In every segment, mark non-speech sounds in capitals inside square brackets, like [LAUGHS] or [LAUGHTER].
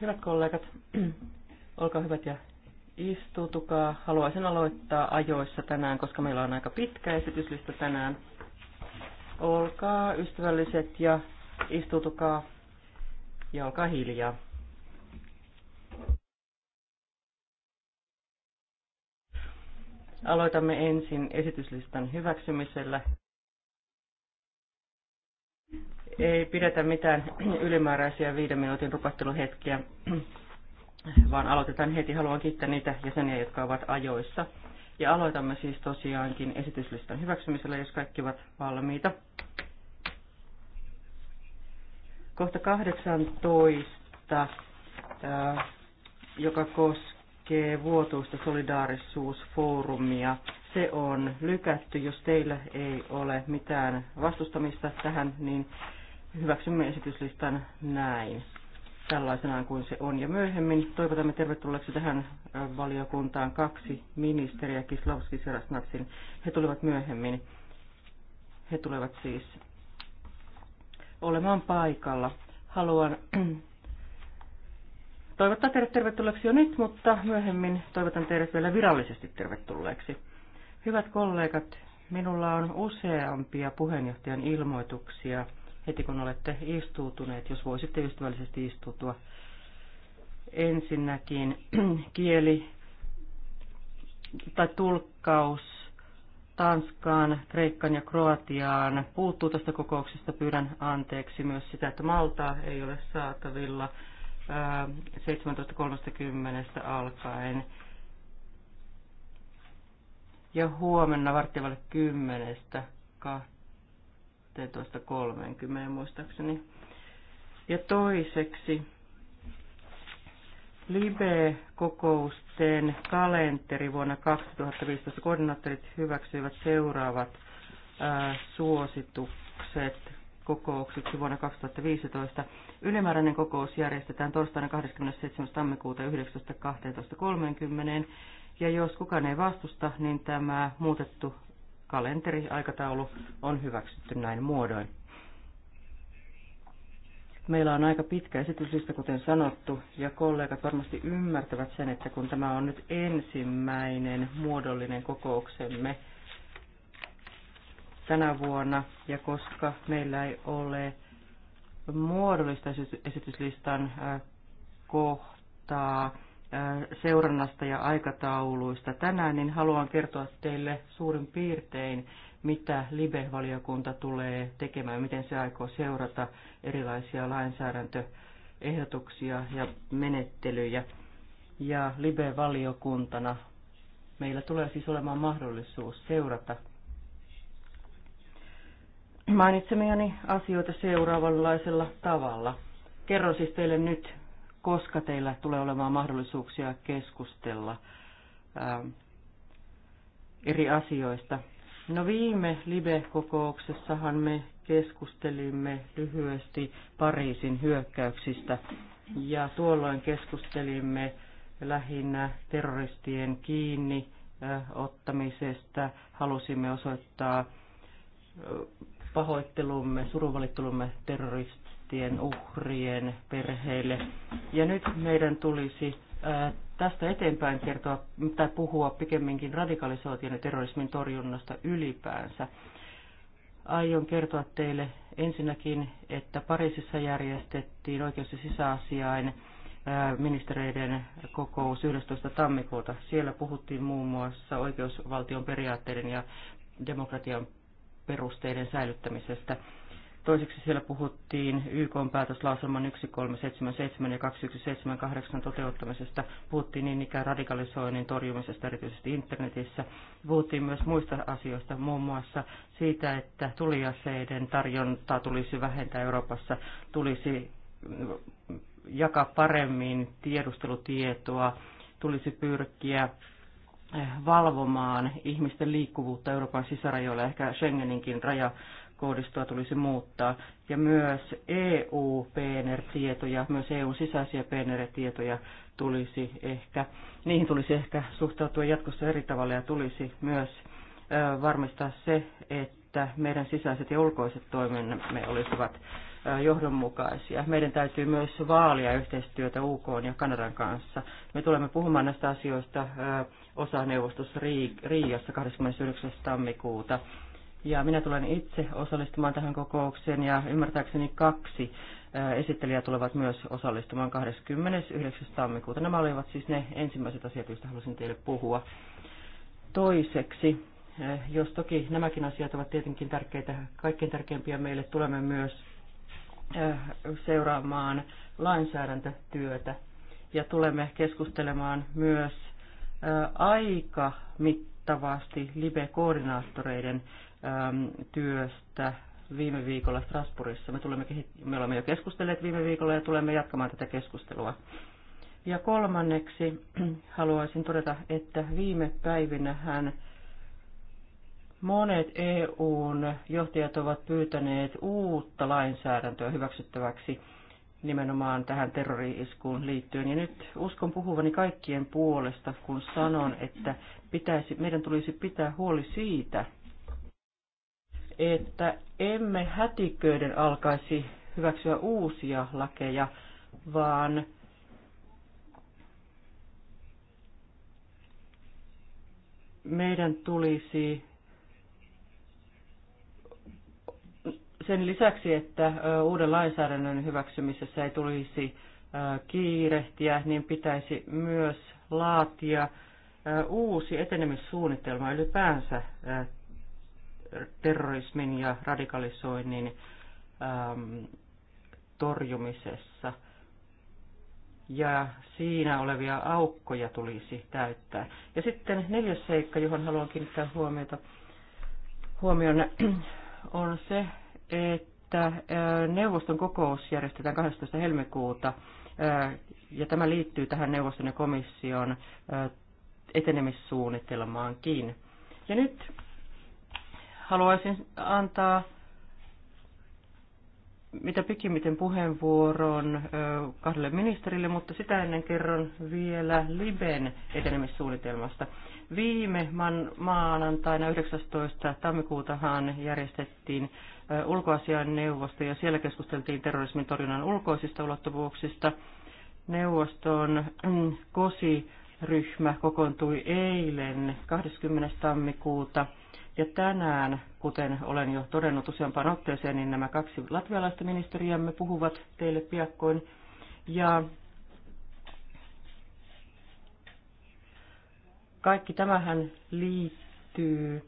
Hyvät kollegat, [CLEARS THROAT] olkaa hyvät ja istuutukaa. Haluaisin aloittaa ajoissa tänään, koska meillä on aika pitkä esityslista tänään. Olkaa ystävälliset ja istuutukaa ja olkaa hiljaa. Aloitamme ensin esityslistan hyväksymisellä. Ei pidetä mitään [CLEARS THROAT] ylimääräisiä viiden minuutin rupatteluhetkiä, [CLEARS THROAT] vaan aloitetaan heti. Haluan kiittää niitä jäseniä, jotka ovat ajoissa. Ja aloitamme siis tosiaankin esityslistan hyväksymisellä, jos kaikki ovat valmiita. Kohta 18, äh, joka koskee vuotuista solidaarisuusfoorumia. Se on lykätty, jos teillä ei ole mitään vastustamista tähän, niin hyväksymme esityslistan näin tällaisenaan kuin se on. Ja myöhemmin toivotamme tervetulleeksi tähän valiokuntaan kaksi ministeriä, Kislavski Rasnatsin. He tulevat myöhemmin. He tulevat siis olemaan paikalla. Haluan [CLEARS THROAT] toivottaa teidät tervetulleeksi jo nyt, mutta myöhemmin toivotan teidät vielä virallisesti tervetulleeksi. Hyvät kollegat, minulla on useampia puheenjohtajan ilmoituksia – heti kun olette istuutuneet, jos voisitte ystävällisesti istuutua. Ensinnäkin [CLEARS THROAT] kieli tai tulkkaus Tanskaan, Kreikkaan ja Kroatiaan puuttuu tästä kokouksesta. Pyydän anteeksi myös sitä, että Maltaa ei ole saatavilla 17.30 alkaen. Ja huomenna varttivalle 10.2 12.30 muistaakseni. Ja toiseksi Libe-kokousten kalenteri vuonna 2015 koordinaattorit hyväksyivät seuraavat ää, suositukset kokouksiksi vuonna 2015. Ylimääräinen kokous järjestetään torstaina 27. tammikuuta 19.12.30. ja jos kukaan ei vastusta, niin tämä muutettu kalenteriaikataulu on hyväksytty näin muodoin. Meillä on aika pitkä esityslista, kuten sanottu, ja kollegat varmasti ymmärtävät sen, että kun tämä on nyt ensimmäinen muodollinen kokouksemme tänä vuonna, ja koska meillä ei ole muodollista esityslistan äh, kohtaa, seurannasta ja aikatauluista tänään, niin haluan kertoa teille suurin piirtein, mitä LIBE-valiokunta tulee tekemään, miten se aikoo seurata erilaisia lainsäädäntöehdotuksia ja menettelyjä. Ja LIBE-valiokuntana meillä tulee siis olemaan mahdollisuus seurata mainitsemiani asioita seuraavanlaisella tavalla. Kerron siis teille nyt koska teillä tulee olemaan mahdollisuuksia keskustella ähm, eri asioista. No viime Libe-kokouksessahan me keskustelimme lyhyesti Pariisin hyökkäyksistä ja tuolloin keskustelimme lähinnä terroristien kiinni äh, ottamisesta. Halusimme osoittaa äh, pahoittelumme, surunvalittelumme terrorist, terroristien uhrien perheille. Ja nyt meidän tulisi tästä eteenpäin kertoa tai puhua pikemminkin radikalisoitujen ja terrorismin torjunnasta ylipäänsä. Aion kertoa teille ensinnäkin, että Pariisissa järjestettiin oikeus- ja sisäasiain ministereiden kokous 11. tammikuuta. Siellä puhuttiin muun muassa oikeusvaltion periaatteiden ja demokratian perusteiden säilyttämisestä – Toiseksi siellä puhuttiin YK päätöslauselman 1377 ja 2178 toteuttamisesta. Puhuttiin niin ikään radikalisoinnin torjumisesta, erityisesti internetissä. Puhuttiin myös muista asioista, muun muassa siitä, että tuliaseiden tarjontaa tulisi vähentää Euroopassa, tulisi mm, jakaa paremmin tiedustelutietoa, tulisi pyrkiä eh, valvomaan ihmisten liikkuvuutta Euroopan sisärajoilla, ehkä Schengeninkin raja koodistoa tulisi muuttaa. Ja myös EU-PNR-tietoja, myös EUn sisäisiä PNR-tietoja tulisi ehkä, niihin tulisi ehkä suhtautua jatkossa eri tavalla ja tulisi myös varmistaa se, että meidän sisäiset ja ulkoiset toimimme olisivat johdonmukaisia. Meidän täytyy myös vaalia yhteistyötä UK ja Kanadan kanssa. Me tulemme puhumaan näistä asioista osa neuvostossa Riiassa 29. tammikuuta. Ja minä tulen itse osallistumaan tähän kokoukseen ja ymmärtääkseni kaksi esittelijää tulevat myös osallistumaan 29. tammikuuta. Nämä olivat siis ne ensimmäiset asiat, joista halusin teille puhua. Toiseksi, jos toki nämäkin asiat ovat tietenkin tärkeitä, kaikkein tärkeimpiä meille tulemme myös seuraamaan lainsäädäntötyötä ja tulemme keskustelemaan myös aika mittavasti live-koordinaattoreiden Ähm, työstä viime viikolla Strasbourgissa. Me, tulemme, me olemme jo keskustelleet viime viikolla ja tulemme jatkamaan tätä keskustelua. Ja kolmanneksi [CLEARS THROAT] haluaisin todeta, että viime päivinähän monet EUn johtajat ovat pyytäneet uutta lainsäädäntöä hyväksyttäväksi nimenomaan tähän terrori-iskuun liittyen. Ja nyt uskon puhuvani kaikkien puolesta, kun sanon, että pitäisi, meidän tulisi pitää huoli siitä, että emme hätiköiden alkaisi hyväksyä uusia lakeja, vaan meidän tulisi sen lisäksi, että uuden lainsäädännön hyväksymisessä ei tulisi kiirehtiä, niin pitäisi myös laatia uusi etenemissuunnitelma ylipäänsä terrorismin ja radikalisoinnin äm, torjumisessa. Ja siinä olevia aukkoja tulisi täyttää. Ja sitten neljäs seikka, johon haluan kiinnittää huomiota, huomiona, [CLEARS THROAT] on se, että äh, neuvoston kokous järjestetään 12. helmikuuta. Äh, ja tämä liittyy tähän neuvoston ja komission äh, etenemissuunnitelmaankin. Ja nyt Haluaisin antaa mitä pikimmiten puheenvuoron kahdelle ministerille, mutta sitä ennen kerron vielä Liben etenemissuunnitelmasta. Viime maanantaina 19. tammikuutahan järjestettiin ulkoasian neuvosto ja siellä keskusteltiin terrorismin torjunnan ulkoisista ulottuvuuksista. Neuvoston mm, kosi ryhmä kokoontui eilen 20. tammikuuta – ja tänään, kuten olen jo todennut useampaan otteeseen, niin nämä kaksi latvialaista ministeriämme puhuvat teille piakkoin. Ja kaikki tämähän liittyy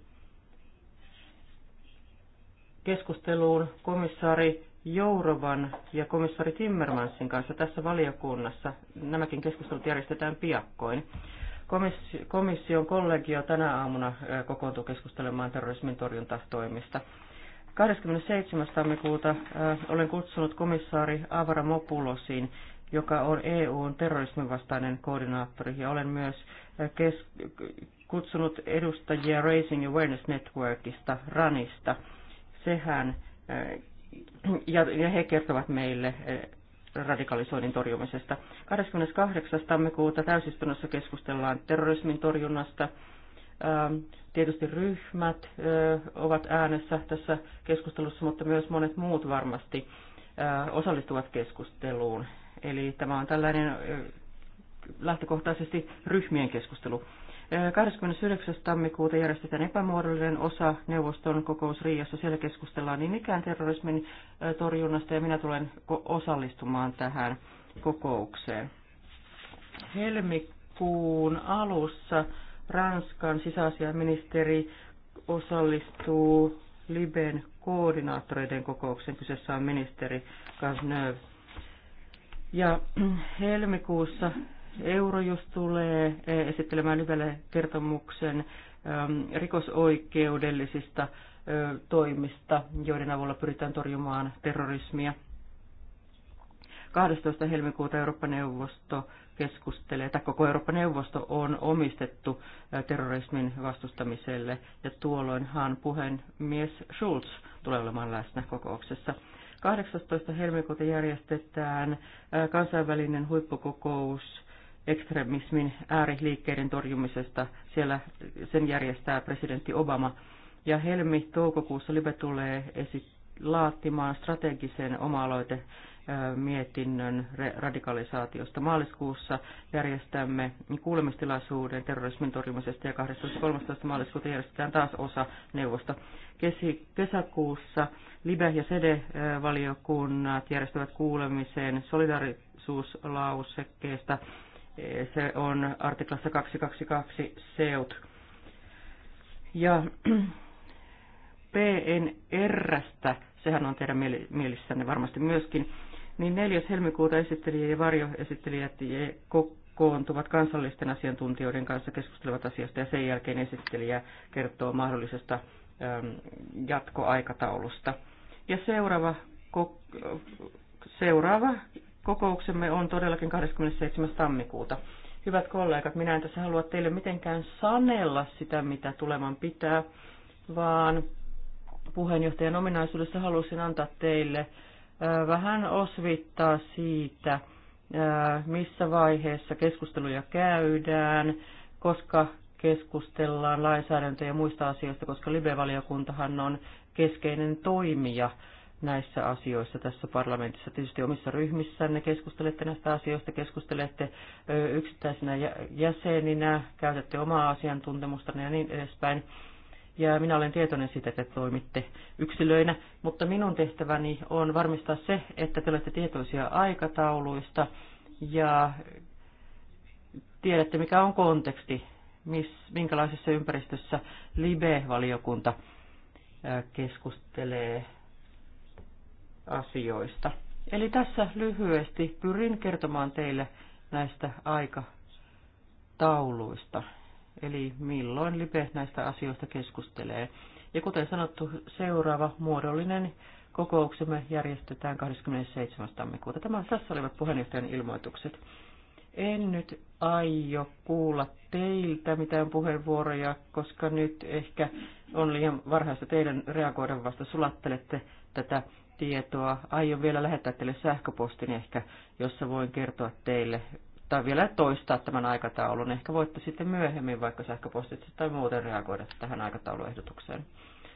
keskusteluun komissaari Jourovan ja komissaari Timmermansin kanssa tässä valiokunnassa. Nämäkin keskustelut järjestetään piakkoin komission kollegio tänä aamuna kokoontuu keskustelemaan terrorismin torjuntatoimista. 27. tammikuuta olen kutsunut komissaari Avara Mopulosin, joka on EUn terrorismin vastainen koordinaattori, ja olen myös kutsunut edustajia Raising Awareness Networkista, RANista. Sehän, ja he kertovat meille radikalisoinnin torjumisesta. 28. tammikuuta täysistunnossa keskustellaan terrorismin torjunnasta. Ähm, tietysti ryhmät äh, ovat äänessä tässä keskustelussa, mutta myös monet muut varmasti äh, osallistuvat keskusteluun. Eli tämä on tällainen äh, lähtökohtaisesti ryhmien keskustelu. 29. tammikuuta järjestetään epämuodollinen osa neuvoston kokous Riiassa. Siellä keskustellaan niin ikään terrorismin torjunnasta ja minä tulen osallistumaan tähän kokoukseen. Helmikuun alussa Ranskan sisäasiaministeri osallistuu Liben koordinaattoreiden kokoukseen. Kyseessä on ministeri Cazeneuve. Ja helmikuussa Eurojust tulee e, esittelemään yhdelle kertomuksen rikosoikeudellisista toimista, joiden avulla pyritään torjumaan terrorismia. 12. helmikuuta Eurooppa-neuvosto keskustelee, tai koko Eurooppa-neuvosto on omistettu terrorismin vastustamiselle, ja tuolloinhan puhemies Schulz tulee olemaan läsnä kokouksessa. 18. helmikuuta järjestetään kansainvälinen huippukokous ekstremismin ääriliikkeiden torjumisesta. Siellä sen järjestää presidentti Obama. Ja helmi-toukokuussa Libe tulee esittämään laatimaan strategisen oma-aloite mietinnön radikalisaatiosta. Maaliskuussa järjestämme kuulemistilaisuuden terrorismin torjumisesta ja 12.13. maaliskuuta järjestetään taas osa neuvosta. Kesi, kesäkuussa LIBE ja SEDE-valiokunnat järjestävät kuulemiseen solidarisuuslausekkeesta se on artiklassa 222 seut. Ja [CLEARS THROAT] PNRstä, sehän on teidän mielissänne varmasti myöskin, niin 4. helmikuuta esittelijä ja varjoesittelijät kokoontuvat kansallisten asiantuntijoiden kanssa keskustelevat asiasta ja sen jälkeen esittelijä kertoo mahdollisesta jatkoaikataulusta. Ja seuraava, seuraava kokouksemme on todellakin 27. tammikuuta. Hyvät kollegat, minä en tässä halua teille mitenkään sanella sitä, mitä tuleman pitää, vaan puheenjohtajan ominaisuudessa halusin antaa teille vähän osvittaa siitä, missä vaiheessa keskusteluja käydään, koska keskustellaan lainsäädäntö- ja muista asioista, koska live-valiokuntahan on keskeinen toimija näissä asioissa tässä parlamentissa. Tietysti omissa ryhmissänne keskustelette näistä asioista, keskustelette yksittäisinä jäseninä, käytätte omaa asiantuntemustanne ja niin edespäin. Ja minä olen tietoinen siitä, että toimitte yksilöinä, mutta minun tehtäväni on varmistaa se, että te olette tietoisia aikatauluista ja tiedätte, mikä on konteksti, miss, minkälaisessa ympäristössä LIBE-valiokunta keskustelee asioista. Eli tässä lyhyesti pyrin kertomaan teille näistä aikatauluista, eli milloin Lipe näistä asioista keskustelee. Ja kuten sanottu, seuraava muodollinen kokouksemme järjestetään 27. tammikuuta. Tämä, tässä olivat puheenjohtajan ilmoitukset. En nyt aio kuulla teiltä mitään puheenvuoroja, koska nyt ehkä on liian varhaista teidän reagoida vasta sulattelette tätä tietoa. Aion vielä lähettää teille sähköpostin ehkä, jossa voin kertoa teille tai vielä toistaa tämän aikataulun. Ehkä voitte sitten myöhemmin vaikka sähköpostitse tai muuten reagoida tähän aikatauluehdotukseen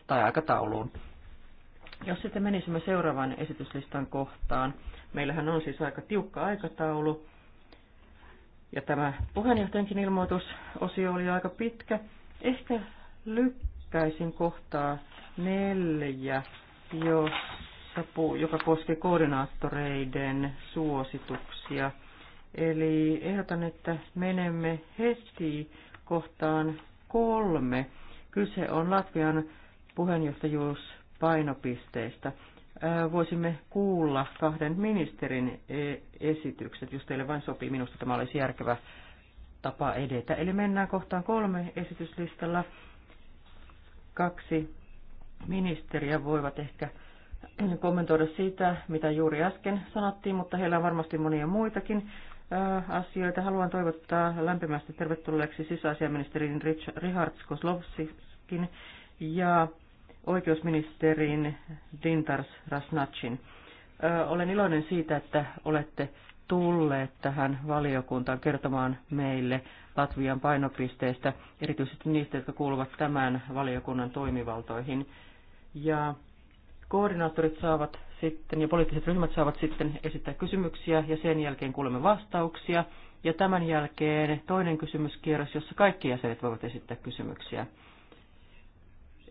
tai aikatauluun. Jos sitten menisimme seuraavaan esityslistan kohtaan. Meillähän on siis aika tiukka aikataulu. Ja tämä puheenjohtajankin ilmoitusosio oli aika pitkä. Ehkä lykkäisin kohtaa neljä, jos tapu, joka koskee koordinaattoreiden suosituksia. Eli ehdotan, että menemme heti kohtaan kolme. Kyse on Latvian puheenjohtajuuspainopisteistä. Voisimme kuulla kahden ministerin e, esitykset, jos teille vain sopii. Minusta tämä olisi järkevä tapa edetä. Eli mennään kohtaan kolme esityslistalla. Kaksi ministeriä voivat ehkä kommentoida sitä, mitä juuri äsken sanottiin, mutta heillä on varmasti monia muitakin asioita. Haluan toivottaa lämpimästi tervetulleeksi sisäasiaministerin Richard Skoslovskin ja oikeusministerin Dintars Rasnatsin. Olen iloinen siitä, että olette tulleet tähän valiokuntaan kertomaan meille Latvian painopisteistä, erityisesti niistä, jotka kuuluvat tämän valiokunnan toimivaltoihin. Ja Koordinaattorit saavat sitten ja poliittiset ryhmät saavat sitten esittää kysymyksiä ja sen jälkeen kuulemme vastauksia. Ja tämän jälkeen toinen kysymyskierros, jossa kaikki jäsenet voivat esittää kysymyksiä.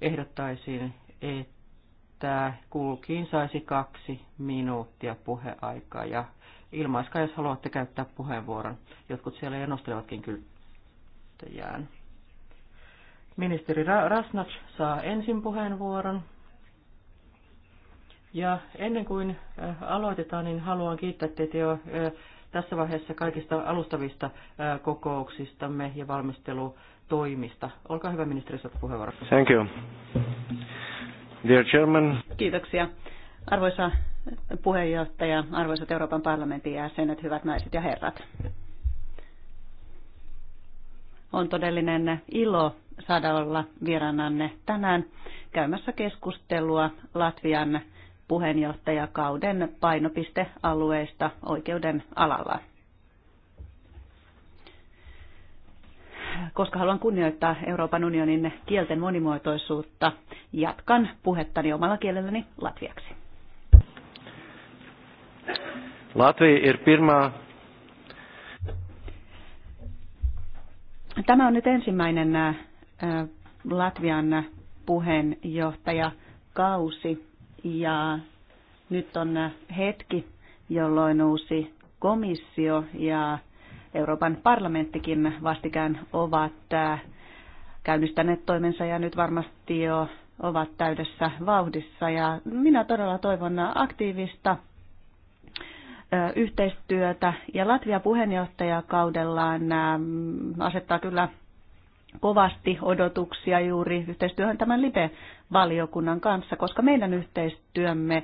Ehdottaisin, että kulkiin saisi kaksi minuuttia puheaikaa ja ilmaiskaa, jos haluatte käyttää puheenvuoron. Jotkut siellä jo nostelevatkin kylttäjään. Ministeri Rasnach saa ensin puheenvuoron. Ja ennen kuin äh, aloitetaan, niin haluan kiittää teitä jo äh, tässä vaiheessa kaikista alustavista äh, kokouksistamme ja valmistelutoimista. Olkaa hyvä, ministeri, saat puheenvuoron. Thank you. Dear Chairman. Kiitoksia. Arvoisa puheenjohtaja, arvoisat Euroopan parlamentin jäsenet, hyvät naiset ja herrat. On todellinen ilo saada olla vierannanne tänään käymässä keskustelua Latvian puheenjohtajakauden painopistealueista oikeuden alalla. Koska haluan kunnioittaa Euroopan unionin kielten monimuotoisuutta, jatkan puhettani omalla kielelläni latviaksi. Latvia ir er pirmā. Tämä on nyt ensimmäinen äh, Latvian puheenjohtajakausi ja nyt on hetki, jolloin uusi komissio ja Euroopan parlamenttikin vastikään ovat äh, käynnistäneet toimensa ja nyt varmasti jo ovat täydessä vauhdissa. Ja minä todella toivon aktiivista yhteistyötä ja Latvia puheenjohtajakaudellaan ähm, asettaa kyllä kovasti odotuksia juuri yhteistyöhön tämän LIBE-valiokunnan kanssa, koska meidän yhteistyömme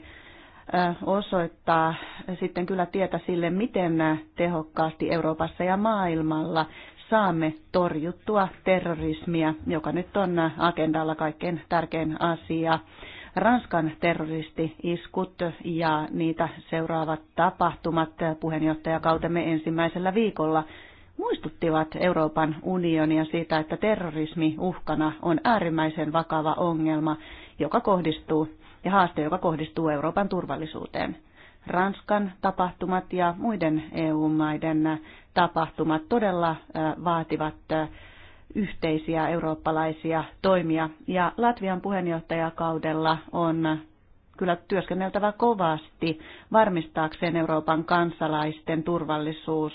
osoittaa sitten kyllä tietä sille, miten tehokkaasti Euroopassa ja maailmalla saamme torjuttua terrorismia, joka nyt on agendalla kaikkein tärkein asia. Ranskan terroristi-iskut ja niitä seuraavat tapahtumat puheenjohtajakautemme ensimmäisellä viikolla muistuttivat Euroopan unionia siitä, että terrorismi uhkana on äärimmäisen vakava ongelma, joka kohdistuu ja haaste, joka kohdistuu Euroopan turvallisuuteen. Ranskan tapahtumat ja muiden EU-maiden tapahtumat todella vaativat yhteisiä eurooppalaisia toimia. Ja Latvian puheenjohtajakaudella on kyllä työskenneltävä kovasti varmistaakseen Euroopan kansalaisten turvallisuus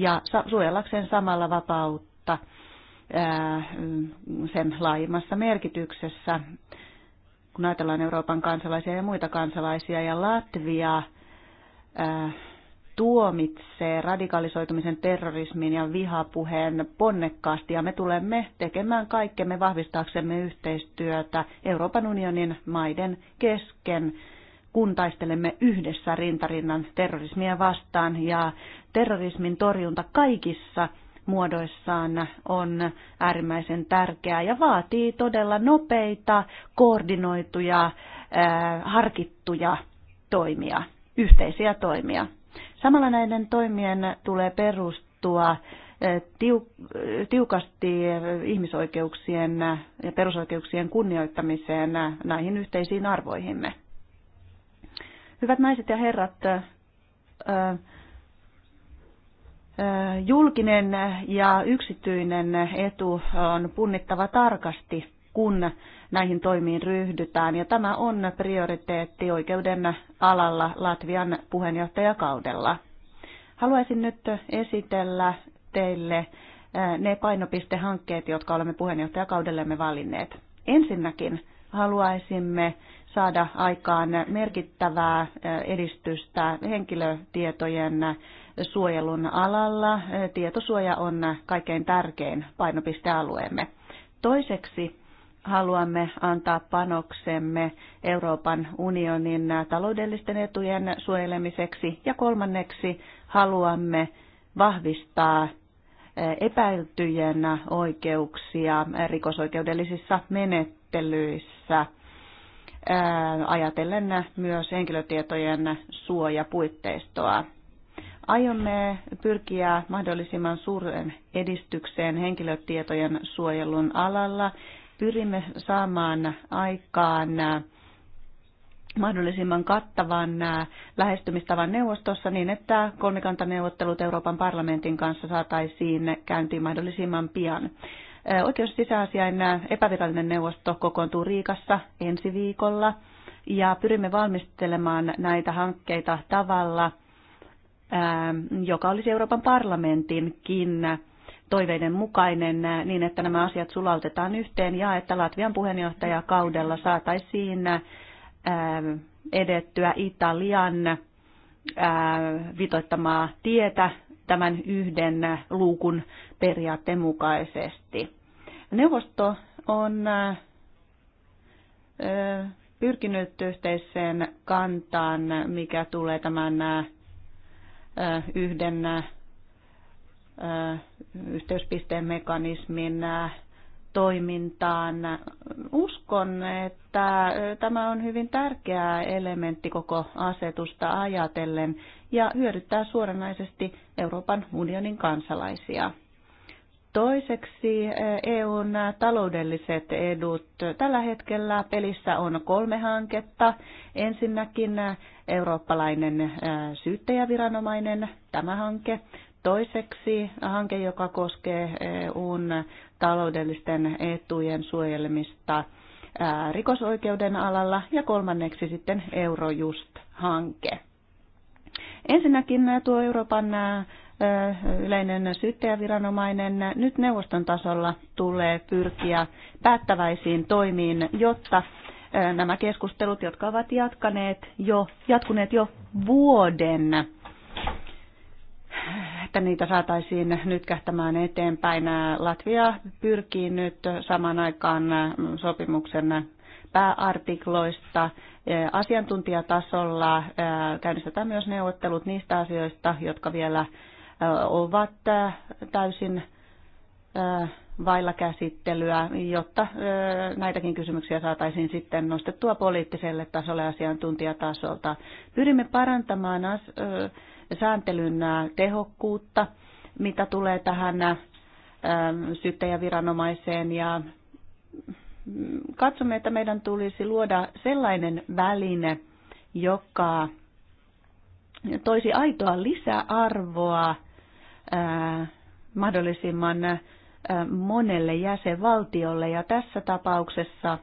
ja suojellakseen samalla vapautta sen laajimmassa merkityksessä, kun ajatellaan Euroopan kansalaisia ja muita kansalaisia, ja Latvia tuomitsee radikalisoitumisen, terrorismin ja vihapuheen ponnekkaasti, ja me tulemme tekemään kaikkemme vahvistaaksemme yhteistyötä Euroopan unionin maiden kesken kun taistelemme yhdessä rintarinnan terrorismia vastaan ja terrorismin torjunta kaikissa muodoissaan on äärimmäisen tärkeää ja vaatii todella nopeita, koordinoituja, äh, harkittuja toimia, yhteisiä toimia. Samalla näiden toimien tulee perustua äh, äh, tiukasti ihmisoikeuksien ja perusoikeuksien kunnioittamiseen näihin yhteisiin arvoihimme. Hyvät naiset ja herrat, julkinen ja yksityinen etu on punnittava tarkasti, kun näihin toimiin ryhdytään. Ja tämä on prioriteetti oikeuden alalla Latvian puheenjohtajakaudella. Haluaisin nyt esitellä teille ne painopistehankkeet, jotka olemme puheenjohtajakaudellemme valinneet. Ensinnäkin haluaisimme saada aikaan merkittävää edistystä henkilötietojen suojelun alalla. Tietosuoja on kaikkein tärkein painopistealueemme. Toiseksi haluamme antaa panoksemme Euroopan unionin taloudellisten etujen suojelemiseksi ja kolmanneksi haluamme vahvistaa epäiltyjen oikeuksia rikosoikeudellisissa menettelyissä ajatellen myös henkilötietojen suojapuitteistoa. Aiomme pyrkiä mahdollisimman suuren edistykseen henkilötietojen suojelun alalla. Pyrimme saamaan aikaan mahdollisimman kattavan lähestymistavan neuvostossa niin, että kolmikantaneuvottelut Euroopan parlamentin kanssa saataisiin käyntiin mahdollisimman pian. Oikeus- sisäasiain epävirallinen neuvosto kokoontuu Riikassa ensi viikolla ja pyrimme valmistelemaan näitä hankkeita tavalla, ähm, joka olisi Euroopan parlamentinkin toiveiden mukainen äh, niin, että nämä asiat sulautetaan yhteen ja että Latvian puheenjohtajakaudella saataisiin äh, edettyä Italian äh, vitoittamaa tietä tämän yhden luukun periaatteen mukaisesti. Neuvosto on pyrkinyt yhteiseen kantaan, mikä tulee tämän yhden yhteyspisteen mekanismin toimintaan. Uskon, että tämä on hyvin tärkeä elementti koko asetusta ajatellen ja hyödyttää suoranaisesti Euroopan unionin kansalaisia. Toiseksi eh, EUn taloudelliset edut. Tällä hetkellä pelissä on kolme hanketta. Ensinnäkin eh, eurooppalainen eh, syyttäjäviranomainen, tämä hanke. Toiseksi hanke, joka koskee EUn taloudellisten etujen suojelemista rikosoikeuden alalla. Ja kolmanneksi sitten Eurojust-hanke. Ensinnäkin tuo Euroopan yleinen syyttäjäviranomainen, nyt neuvoston tasolla tulee pyrkiä päättäväisiin toimiin, jotta nämä keskustelut, jotka ovat jatkaneet jo, jatkuneet jo vuoden, että niitä saataisiin nyt kähtämään eteenpäin. Latvia pyrkii nyt saman aikaan sopimuksen pääartikloista. Asiantuntijatasolla käynnistetään myös neuvottelut niistä asioista, jotka vielä ovat täysin vailla käsittelyä, jotta näitäkin kysymyksiä saataisiin sitten nostettua poliittiselle tasolle asiantuntijatasolta. Pyrimme parantamaan sääntelyn tehokkuutta, mitä tulee tähän syyttäjäviranomaiseen ja mm, katsomme, että meidän tulisi luoda sellainen väline, joka toisi aitoa lisäarvoa mahdollisimman monelle jäsenvaltiolle. Ja tässä tapauksessa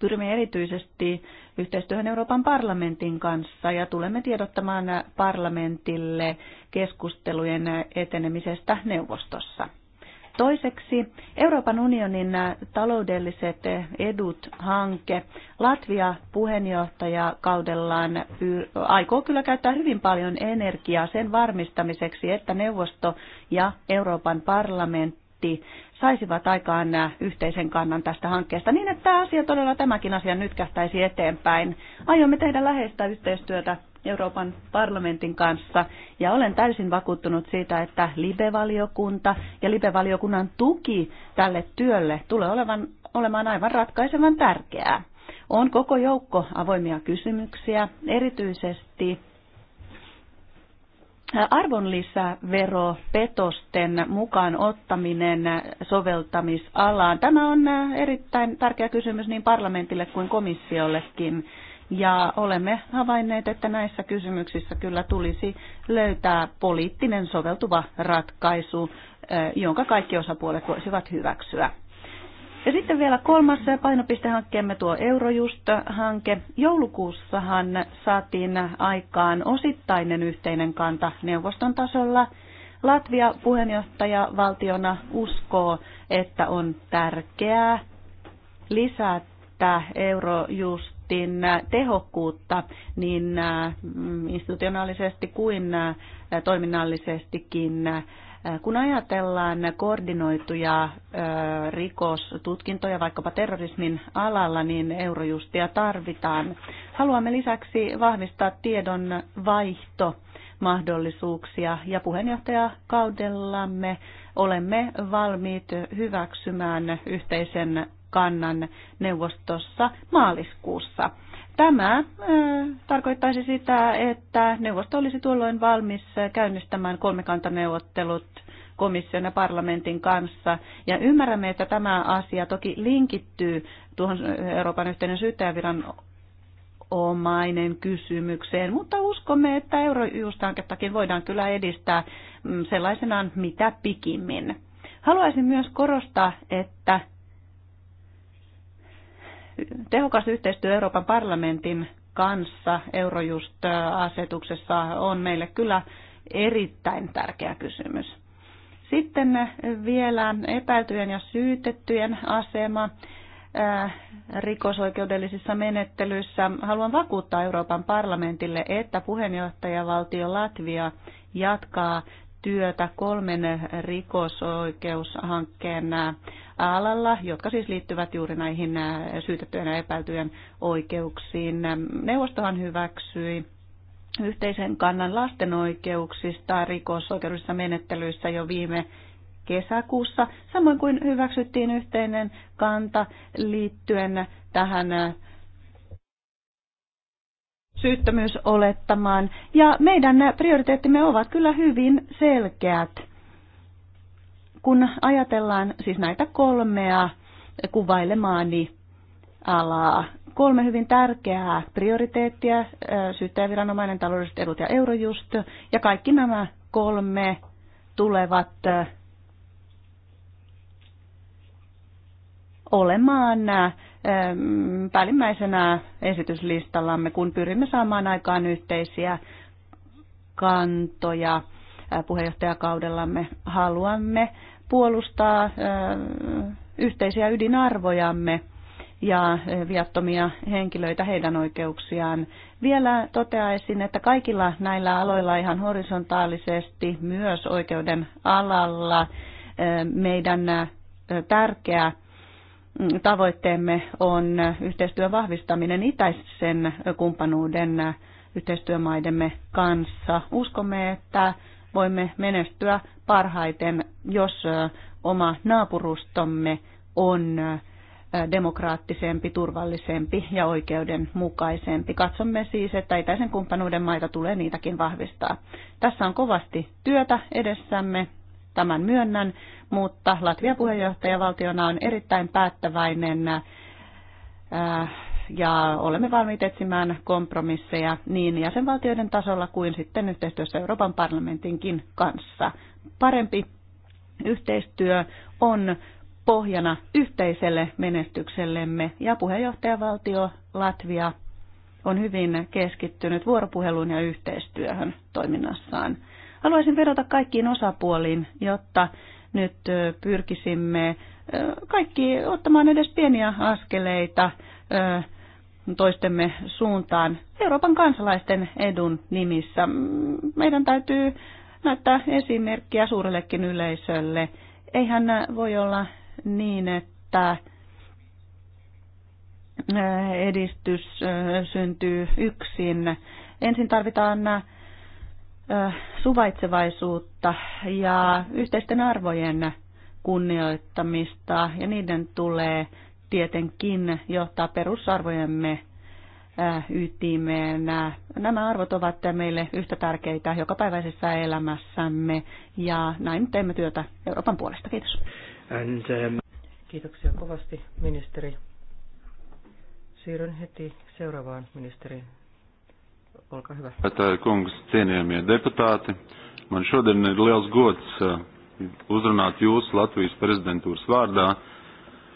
pyrimme erityisesti yhteistyöhön Euroopan parlamentin kanssa ja tulemme tiedottamaan parlamentille keskustelujen etenemisestä neuvostossa. Toiseksi Euroopan unionin taloudelliset edut hanke. Latvia kaudellaan aikoo kyllä käyttää hyvin paljon energiaa sen varmistamiseksi, että neuvosto ja Euroopan parlamentti saisivat aikaan yhteisen kannan tästä hankkeesta niin, että asia todella tämäkin asia nyt kähtäisi eteenpäin. Aiomme tehdä läheistä yhteistyötä Euroopan parlamentin kanssa ja olen täysin vakuuttunut siitä, että Libevaliokunta ja Libevaliokunnan tuki tälle työlle tulee olevan, olemaan aivan ratkaisevan tärkeää. On koko joukko avoimia kysymyksiä, erityisesti arvonlisävero petosten mukaan ottaminen soveltamisalaan. Tämä on erittäin tärkeä kysymys niin parlamentille kuin komissiollekin. Ja olemme havainneet, että näissä kysymyksissä kyllä tulisi löytää poliittinen soveltuva ratkaisu, eh, jonka kaikki osapuolet voisivat hyväksyä. Ja sitten vielä kolmas painopistehankkeemme tuo Eurojust-hanke. Joulukuussahan saatiin aikaan osittainen yhteinen kanta neuvoston tasolla. Latvia puheenjohtaja valtiona uskoo, että on tärkeää lisätä Eurojust budjetin tehokkuutta niin mm, institutionaalisesti kuin äh, toiminnallisestikin. Äh, kun ajatellaan koordinoituja äh, rikostutkintoja vaikkapa terrorismin alalla, niin eurojustia tarvitaan. Haluamme lisäksi vahvistaa tiedon vaihto mahdollisuuksia ja puheenjohtajakaudellamme olemme valmiit hyväksymään yhteisen kannan neuvostossa maaliskuussa. Tämä äh, tarkoittaisi sitä, että neuvosto olisi tuolloin valmis käynnistämään kolmikantaneuvottelut komission ja parlamentin kanssa. Ja ymmärrämme, että tämä asia toki linkittyy tuohon Euroopan yhteinen syyttäjäviran omainen kysymykseen, mutta uskomme, että eurojuustankettakin voidaan kyllä edistää mm, sellaisenaan mitä pikimmin. Haluaisin myös korostaa, että tehokas yhteistyö Euroopan parlamentin kanssa Eurojust-asetuksessa on meille kyllä erittäin tärkeä kysymys. Sitten vielä epäiltyjen ja syytettyjen asema äh, rikosoikeudellisissa menettelyissä. Haluan vakuuttaa Euroopan parlamentille, että puheenjohtajavaltio Latvia jatkaa työtä kolmen rikosoikeushankkeen alalla, jotka siis liittyvät juuri näihin syytettyjen ja epäiltyjen oikeuksiin. Neuvostohan hyväksyi yhteisen kannan lasten oikeuksista rikosoikeudellisissa menettelyissä jo viime kesäkuussa, samoin kuin hyväksyttiin yhteinen kanta liittyen tähän syyttömyysolettamaan. Ja meidän prioriteettimme ovat kyllä hyvin selkeät. Kun ajatellaan siis näitä kolmea kuvailemaani alaa, kolme hyvin tärkeää prioriteettia, syyttäjäviranomainen, taloudelliset edut ja eurojust, ja kaikki nämä kolme tulevat olemaan päällimmäisenä esityslistallamme, kun pyrimme saamaan aikaan yhteisiä kantoja puheenjohtajakaudellamme. Haluamme puolustaa yhteisiä ydinarvojamme ja viattomia henkilöitä heidän oikeuksiaan. Vielä toteaisin, että kaikilla näillä aloilla ihan horisontaalisesti myös oikeuden alalla meidän tärkeä tavoitteemme on yhteistyön vahvistaminen itäisen kumppanuuden yhteistyömaidemme kanssa. Uskomme, että voimme menestyä parhaiten, jos oma naapurustomme on demokraattisempi, turvallisempi ja oikeudenmukaisempi. Katsomme siis, että itäisen kumppanuuden maita tulee niitäkin vahvistaa. Tässä on kovasti työtä edessämme tämän myönnän, mutta Latvian puheenjohtajavaltiona on erittäin päättäväinen äh, ja olemme valmiit etsimään kompromisseja niin jäsenvaltioiden tasolla kuin sitten yhteistyössä Euroopan parlamentinkin kanssa. Parempi yhteistyö on pohjana yhteiselle menestyksellemme ja puheenjohtajavaltio Latvia on hyvin keskittynyt vuoropuheluun ja yhteistyöhön toiminnassaan. Haluaisin vedota kaikkiin osapuoliin, jotta nyt pyrkisimme kaikki ottamaan edes pieniä askeleita toistemme suuntaan Euroopan kansalaisten edun nimissä. Meidän täytyy näyttää esimerkkiä suurellekin yleisölle. Eihän voi olla niin, että edistys syntyy yksin. Ensin tarvitaan nämä suvaitsevaisuutta ja yhteisten arvojen kunnioittamista ja niiden tulee tietenkin johtaa perusarvojemme ytimeen. Nämä arvot ovat meille yhtä tärkeitä jokapäiväisessä elämässämme ja näin teemme työtä Euroopan puolesta. Kiitos. And, um... Kiitoksia kovasti ministeri. Siirryn heti seuraavaan ministeriin Olkaa hyvä. Päätää kungs, cienījamie deputāti. Man šodien ir liels gods uzrunāt jūs Latvijas prezidentūras vārdā.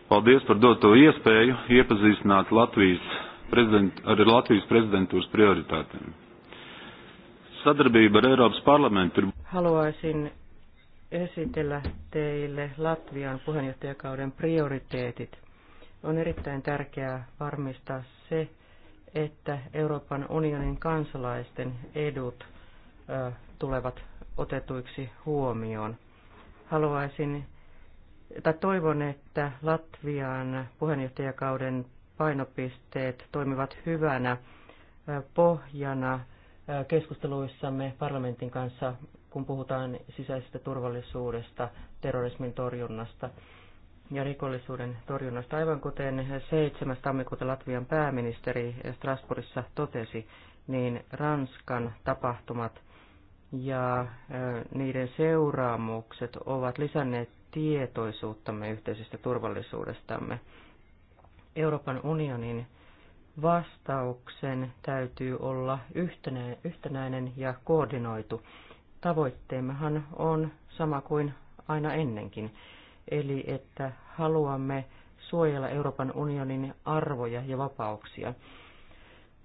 Paldies par doto iespēju iepazīstināt Latvijas prezident, ar Latvijas prezidentūras prioritātēm. Sadarbība ar Eiropas parlamentu ir... Haluaisin esitellä teille Latvian puheenjohtajakauden prioriteetit. On erittäin tärkeää varmistaa se, että Euroopan unionin kansalaisten edut tulevat otetuiksi huomioon. Haluaisin tai toivon, että Latvian puheenjohtajakauden painopisteet toimivat hyvänä pohjana keskusteluissamme parlamentin kanssa, kun puhutaan sisäisestä turvallisuudesta, terrorismin torjunnasta – ja rikollisuuden torjunnasta. Aivan kuten 7. tammikuuta Latvian pääministeri Strasbourgissa totesi, niin Ranskan tapahtumat ja niiden seuraamukset ovat lisänneet tietoisuuttamme yhteisestä turvallisuudestamme. Euroopan unionin vastauksen täytyy olla yhtenäinen ja koordinoitu. Tavoitteemmehan on sama kuin aina ennenkin eli että haluamme suojella Euroopan unionin arvoja ja vapauksia.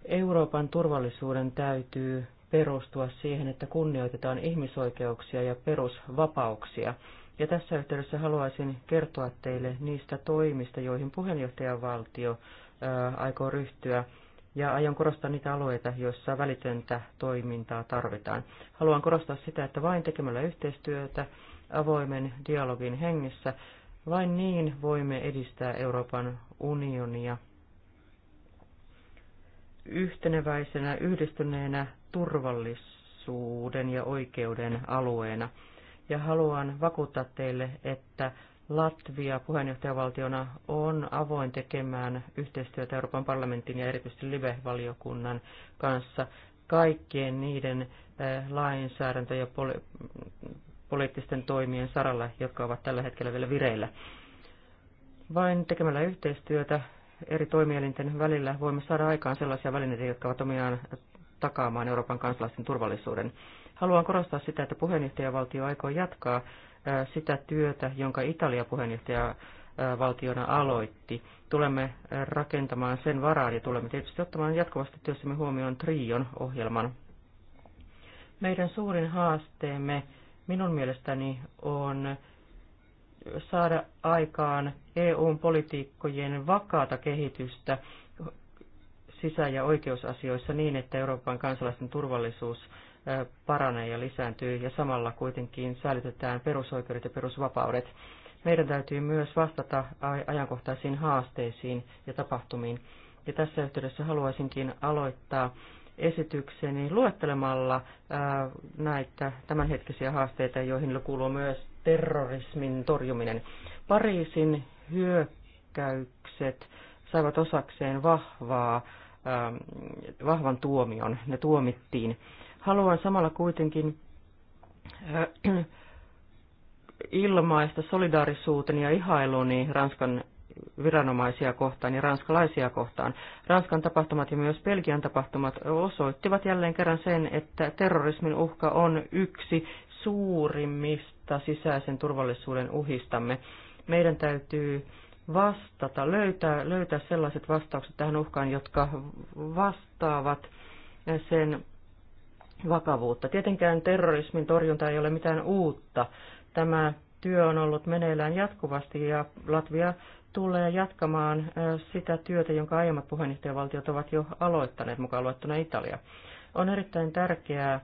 Euroopan turvallisuuden täytyy perustua siihen, että kunnioitetaan ihmisoikeuksia ja perusvapauksia. Ja tässä yhteydessä haluaisin kertoa teille niistä toimista, joihin puheenjohtajavaltio aikoo ryhtyä, ja aion korostaa niitä alueita, joissa välitöntä toimintaa tarvitaan. Haluan korostaa sitä, että vain tekemällä yhteistyötä avoimen dialogin hengessä. Vain niin voimme edistää Euroopan unionia yhteneväisenä, yhdistyneenä turvallisuuden ja oikeuden alueena. Ja haluan vakuuttaa teille, että Latvia puheenjohtajavaltiona on avoin tekemään yhteistyötä Euroopan parlamentin ja erityisesti Live-valiokunnan kanssa kaikkien niiden eh, lainsäädäntö- ja poliittisten toimien saralla, jotka ovat tällä hetkellä vielä vireillä. Vain tekemällä yhteistyötä eri toimielinten välillä voimme saada aikaan sellaisia välineitä, jotka ovat omiaan takaamaan Euroopan kansalaisten turvallisuuden. Haluan korostaa sitä, että puheenjohtajavaltio aikoo jatkaa sitä työtä, jonka Italia puheenjohtajavaltiona aloitti. Tulemme rakentamaan sen varaan ja tulemme tietysti ottamaan jatkuvasti työssämme huomioon Trion ohjelman. Meidän suurin haasteemme minun mielestäni on saada aikaan EUn politiikkojen vakaata kehitystä sisä- ja oikeusasioissa niin, että Euroopan kansalaisten turvallisuus paranee ja lisääntyy ja samalla kuitenkin säilytetään perusoikeudet ja perusvapaudet. Meidän täytyy myös vastata ajankohtaisiin haasteisiin ja tapahtumiin. Ja tässä yhteydessä haluaisinkin aloittaa esitykseni luettelemalla näitä tämänhetkisiä haasteita, joihin kuuluu myös terrorismin torjuminen. Pariisin hyökkäykset saivat osakseen vahvaa, vahvan tuomion. Ne tuomittiin. Haluan samalla kuitenkin [CLEARS THROAT] ilmaista solidaarisuuteni ja ihailuni Ranskan viranomaisia kohtaan ja ranskalaisia kohtaan. Ranskan tapahtumat ja myös Belgian tapahtumat osoittivat jälleen kerran sen, että terrorismin uhka on yksi suurimmista sisäisen turvallisuuden uhistamme. Meidän täytyy vastata, löytää, löytää sellaiset vastaukset tähän uhkaan, jotka vastaavat sen vakavuutta. Tietenkään terrorismin torjunta ei ole mitään uutta. Tämä työ on ollut meneillään jatkuvasti ja Latvia tulee jatkamaan sitä työtä, jonka aiemmat puheenjohtajavaltiot ovat jo aloittaneet, mukaan luettuna Italia. On erittäin tärkeää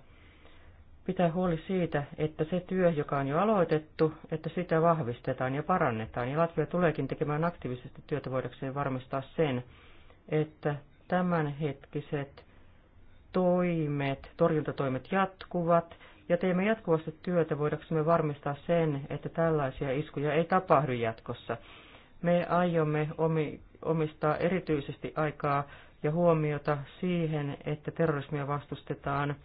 pitää huoli siitä, että se työ, joka on jo aloitettu, että sitä vahvistetaan ja parannetaan. Ja Latvia tuleekin tekemään aktiivisesti työtä voidakseen varmistaa sen, että tämänhetkiset toimet, torjuntatoimet jatkuvat, ja teemme jatkuvasti työtä voidaksemme varmistaa sen, että tällaisia iskuja ei tapahdu jatkossa. Me aiomme omistaa erityisesti aikaa ja huomiota siihen, että terrorismia vastustetaan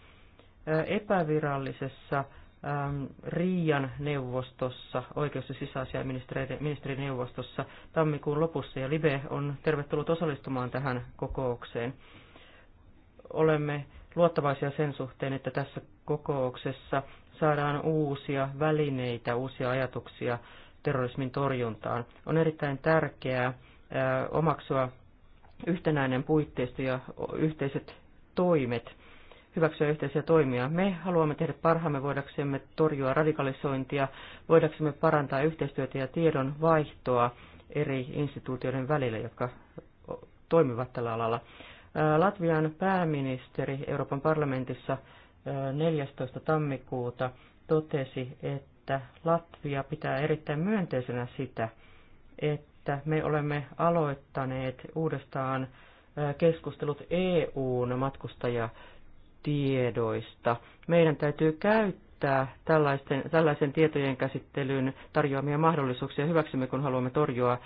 epävirallisessa Riian neuvostossa, oikeus- ja neuvostossa. tammikuun lopussa, ja Libe on tervetullut osallistumaan tähän kokoukseen. Olemme luottavaisia sen suhteen, että tässä kokouksessa saadaan uusia välineitä, uusia ajatuksia terrorismin torjuntaan. On erittäin tärkeää omaksua yhtenäinen puitteisto ja yhteiset toimet, hyväksyä yhteisiä toimia. Me haluamme tehdä parhaamme voidaksemme torjua radikalisointia, voidaksemme parantaa yhteistyötä ja tiedon vaihtoa eri instituutioiden välillä, jotka toimivat tällä alalla. Latvian pääministeri Euroopan parlamentissa 14. tammikuuta totesi, että että Latvia pitää erittäin myönteisenä sitä, että me olemme aloittaneet uudestaan keskustelut EUn matkustajatiedoista. Meidän täytyy käyttää käyttää tällaisten, tällaisen tietojen käsittelyn tarjoamia mahdollisuuksia hyväksymme, kun haluamme torjua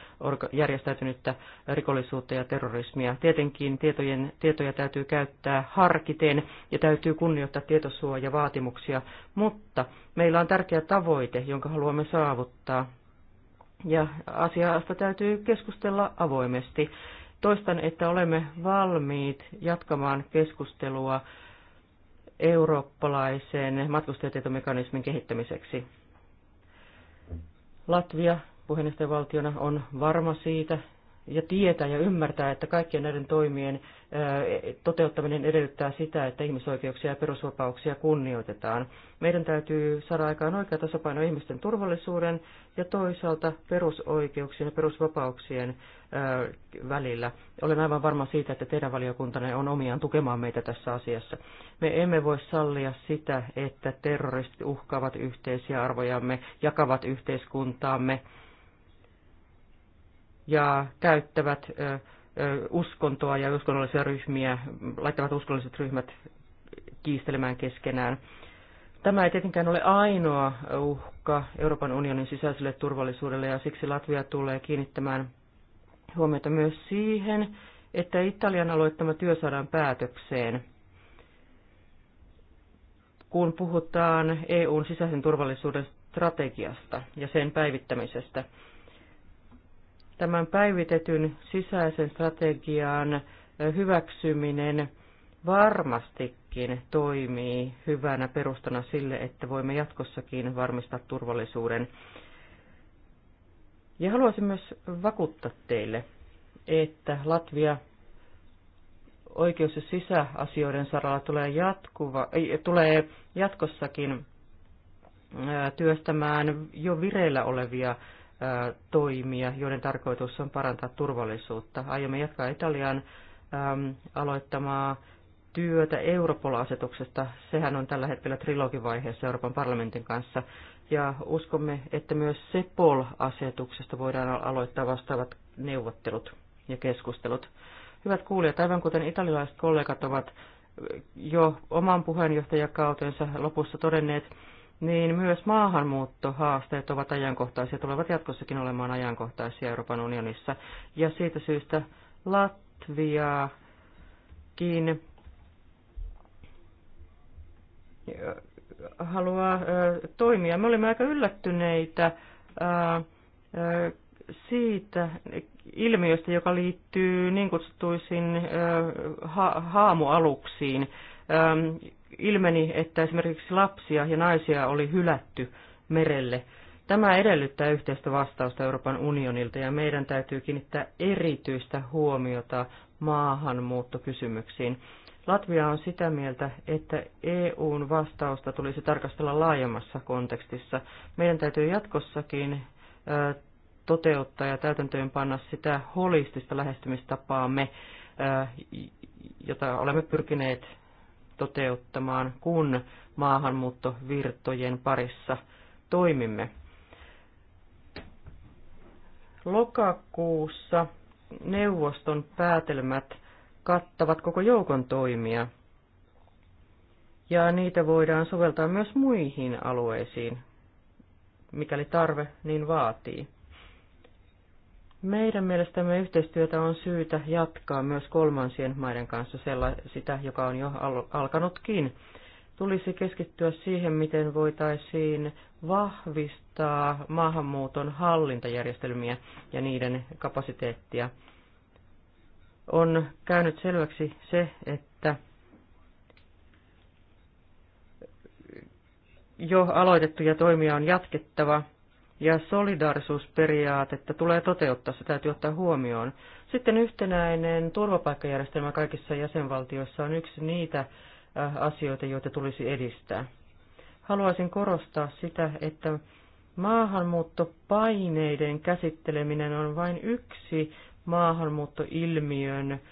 järjestäytynyttä rikollisuutta ja terrorismia. Tietenkin tietojen, tietoja täytyy käyttää harkiten ja täytyy kunnioittaa tietosuojavaatimuksia, mutta meillä on tärkeä tavoite, jonka haluamme saavuttaa. Ja asiasta täytyy keskustella avoimesti. Toistan, että olemme valmiit jatkamaan keskustelua eurooppalaisen matkustajatietomekanismin kehittämiseksi. Latvia puheenjohtajavaltiona on varma siitä, ja tietää ja ymmärtää, että kaikkien näiden toimien toteuttaminen edellyttää sitä, että ihmisoikeuksia ja perusvapauksia kunnioitetaan. Meidän täytyy saada aikaan oikea tasapaino ihmisten turvallisuuden ja toisaalta perusoikeuksien ja perusvapauksien välillä. Olen aivan varma siitä, että teidän valiokuntanne on omiaan tukemaan meitä tässä asiassa. Me emme voi sallia sitä, että terroristit uhkaavat yhteisiä arvojamme, jakavat yhteiskuntaamme ja käyttävät uskontoa ja uskonnollisia ryhmiä, laittavat uskonnolliset ryhmät kiistelemään keskenään. Tämä ei tietenkään ole ainoa uhka Euroopan unionin sisäiselle turvallisuudelle ja siksi Latvia tulee kiinnittämään huomiota myös siihen, että Italian aloittama työ saadaan päätökseen. Kun puhutaan EUn sisäisen turvallisuuden strategiasta ja sen päivittämisestä, tämän päivitetyn sisäisen strategian hyväksyminen varmastikin toimii hyvänä perustana sille, että voimme jatkossakin varmistaa turvallisuuden. Ja haluaisin myös vakuuttaa teille, että Latvia oikeus- ja sisäasioiden saralla tulee, jatkuva, ei, tulee jatkossakin työstämään jo vireillä olevia toimia, joiden tarkoitus on parantaa turvallisuutta. Aiomme jatkaa Italian aloittamaa työtä Europol-asetuksesta. Sehän on tällä hetkellä trilogivaiheessa Euroopan parlamentin kanssa. Ja uskomme, että myös Sepol-asetuksesta voidaan aloittaa vastaavat neuvottelut ja keskustelut. Hyvät kuulijat, aivan kuten italialaiset kollegat ovat jo oman puheenjohtajakautensa lopussa todenneet, niin myös maahanmuuttohaasteet ovat ajankohtaisia, tulevat jatkossakin olemaan ajankohtaisia Euroopan unionissa. Ja siitä syystä Latviakin äh, haluaa äh, toimia. Me olimme aika yllättyneitä äh, siitä ilmiöstä, joka liittyy niin kutsuttuisiin haamualuksiin ähm, ilmeni, että esimerkiksi lapsia ja naisia oli hylätty merelle. Tämä edellyttää yhteistä vastausta Euroopan unionilta ja meidän täytyy kiinnittää erityistä huomiota maahanmuuttokysymyksiin. Latvia on sitä mieltä, että EUn vastausta tulisi tarkastella laajemmassa kontekstissa. Meidän täytyy jatkossakin toteuttaa ja panna sitä holistista lähestymistapaamme, jota olemme pyrkineet toteuttamaan, kun maahanmuuttovirtojen parissa toimimme. Lokakuussa neuvoston päätelmät kattavat koko joukon toimia, ja niitä voidaan soveltaa myös muihin alueisiin, mikäli tarve niin vaatii. Meidän mielestämme yhteistyötä on syytä jatkaa myös kolmansien maiden kanssa sitä, joka on jo alkanutkin. Tulisi keskittyä siihen, miten voitaisiin vahvistaa maahanmuuton hallintajärjestelmiä ja niiden kapasiteettia. On käynyt selväksi se, että jo aloitettuja toimia on jatkettava ja solidaarisuusperiaatetta tulee toteuttaa, se täytyy ottaa huomioon. Sitten yhtenäinen turvapaikkajärjestelmä kaikissa jäsenvaltioissa on yksi niitä äh, asioita, joita tulisi edistää. Haluaisin korostaa sitä, että maahanmuuttopaineiden käsitteleminen on vain yksi maahanmuuttoilmiön ö, äh,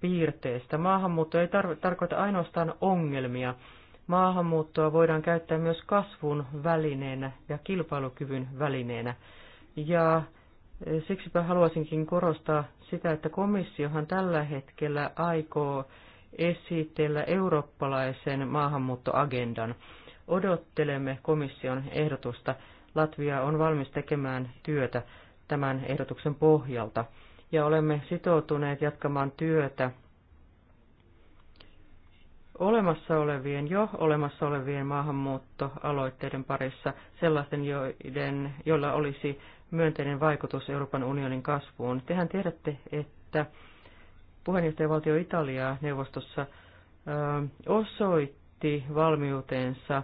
piirteestä. Maahanmuutto ei tar- tarkoita ainoastaan ongelmia, Maahanmuuttoa voidaan käyttää myös kasvun välineenä ja kilpailukyvyn välineenä. Ja e, siksipä haluaisinkin korostaa sitä, että komissiohan tällä hetkellä aikoo esitellä eurooppalaisen maahanmuuttoagendan. Odottelemme komission ehdotusta. Latvia on valmis tekemään työtä tämän ehdotuksen pohjalta ja olemme sitoutuneet jatkamaan työtä olemassa olevien, jo olemassa olevien maahanmuuttoaloitteiden parissa, sellaisten, joiden, joilla olisi myönteinen vaikutus Euroopan unionin kasvuun. Tehän tiedätte, että puheenjohtajavaltio Italiaa neuvostossa osoitti valmiutensa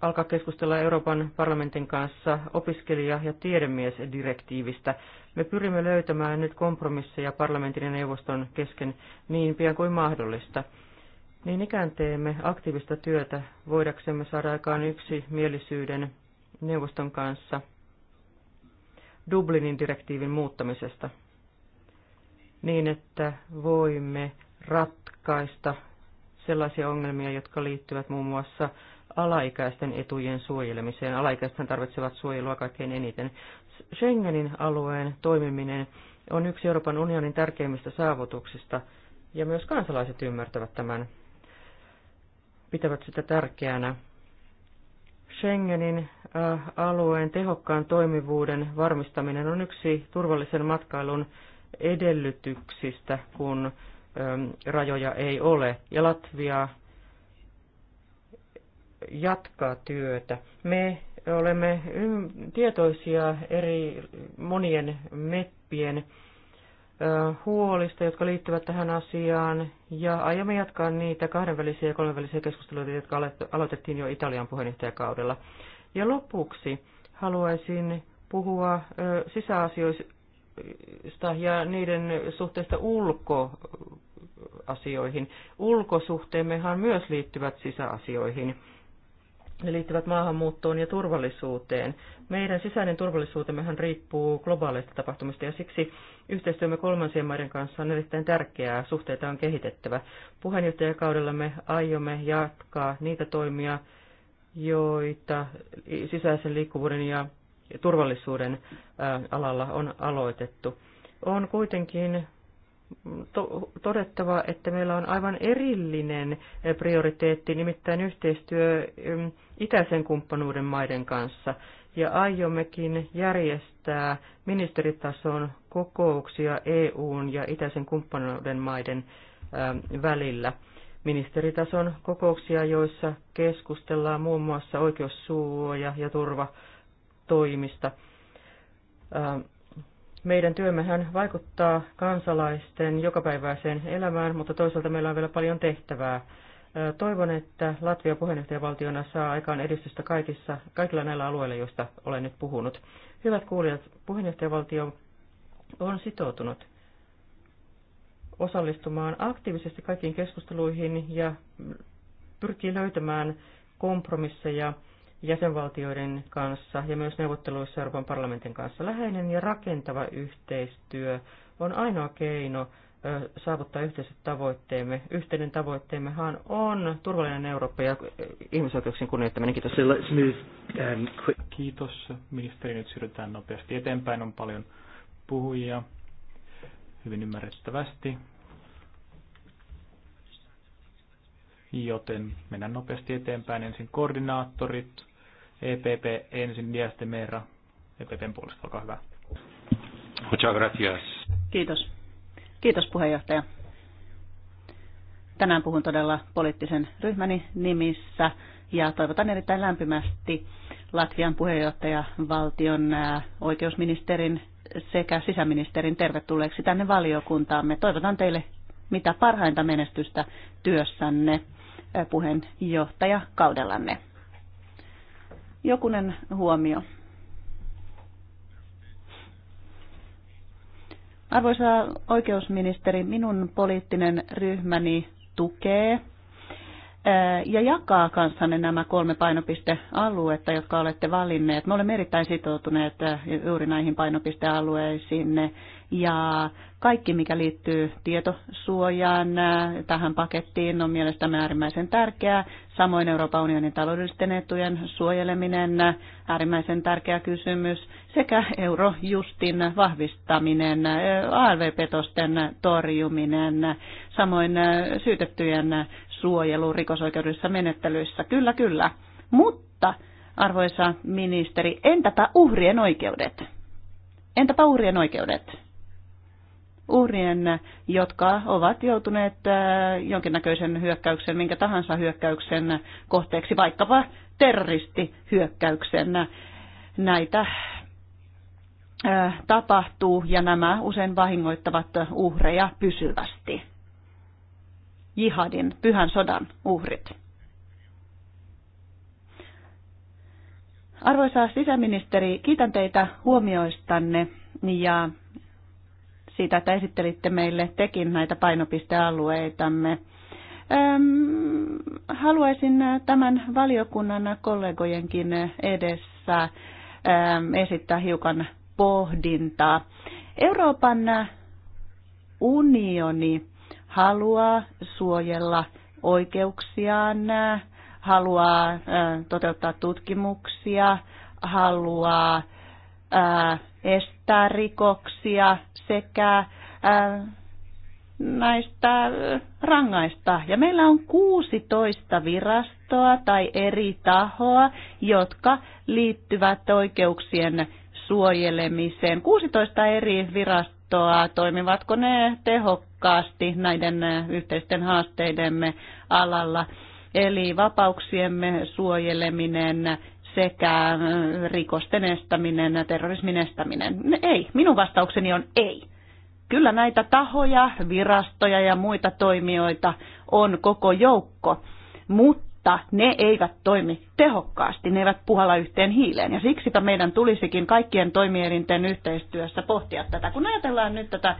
alkaa keskustella Euroopan parlamentin kanssa opiskelija- ja tiedemiesdirektiivistä. Me pyrimme löytämään nyt kompromisseja parlamentin ja neuvoston kesken niin pian kuin mahdollista. Niin ikään teemme aktiivista työtä voidaksemme saada aikaan yksi mielisyyden neuvoston kanssa Dublinin direktiivin muuttamisesta niin, että voimme ratkaista sellaisia ongelmia, jotka liittyvät muun muassa alaikäisten etujen suojelemiseen. Alaikäisten tarvitsevat suojelua kaikkein eniten. Schengenin alueen toimiminen on yksi Euroopan unionin tärkeimmistä saavutuksista, ja myös kansalaiset ymmärtävät tämän, pitävät sitä tärkeänä. Schengenin äh, alueen tehokkaan toimivuuden varmistaminen on yksi turvallisen matkailun edellytyksistä, kun ähm, rajoja ei ole. Ja Latvia jatkaa työtä. Me olemme tietoisia eri monien meppien huolista, jotka liittyvät tähän asiaan, ja aiomme jatkaa niitä kahdenvälisiä ja kolmenvälisiä keskusteluita, jotka aloitettiin jo Italian puheenjohtajakaudella. Ja lopuksi haluaisin puhua sisäasioista ja niiden suhteesta ulkoasioihin. Ulkosuhteemmehan myös liittyvät sisäasioihin ne liittyvät maahanmuuttoon ja turvallisuuteen. Meidän sisäinen turvallisuutemmehan riippuu globaaleista tapahtumista ja siksi yhteistyömme kolmansien maiden kanssa on erittäin tärkeää. Suhteita on kehitettävä. Puheenjohtajakaudella me aiomme jatkaa niitä toimia, joita sisäisen liikkuvuuden ja turvallisuuden alalla on aloitettu. On kuitenkin to- todettava, että meillä on aivan erillinen prioriteetti, nimittäin yhteistyö itäisen kumppanuuden maiden kanssa ja aiommekin järjestää ministeritason kokouksia EUn ja itäisen kumppanuuden maiden ähm, välillä. Ministeritason kokouksia, joissa keskustellaan muun muassa oikeussuoja- ja turvatoimista. Ähm, meidän työmmehän vaikuttaa kansalaisten jokapäiväiseen elämään, mutta toisaalta meillä on vielä paljon tehtävää Toivon, että Latvia puheenjohtajavaltiona saa aikaan edistystä kaikissa, kaikilla näillä alueilla, joista olen nyt puhunut. Hyvät kuulijat, puheenjohtajavaltio on sitoutunut osallistumaan aktiivisesti kaikkiin keskusteluihin ja pyrkii löytämään kompromisseja jäsenvaltioiden kanssa ja myös neuvotteluissa Euroopan parlamentin kanssa. Läheinen ja rakentava yhteistyö on ainoa keino saavuttaa yhteiset tavoitteemme. Yhteinen tavoitteemmehan on turvallinen Eurooppa ja ihmisoikeuksien kunnioittaminen. Kiitos. Um, Kiitos ministeri. Nyt siirrytään nopeasti eteenpäin. On paljon puhujia. Hyvin ymmärrettävästi. Joten mennään nopeasti eteenpäin. Ensin koordinaattorit. EPP ensin Diastemera. EPPn puolesta, olkaa hyvä. Muchas gracias. Kiitos Kiitos puheenjohtaja. Tänään puhun todella poliittisen ryhmäni nimissä ja toivotan erittäin lämpimästi Latvian valtion äh, oikeusministerin sekä sisäministerin tervetulleeksi tänne valiokuntaamme. Toivotan teille mitä parhainta menestystä työssänne äh, kaudellanne. Jokunen huomio Arvoisa oikeusministeri, minun poliittinen ryhmäni tukee ja jakaa kanssanne nämä kolme painopistealuetta, jotka olette valinneet. Me olemme erittäin sitoutuneet juuri näihin painopistealueisiin ja kaikki, mikä liittyy tietosuojaan tähän pakettiin, on mielestämme äärimmäisen tärkeää. Samoin Euroopan unionin taloudellisten etujen suojeleminen, äärimmäisen tärkeä kysymys, sekä eurojustin vahvistaminen, ALV-petosten torjuminen, samoin syytettyjen suojelu rikosoikeudellisissa menettelyissä. Kyllä, kyllä. Mutta, arvoisa ministeri, entäpä uhrien oikeudet? Entäpä uhrien oikeudet? Uhrien, jotka ovat joutuneet äh, jonkinnäköisen hyökkäyksen, minkä tahansa hyökkäyksen kohteeksi, vaikkapa terroristihyökkäyksen. Näitä äh, tapahtuu ja nämä usein vahingoittavat uhreja pysyvästi jihadin, pyhän sodan uhrit. Arvoisa sisäministeri, kiitän teitä huomioistanne ja siitä, että esittelitte meille tekin näitä painopistealueitamme. Haluaisin tämän valiokunnan kollegojenkin edessä esittää hiukan pohdintaa. Euroopan unioni haluaa suojella oikeuksiaan, haluaa toteuttaa tutkimuksia, haluaa estää rikoksia sekä näistä rangaista. Ja meillä on 16 virastoa tai eri tahoa, jotka liittyvät oikeuksien suojelemiseen. 16 eri virastoa katsoa, toimivatko ne tehokkaasti näiden eh, yhteisten haasteidemme alalla. Eli vapauksiemme suojeleminen sekä eh, rikosten estäminen ja terrorismin estäminen. Ei, minun vastaukseni on ei. Kyllä näitä tahoja, virastoja ja muita toimijoita on koko joukko, mutta mutta ne eivät toimi tehokkaasti, ne eivät puhalla yhteen hiileen. Ja siksipä meidän tulisikin kaikkien toimielinten yhteistyössä pohtia tätä. Kun ajatellaan nyt tätä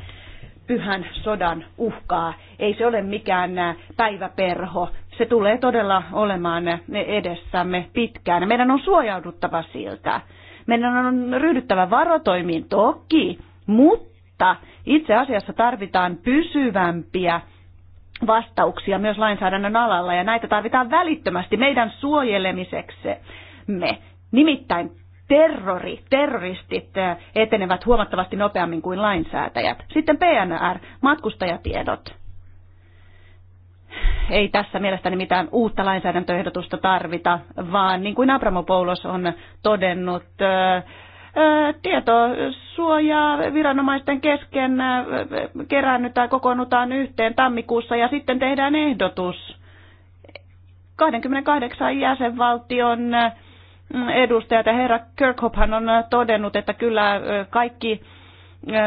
pyhän sodan uhkaa, ei se ole mikään päiväperho, se tulee todella olemaan edessämme pitkään. Meidän on suojauduttava siltä. Meidän on ryhdyttävä varotoimiin toki, mutta itse asiassa tarvitaan pysyvämpiä vastauksia myös lainsäädännön alalla ja näitä tarvitaan välittömästi meidän suojelemiseksi. Me nimittäin terrori, terroristit etenevät huomattavasti nopeammin kuin lainsäätäjät. Sitten PNR, matkustajatiedot. Ei tässä mielestäni mitään uutta lainsäädäntöehdotusta tarvita, vaan niin kuin Abramopoulos on todennut, tietosuojaa viranomaisten kesken kerännytään, kokoonnutaan yhteen tammikuussa ja sitten tehdään ehdotus. 28 jäsenvaltion edustajat ja herra Kirkhopehan on todennut, että kyllä kaikki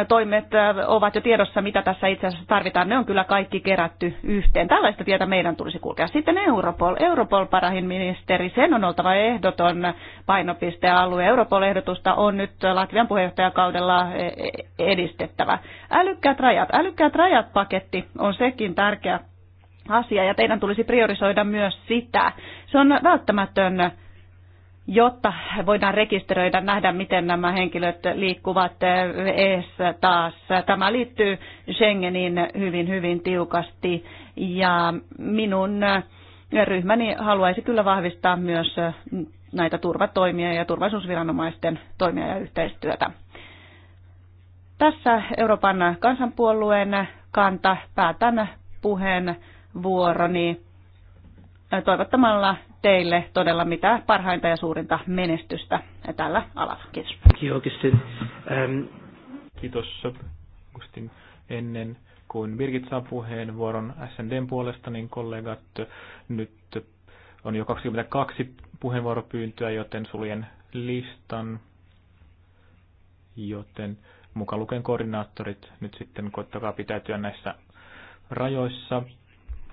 toimet ovat jo tiedossa, mitä tässä itse asiassa tarvitaan. Ne on kyllä kaikki kerätty yhteen. Tällaista tietä meidän tulisi kulkea. Sitten Europol. Europol parahin ministeri, sen on oltava ehdoton painopistealue. Europol-ehdotusta on nyt Latvian puheenjohtajakaudella e, e, edistettävä. Älykkäät rajat. Älykkäät rajat-paketti on sekin tärkeä asia ja teidän tulisi priorisoida myös sitä. Se on välttämätön jotta voidaan rekisteröidä, nähdä, miten nämä henkilöt liikkuvat ees taas. Tämä liittyy Schengenin hyvin, hyvin tiukasti ja minun ryhmäni haluaisi kyllä vahvistaa myös näitä turvatoimia ja turvallisuusviranomaisten toimia ja yhteistyötä. Tässä Euroopan kansanpuolueen kanta päätän puheen vuoroni toivottamalla teille todella mitä parhainta ja suurinta menestystä tällä alalla. Kiitos. Ähm, Kiitos Augustin. Ennen kuin Birgit saa puheenvuoron SNDn puolesta, niin kollegat, nyt on jo 22 puheenvuoropyyntöä, joten suljen listan, joten mukaan lukien koordinaattorit nyt sitten koittakaa pitäytyä näissä rajoissa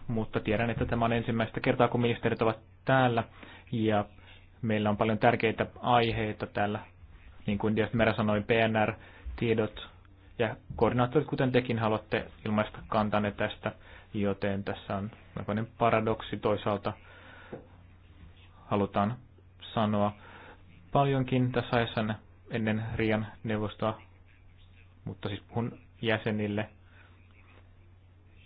mutta tiedän, että tämä on ensimmäistä kertaa, kun ministerit ovat täällä. Ja meillä on paljon tärkeitä aiheita täällä, niin kuin Diasmera sanoi, PNR-tiedot ja koordinaattorit, kuten tekin haluatte ilmaista kantanne tästä, joten tässä on melkoinen paradoksi toisaalta halutaan sanoa paljonkin tässä ajassa ennen Rian neuvostoa, mutta siis puhun jäsenille,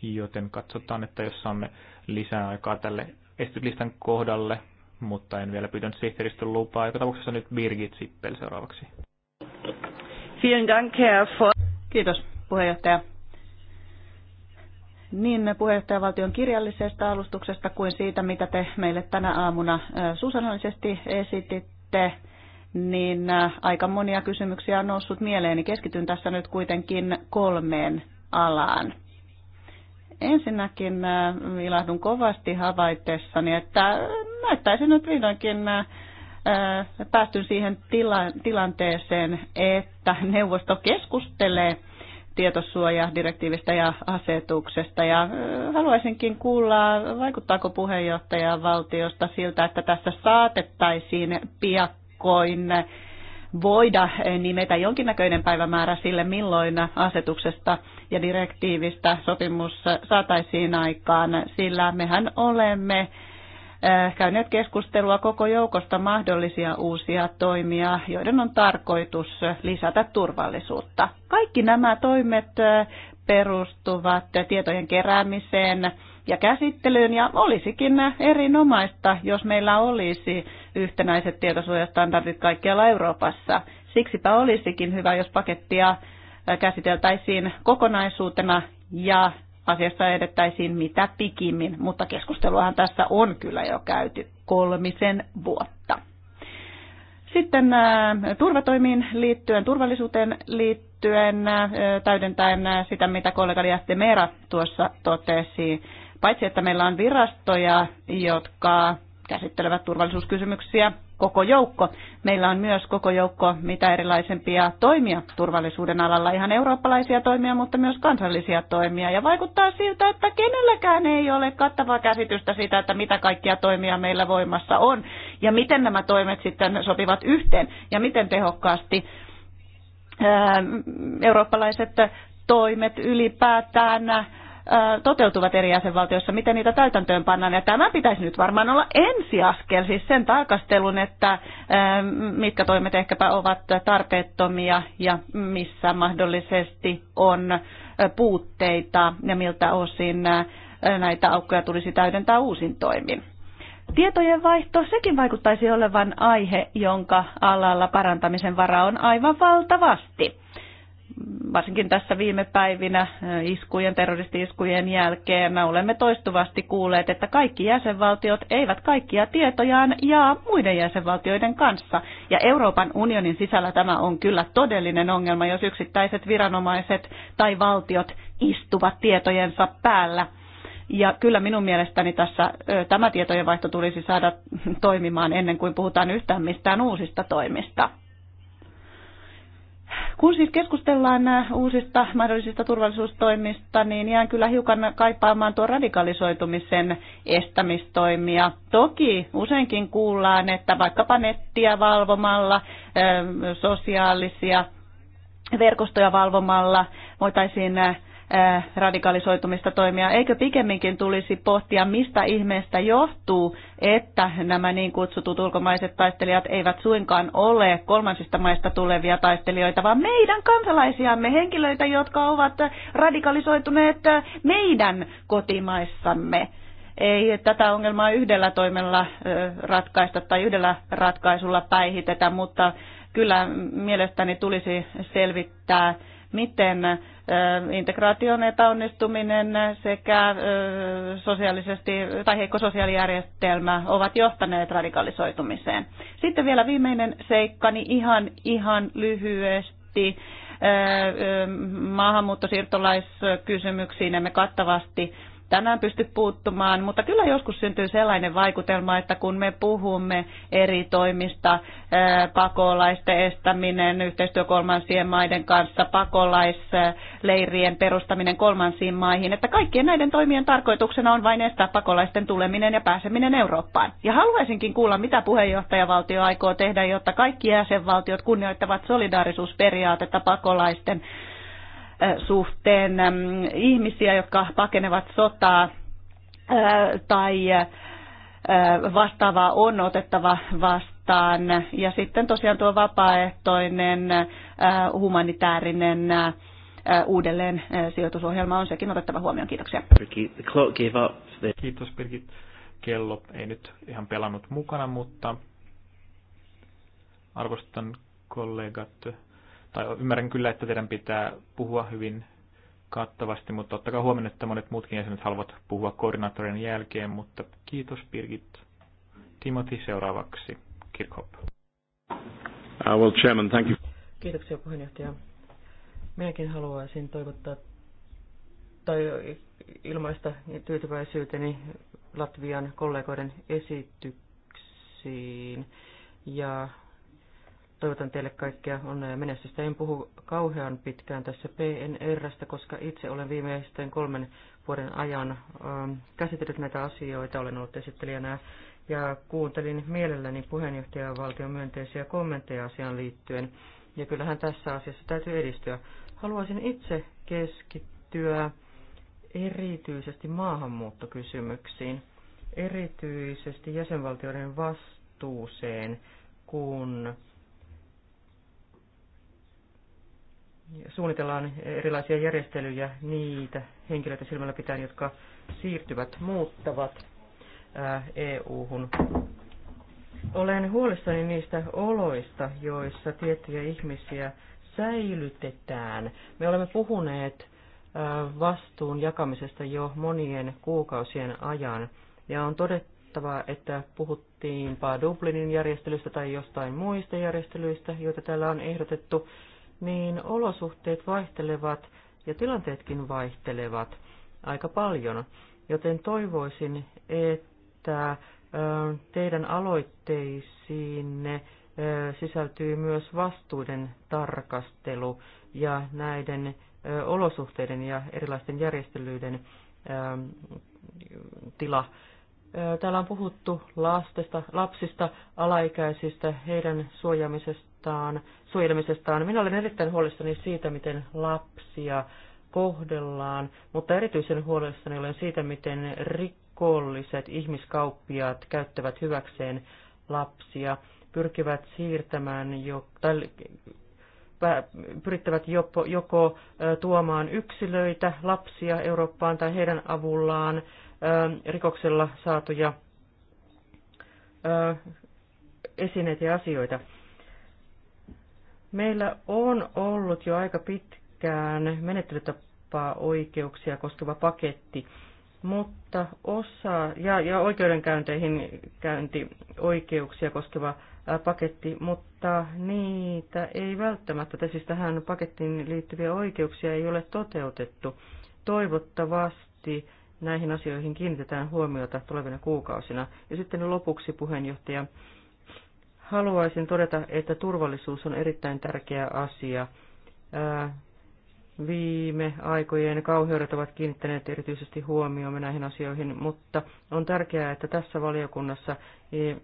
joten katsotaan, että jos saamme lisää aikaa tälle esityslistan kohdalle, mutta en vielä pyytänyt sihteeristön lupaa. Joka tapauksessa nyt Birgit Sippel seuraavaksi. Kiitos puheenjohtaja. Niin puheenjohtajavaltion kirjallisesta alustuksesta kuin siitä, mitä te meille tänä aamuna susanallisesti esititte, niin aika monia kysymyksiä on noussut mieleeni. Keskityn tässä nyt kuitenkin kolmeen alaan. Ensinnäkin äh, ilahdun kovasti havaitessani, että näyttäisi nyt vihdoinkin äh, äh, päästyn siihen tila- tilanteeseen, että neuvosto keskustelee tietosuojadirektiivistä ja asetuksesta. Ja haluaisinkin kuulla, vaikuttaako puheenjohtajan valtiosta siltä, että tässä saatettaisiin piakkoin voida eh, nimetä jonkinnäköinen päivämäärä sille, milloin asetuksesta ja direktiivistä sopimus saataisiin aikaan, sillä mehän olemme eh, käyneet keskustelua koko joukosta mahdollisia uusia toimia, joiden on tarkoitus lisätä turvallisuutta. Kaikki nämä toimet eh, perustuvat tietojen keräämiseen, ja käsittelyyn. Ja olisikin erinomaista, jos meillä olisi yhtenäiset tietosuojastandardit kaikkialla Euroopassa. Siksipä olisikin hyvä, jos pakettia käsiteltäisiin kokonaisuutena ja asiassa edettäisiin mitä pikimmin, mutta keskusteluahan tässä on kyllä jo käyty kolmisen vuotta. Sitten turvatoimiin liittyen, turvallisuuteen liittyen, täydentäen sitä, mitä kollega Meera tuossa totesi, Paitsi että meillä on virastoja, jotka käsittelevät turvallisuuskysymyksiä koko joukko. Meillä on myös koko joukko mitä erilaisempia toimia turvallisuuden alalla, ihan eurooppalaisia toimia, mutta myös kansallisia toimia. Ja vaikuttaa siltä, että kenelläkään ei ole kattavaa käsitystä siitä, että mitä kaikkia toimia meillä voimassa on ja miten nämä toimet sitten sopivat yhteen ja miten tehokkaasti eurooppalaiset toimet ylipäätään toteutuvat eri jäsenvaltioissa, miten niitä täytäntöön pannaan. Ja tämä pitäisi nyt varmaan olla ensiaskel, siis sen tarkastelun, että mitkä toimet ehkäpä ovat tarpeettomia ja missä mahdollisesti on puutteita ja miltä osin näitä aukkoja tulisi täydentää uusin toimin. Tietojen vaihto, sekin vaikuttaisi olevan aihe, jonka alalla parantamisen vara on aivan valtavasti varsinkin tässä viime päivinä iskujen, terroristiiskujen jälkeen, me olemme toistuvasti kuulleet, että kaikki jäsenvaltiot eivät kaikkia tietojaan ja muiden jäsenvaltioiden kanssa. Ja Euroopan unionin sisällä tämä on kyllä todellinen ongelma, jos yksittäiset viranomaiset tai valtiot istuvat tietojensa päällä. Ja kyllä minun mielestäni tässä tämä tietojenvaihto tulisi saada toimimaan ennen kuin puhutaan yhtään mistään uusista toimista. Kun siis keskustellaan äh, uusista mahdollisista turvallisuustoimista, niin jään kyllä hiukan kaipaamaan tuon radikalisoitumisen estämistoimia. Toki useinkin kuullaan, että vaikkapa nettiä valvomalla, äh, sosiaalisia verkostoja valvomalla voitaisiin äh, Äh, radikalisoitumista toimia. Eikö pikemminkin tulisi pohtia, mistä ihmeestä johtuu, että nämä niin kutsutut ulkomaiset taistelijat eivät suinkaan ole kolmansista maista tulevia taistelijoita, vaan meidän kansalaisiamme, henkilöitä, jotka ovat radikalisoituneet meidän kotimaissamme ei tätä ongelmaa yhdellä toimella äh, ratkaista tai yhdellä ratkaisulla päihitetä, mutta kyllä mielestäni tulisi selvittää, miten integraation epäonnistuminen sekä sosiaalisesti, tai heikko sosiaalijärjestelmä ovat johtaneet radikalisoitumiseen. Sitten vielä viimeinen seikka, niin ihan, ihan lyhyesti maahanmuuttosiirtolaiskysymyksiin emme kattavasti tänään pysty puuttumaan, mutta kyllä joskus syntyy sellainen vaikutelma, että kun me puhumme eri toimista, pakolaisten estäminen, yhteistyö kolmansien maiden kanssa, pakolaisleirien perustaminen kolmansiin maihin, että kaikkien näiden toimien tarkoituksena on vain estää pakolaisten tuleminen ja pääseminen Eurooppaan. Ja haluaisinkin kuulla, mitä puheenjohtajavaltio aikoo tehdä, jotta kaikki jäsenvaltiot kunnioittavat solidaarisuusperiaatetta pakolaisten suhteen ihmisiä, jotka pakenevat sotaa tai vastaavaa on otettava vastaan. Ja sitten tosiaan tuo vapaaehtoinen humanitaarinen uudelleen sijoitusohjelma on sekin otettava huomioon. Kiitoksia. Kiitos Birgit. Kello ei nyt ihan pelannut mukana, mutta arvostan kollegat tai ymmärrän kyllä, että teidän pitää puhua hyvin kattavasti, mutta ottakaa huomioon, että monet muutkin jäsenet haluavat puhua koordinaattorin jälkeen, mutta kiitos Birgit. Timothy seuraavaksi, Kirkhop. Uh, well, chairman, thank you. Kiitoksia puheenjohtaja. Minäkin haluaisin toivottaa tai ilmaista tyytyväisyyteni Latvian kollegoiden esityksiin ja Toivotan teille kaikkia onnea ja menestystä. En puhu kauhean pitkään tässä PNRstä, koska itse olen viimeisten kolmen vuoden ajan ähm, käsitellyt näitä asioita. Olen ollut esittelijänä ja kuuntelin mielelläni valtion myönteisiä kommentteja asiaan liittyen. Ja kyllähän tässä asiassa täytyy edistyä. Haluaisin itse keskittyä erityisesti maahanmuuttokysymyksiin, erityisesti jäsenvaltioiden vastuuseen, kun suunnitellaan erilaisia järjestelyjä niitä henkilöitä silmällä pitäen, jotka siirtyvät, muuttavat EU-hun. Olen huolissani niistä oloista, joissa tiettyjä ihmisiä säilytetään. Me olemme puhuneet vastuun jakamisesta jo monien kuukausien ajan, ja on todettava, että puhuttiinpa Dublinin järjestelystä tai jostain muista järjestelyistä, joita täällä on ehdotettu, niin olosuhteet vaihtelevat ja tilanteetkin vaihtelevat aika paljon. Joten toivoisin, että teidän aloitteisiinne sisältyy myös vastuuden tarkastelu ja näiden olosuhteiden ja erilaisten järjestelyiden tila. Täällä on puhuttu lastesta, lapsista, alaikäisistä, heidän suojaamisesta suojelumistaan, suojelemisestaan. Minä olen erittäin huolissani siitä, miten lapsia kohdellaan, mutta erityisen huolissani olen siitä, miten rikolliset ihmiskauppiaat käyttävät hyväkseen lapsia, pyrkivät siirtämään jo, tai pyrittävät joko, joko tuomaan yksilöitä, lapsia Eurooppaan tai heidän avullaan rikoksella saatuja esineitä ja asioita. Meillä on ollut jo aika pitkään menettelytapaa oikeuksia koskeva paketti, mutta osa, ja, ja oikeudenkäynteihin käynti oikeuksia koskeva paketti, mutta niitä ei välttämättä, tai siis tähän pakettiin liittyviä oikeuksia ei ole toteutettu. Toivottavasti näihin asioihin kiinnitetään huomiota tulevina kuukausina. Ja sitten lopuksi puheenjohtaja Haluaisin todeta, että turvallisuus on erittäin tärkeä asia. Ää, viime aikojen kauheudet ovat kiinnittäneet erityisesti huomioon näihin asioihin, mutta on tärkeää, että tässä valiokunnassa e,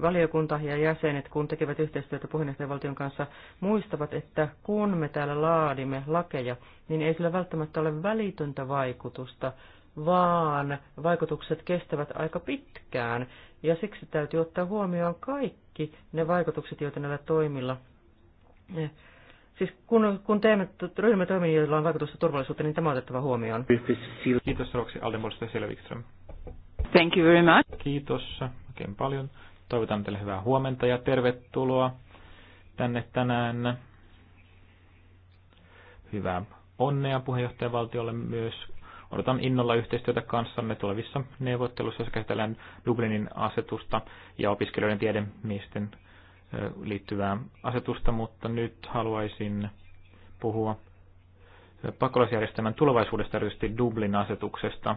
valiokunta ja jäsenet, kun tekevät yhteistyötä puheenjohtajavaltion kanssa, muistavat, että kun me täällä laadimme lakeja, niin ei sillä välttämättä ole välitöntä vaikutusta, vaan vaikutukset kestävät aika pitkään. Ja siksi täytyy ottaa huomioon kaikki ne vaikutukset, joita näillä toimilla. Siis kun, kun teemme, ryhmä toimii, joilla on vaikutusta turvallisuuteen, niin tämä on otettava huomioon. Kiitos Roksi Aldemuodosta Selvikström. Thank you very much. Kiitos oikein paljon. Toivotan teille hyvää huomenta ja tervetuloa tänne tänään. Hyvää onnea puheenjohtajavaltiolle myös Odotan innolla yhteistyötä kanssanne tulevissa neuvotteluissa, jos käsitellään Dublinin asetusta ja opiskelijoiden tiedemiesten liittyvää asetusta, mutta nyt haluaisin puhua pakolaisjärjestelmän tulevaisuudesta, erityisesti Dublin-asetuksesta.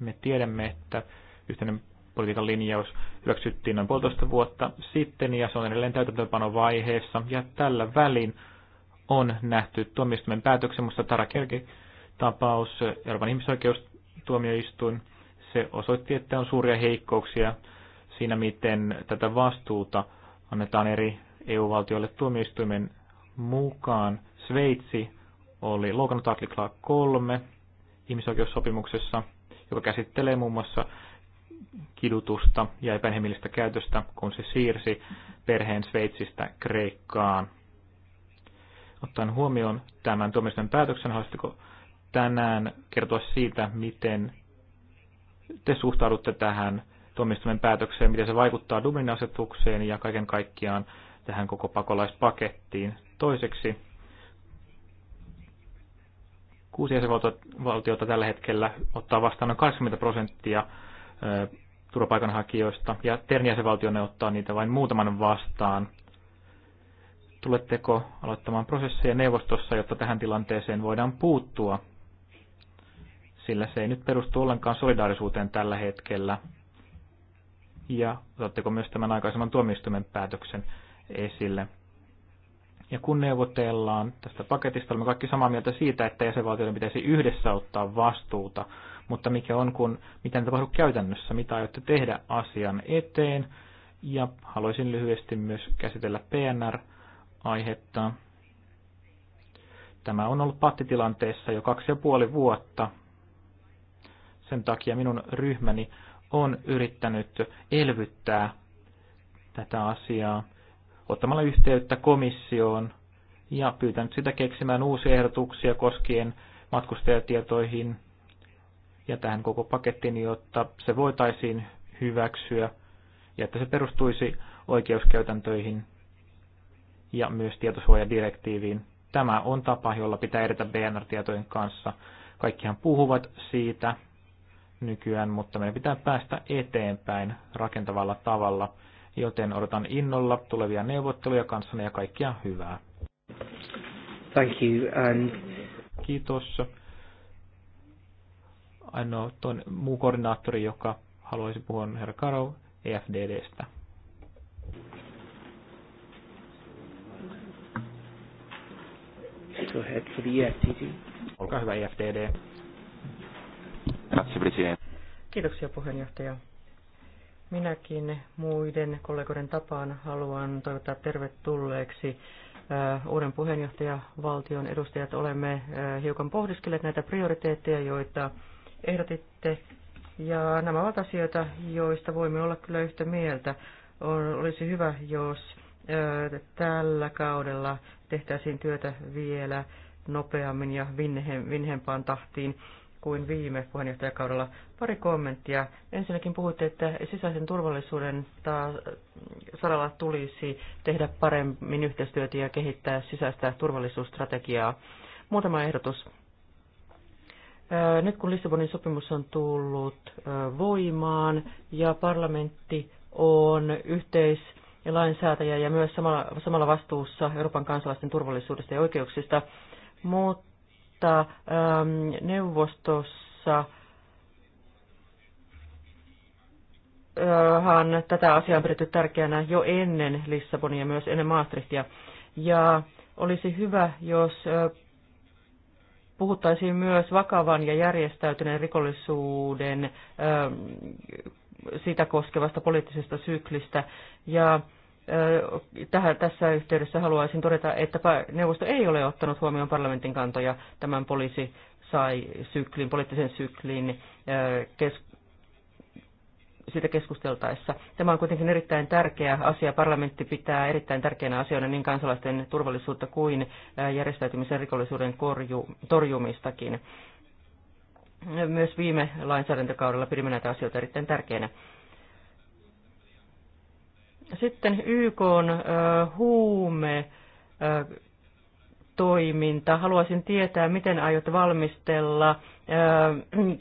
Me tiedämme, että yhteinen politiikan linjaus hyväksyttiin noin puolitoista vuotta sitten ja se on edelleen täytäntöönpanovaiheessa ja tällä välin on nähty tuomioistuimen päätöksen, mutta Tara Kerki tapaus, Euroopan ihmisoikeustuomioistuin, se osoitti, että on suuria heikkouksia siinä, miten tätä vastuuta annetaan eri EU-valtioille tuomioistuimen mukaan. Sveitsi oli loukannut artiklaa kolme ihmisoikeussopimuksessa, joka käsittelee muun muassa kidutusta ja epäinhimillistä käytöstä, kun se siirsi perheen Sveitsistä Kreikkaan. Ottaen huomioon tämän tuomioistuimen päätöksen, haluaisitko tänään kertoa siitä, miten te suhtaudutte tähän tuomioistuimen päätökseen, miten se vaikuttaa Dublinin asetukseen ja kaiken kaikkiaan tähän koko pakolaispakettiin. Toiseksi kuusi jäsenvaltiota tällä hetkellä ottaa vastaan noin 80 prosenttia turvapaikanhakijoista, ja Ternin jäsenvaltio ne ottaa niitä vain muutaman vastaan. Tuletteko aloittamaan prosesseja neuvostossa, jotta tähän tilanteeseen voidaan puuttua? sillä se ei nyt perustu ollenkaan solidaarisuuteen tällä hetkellä. Ja otatteko myös tämän aikaisemman tuomioistuimen päätöksen esille? Ja kun neuvotellaan tästä paketista, olemme kaikki samaa mieltä siitä, että jäsenvaltioiden pitäisi yhdessä ottaa vastuuta. Mutta mikä on, kun, mitä tapahtuu käytännössä, mitä aiotte tehdä asian eteen? Ja haluaisin lyhyesti myös käsitellä PNR-aihetta. Tämä on ollut pattitilanteessa jo kaksi ja puoli vuotta, sen takia minun ryhmäni on yrittänyt elvyttää tätä asiaa ottamalla yhteyttä komissioon ja pyytänyt sitä keksimään uusia ehdotuksia koskien matkustajatietoihin ja tähän koko pakettiin, jotta se voitaisiin hyväksyä ja että se perustuisi oikeuskäytäntöihin ja myös tietosuojadirektiiviin. Tämä on tapa, jolla pitää edetä BNR-tietojen kanssa. Kaikkihan puhuvat siitä, nykyään, mutta meidän pitää päästä eteenpäin rakentavalla tavalla, joten odotan innolla tulevia neuvotteluja kanssanne ja kaikkia hyvää. Thank you and... Kiitos. Ainoa tuon muu koordinaattori, joka haluaisi puhua, on herra Karo EFDDstä. Go ahead for the EFTD. Olkaa hyvä EFDD. Kiitoksia puheenjohtaja. Minäkin muiden kollegoiden tapaan haluan toivottaa tervetulleeksi äh, uuden valtion edustajat. Olemme äh, hiukan pohdiskelleet näitä prioriteetteja, joita ehdotitte. Ja nämä ovat asioita, joista voimme olla kyllä yhtä mieltä. Olisi hyvä, jos äh, tällä kaudella tehtäisiin työtä vielä nopeammin ja vinhempaan tahtiin kuin viime puheenjohtajakaudella. Pari kommenttia. Ensinnäkin puhuitte, että sisäisen turvallisuuden mm, saralla tulisi tehdä paremmin yhteistyötä ja kehittää sisäistä turvallisuusstrategiaa. Muutama ehdotus. Nyt kun Lissabonin sopimus on tullut voimaan ja parlamentti on yhteis ja lainsäätäjä ja myös samalla, samalla vastuussa Euroopan kansalaisten turvallisuudesta ja oikeuksista, mutta mutta ähm, neuvostossa äh, hän tätä asiaa on pidetty tärkeänä jo ennen Lissabonia ja myös ennen Maastrichtia. Ja olisi hyvä, jos äh, puhuttaisiin myös vakavan ja järjestäytyneen rikollisuuden ähm, sitä koskevasta poliittisesta syklistä. Ja Tähän, tässä yhteydessä haluaisin todeta, että neuvosto ei ole ottanut huomioon parlamentin kantoja tämän poliisi sai syklin, poliittisen sykliin kes, siitä keskusteltaessa. Tämä on kuitenkin erittäin tärkeä asia. Parlamentti pitää erittäin tärkeänä asioina niin kansalaisten turvallisuutta kuin järjestäytymisen rikollisuuden korju, torjumistakin. Myös viime lainsäädäntökaudella pidimme näitä asioita erittäin tärkeänä. Sitten YK on huume toiminta. Haluaisin tietää, miten aiot valmistella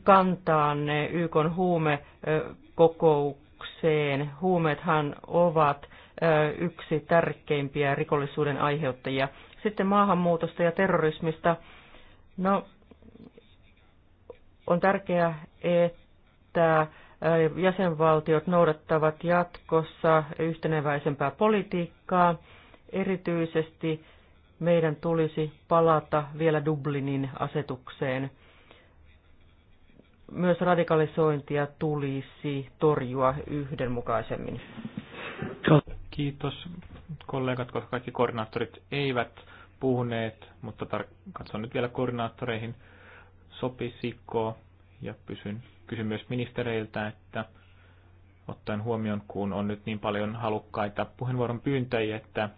kantaanne YK huumekokoukseen. Huumeethan ovat yksi tärkeimpiä rikollisuuden aiheuttajia. Sitten maahanmuutosta ja terrorismista. No, on tärkeää, että jäsenvaltiot noudattavat jatkossa yhteneväisempää politiikkaa. Erityisesti meidän tulisi palata vielä Dublinin asetukseen. Myös radikalisointia tulisi torjua yhdenmukaisemmin. Kiitos kollegat, koska kaikki koordinaattorit eivät puhuneet, mutta tar- katson nyt vielä koordinaattoreihin. Sopisiko ja pysyn Kysyn myös ministereiltä, että ottaen huomioon, kun on nyt niin paljon halukkaita puheenvuoron pyyntäjiä, että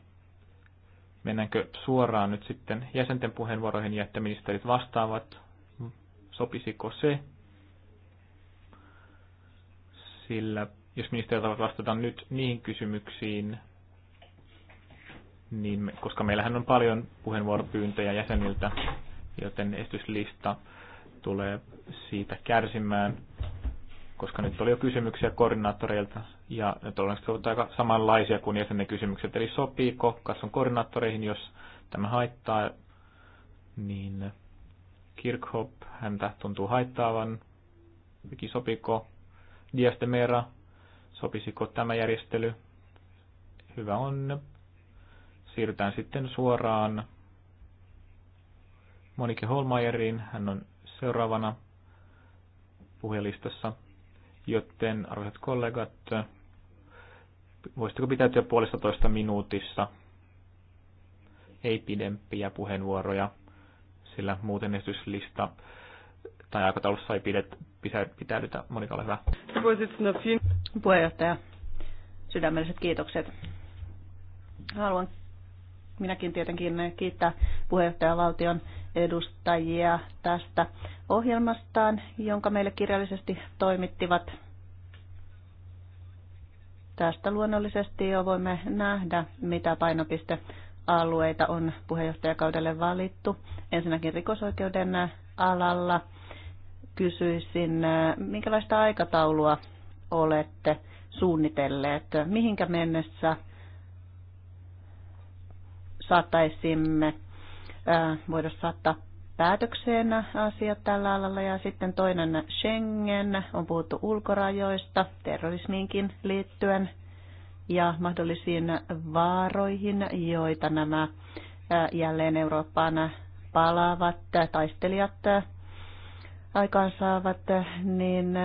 mennäänkö suoraan nyt sitten jäsenten puheenvuoroihin ja että ministerit vastaavat, sopisiko se, sillä jos ministerit ovat vastata nyt niihin kysymyksiin, niin me, koska meillähän on paljon puheenvuoropyyntöjä jäseniltä, joten esityslista tulee siitä kärsimään, koska nyt oli jo kysymyksiä koordinaattoreilta ja ne todennäköisesti ovat aika samanlaisia kuin jäsenen kysymykset. Eli sopiiko kasvon koordinaattoreihin, jos tämä haittaa, niin Kirkhop häntä tuntuu haittaavan. Viki sopiko Diastemera, sopisiko tämä järjestely? Hyvä on. Siirrytään sitten suoraan Monike Holmajeriin. Hän on seuraavana puhelistassa. Joten, arvoisat kollegat, voisitteko pitäytyä puolesta toista minuutissa? Ei pidempiä puheenvuoroja, sillä muuten esityslista tai aikataulussa ei pidet, pitäydytä. Monika, ole hyvä. Puheenjohtaja, sydämelliset kiitokset. Haluan minäkin tietenkin kiittää puheenjohtajavaltion valtion edustajia tästä ohjelmastaan, jonka meille kirjallisesti toimittivat. Tästä luonnollisesti jo voimme nähdä, mitä painopistealueita on puheenjohtajakaudelle valittu. Ensinnäkin rikosoikeuden alalla kysyisin, minkälaista aikataulua olette suunnitelleet, mihinkä mennessä saattaisimme voida saattaa päätökseen asiat tällä alalla. Ja sitten toinen Schengen, on puhuttu ulkorajoista, terrorismiinkin liittyen ja mahdollisiin vaaroihin, joita nämä jälleen Eurooppaan palaavat taistelijat aikaansaavat, niin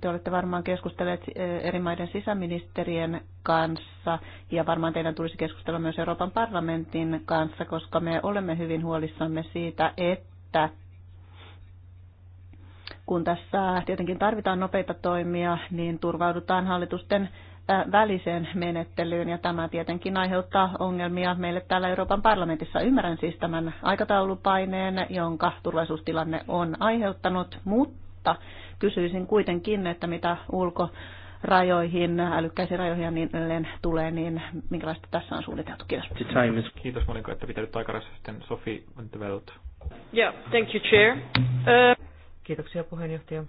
te olette varmaan keskustelleet eh, eri maiden sisäministerien kanssa ja varmaan teidän tulisi keskustella myös Euroopan parlamentin kanssa, koska me olemme hyvin huolissamme siitä, että kun tässä tietenkin tarvitaan nopeita toimia, niin turvaudutaan hallitusten eh, väliseen menettelyyn ja tämä tietenkin aiheuttaa ongelmia meille täällä Euroopan parlamentissa. Ymmärrän siis tämän aikataulupaineen, jonka turvallisuustilanne on aiheuttanut, mutta kysyisin kuitenkin, että mitä ulkorajoihin, älykkäisiin rajoihin ja niin edelleen tulee, niin minkälaista tässä on suunniteltu? Kiitos. Kiitos Monika, että pitänyt aikarassa sitten Sofi Ventevelt. Yeah, thank you, Chair. Uh... Kiitoksia puheenjohtaja.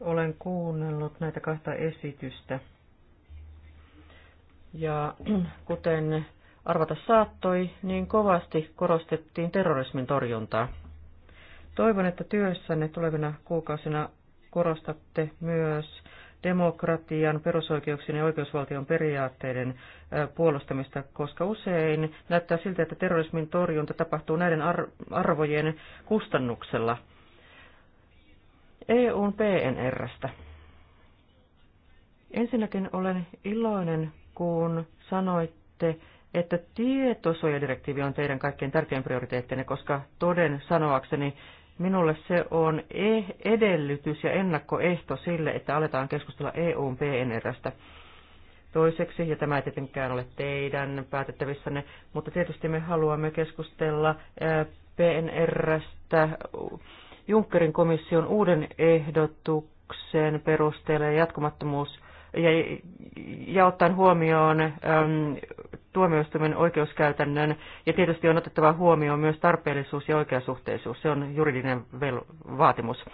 Olen kuunnellut näitä kahta esitystä. Ja [CLEARS THROAT] kuten arvata saattoi, niin kovasti korostettiin terrorismin torjuntaa. Toivon, että työssänne tulevina kuukausina korostatte myös demokratian, perusoikeuksien ja oikeusvaltion periaatteiden puolustamista, koska usein näyttää siltä, että terrorismin torjunta tapahtuu näiden arvojen kustannuksella. EUn PNRstä. Ensinnäkin olen iloinen, kun sanoitte, että tietosuojadirektiivi on teidän kaikkein tärkein prioriteettinne, koska toden sanoakseni Minulle se on e, edellytys ja ennakkoehto sille, että aletaan keskustella EUn PNRstä. Toiseksi, ja tämä ei tietenkään ole teidän päätettävissänne, mutta tietysti me haluamme keskustella PNRstä Junckerin komission uuden ehdotuksen perusteella ja jatkumattomuus ja, ja ottaen huomioon äm, tuomioistuimen oikeuskäytännön ja tietysti on otettava huomioon myös tarpeellisuus ja oikeasuhteisuus. Se on juridinen vel- vaatimus.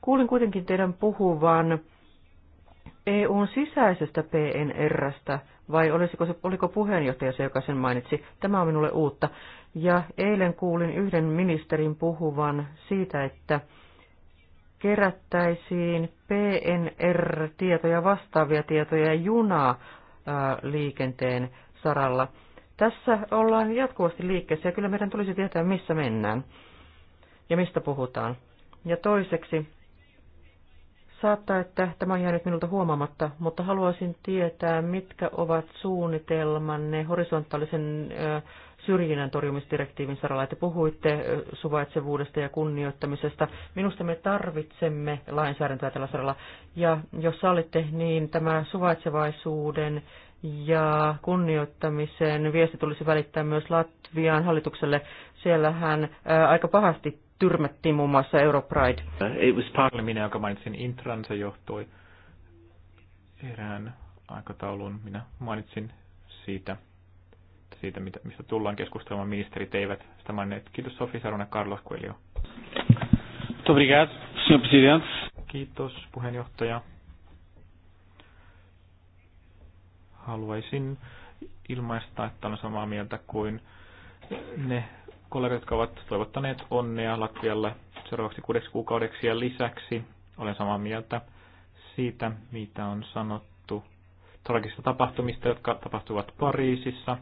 Kuulin kuitenkin teidän puhuvan EUn sisäisestä PNRstä, vai olisiko se, oliko puheenjohtaja se, joka sen mainitsi? Tämä on minulle uutta. Ja eilen kuulin yhden ministerin puhuvan siitä, että kerättäisiin PNR-tietoja, vastaavia tietoja junaliikenteen saralla. Tässä ollaan jatkuvasti liikkeessä ja kyllä meidän tulisi tietää, missä mennään ja mistä puhutaan. Ja toiseksi, saattaa, että tämä on jäänyt minulta huomaamatta, mutta haluaisin tietää, mitkä ovat suunnitelmanne horisontaalisen syrjinnän torjumisdirektiivin saralla. että puhuitte suvaitsevuudesta ja kunnioittamisesta. Minusta me tarvitsemme lainsäädäntöä tällä saralla. Ja jos sallitte, niin tämä suvaitsevaisuuden ja kunnioittamisen viesti tulisi välittää myös Latvian hallitukselle. Siellähän ää, aika pahasti tyrmättiin muun muassa Europride. It was partly minä, joka mainitsin Intran, se johtui erään aikataulun. Minä mainitsin siitä siitä, mitä, mistä tullaan keskustelemaan. Ministerit eivät sitä mainitseet. Kiitos Sofi Sarona Carlos Coelho. Kiitos puheenjohtaja. Haluaisin ilmaista, että olen samaa mieltä kuin ne kollegat, jotka ovat toivottaneet onnea Latvialle seuraavaksi kuudeksi kuukaudeksi ja lisäksi olen samaa mieltä siitä, mitä on sanottu tragisista tapahtumista, jotka tapahtuvat Pariisissa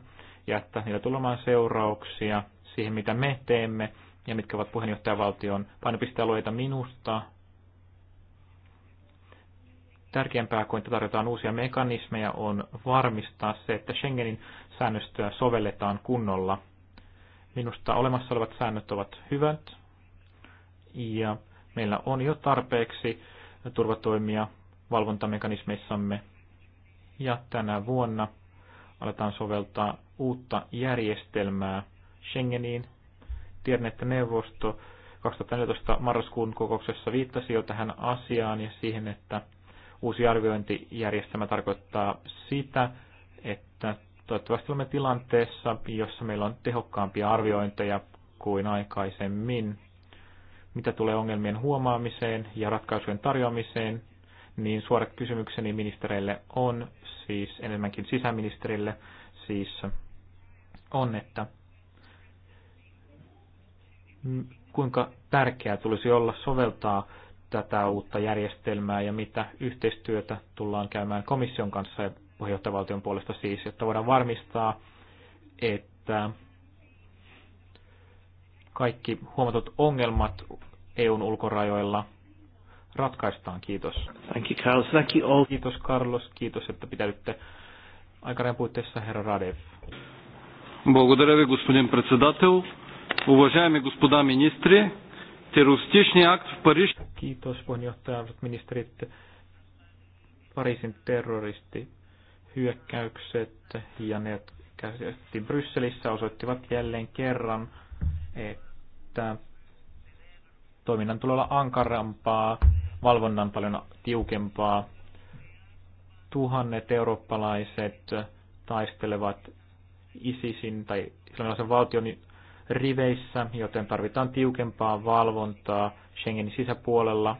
ja että niillä tulemaan seurauksia siihen, mitä me teemme ja mitkä ovat puheenjohtajavaltion painopistealueita minusta. Tärkeämpää kuin että tarjotaan uusia mekanismeja on varmistaa se, että Schengenin säännöstöä sovelletaan kunnolla. Minusta olemassa olevat säännöt ovat hyvät ja meillä on jo tarpeeksi turvatoimia valvontamekanismeissamme. Ja tänä vuonna aletaan soveltaa uutta järjestelmää Schengeniin. Tiedän, että neuvosto 2014 marraskuun kokouksessa viittasi jo tähän asiaan ja siihen, että uusi arviointijärjestelmä tarkoittaa sitä, että toivottavasti olemme tilanteessa, jossa meillä on tehokkaampia arviointeja kuin aikaisemmin. Mitä tulee ongelmien huomaamiseen ja ratkaisujen tarjoamiseen, niin suora kysymykseni ministereille on, siis enemmänkin sisäministerille, siis on, että kuinka tärkeää tulisi olla soveltaa tätä uutta järjestelmää ja mitä yhteistyötä tullaan käymään komission kanssa ja puheenjohtajavaltion puolesta siis, jotta voidaan varmistaa, että kaikki huomatut ongelmat EUn ulkorajoilla – ratkaistaan. Kiitos. Thank you, Carlos. Thank you all. Kiitos, Carlos. Kiitos, että pitäytte aikarajan puitteissa, herra Radev. Благодаря ви, господин председател. Уважаеми господа министри, террористичният акт в Париж... Kiitos, puheenjohtaja, ministerit. Pariisin terroristi hyökkäykset ja ne, jotka käsitettiin Brysselissä, osoittivat jälleen kerran, että toiminnan tulee olla ankarampaa valvonnan paljon tiukempaa. Tuhannet eurooppalaiset taistelevat ISISin tai islamilaisen valtion riveissä, joten tarvitaan tiukempaa valvontaa Schengenin sisäpuolella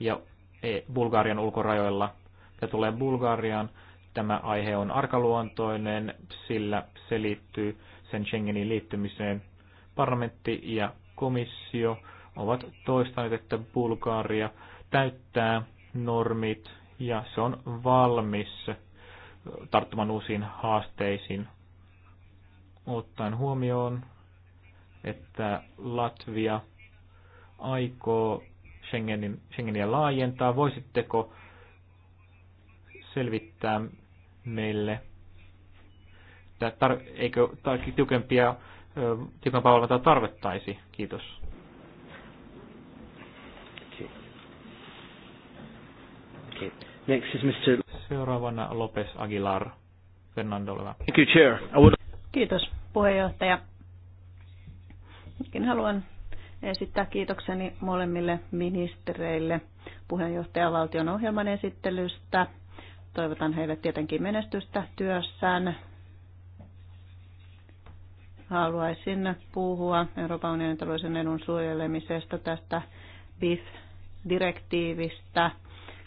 ja e, Bulgarian ulkorajoilla. Ja tulee Bulgariaan. Tämä aihe on arkaluontoinen, sillä se liittyy sen Schengenin liittymiseen. Parlamentti ja komissio ovat toistaneet, että Bulgaria täyttää normit ja se on valmis tarttumaan uusiin haasteisiin ottaen huomioon, että Latvia aikoo Schengenin, Schengenia laajentaa. Voisitteko selvittää meille, että tar- eikö tar- tiukempia, tiukempaa valvontaa tarvettaisi? Kiitos. Next is Mr. Seuraavana Lopez Aguilar. Fernando, Leva. Thank you, Chair. I would... Kiitos puheenjohtaja. Minäkin haluan esittää kiitokseni molemmille ministereille valtion ohjelman esittelystä. Toivotan heille tietenkin menestystä työssään. Haluaisin puhua Euroopan unionin talouden edun suojelemisesta tästä BIF-direktiivistä –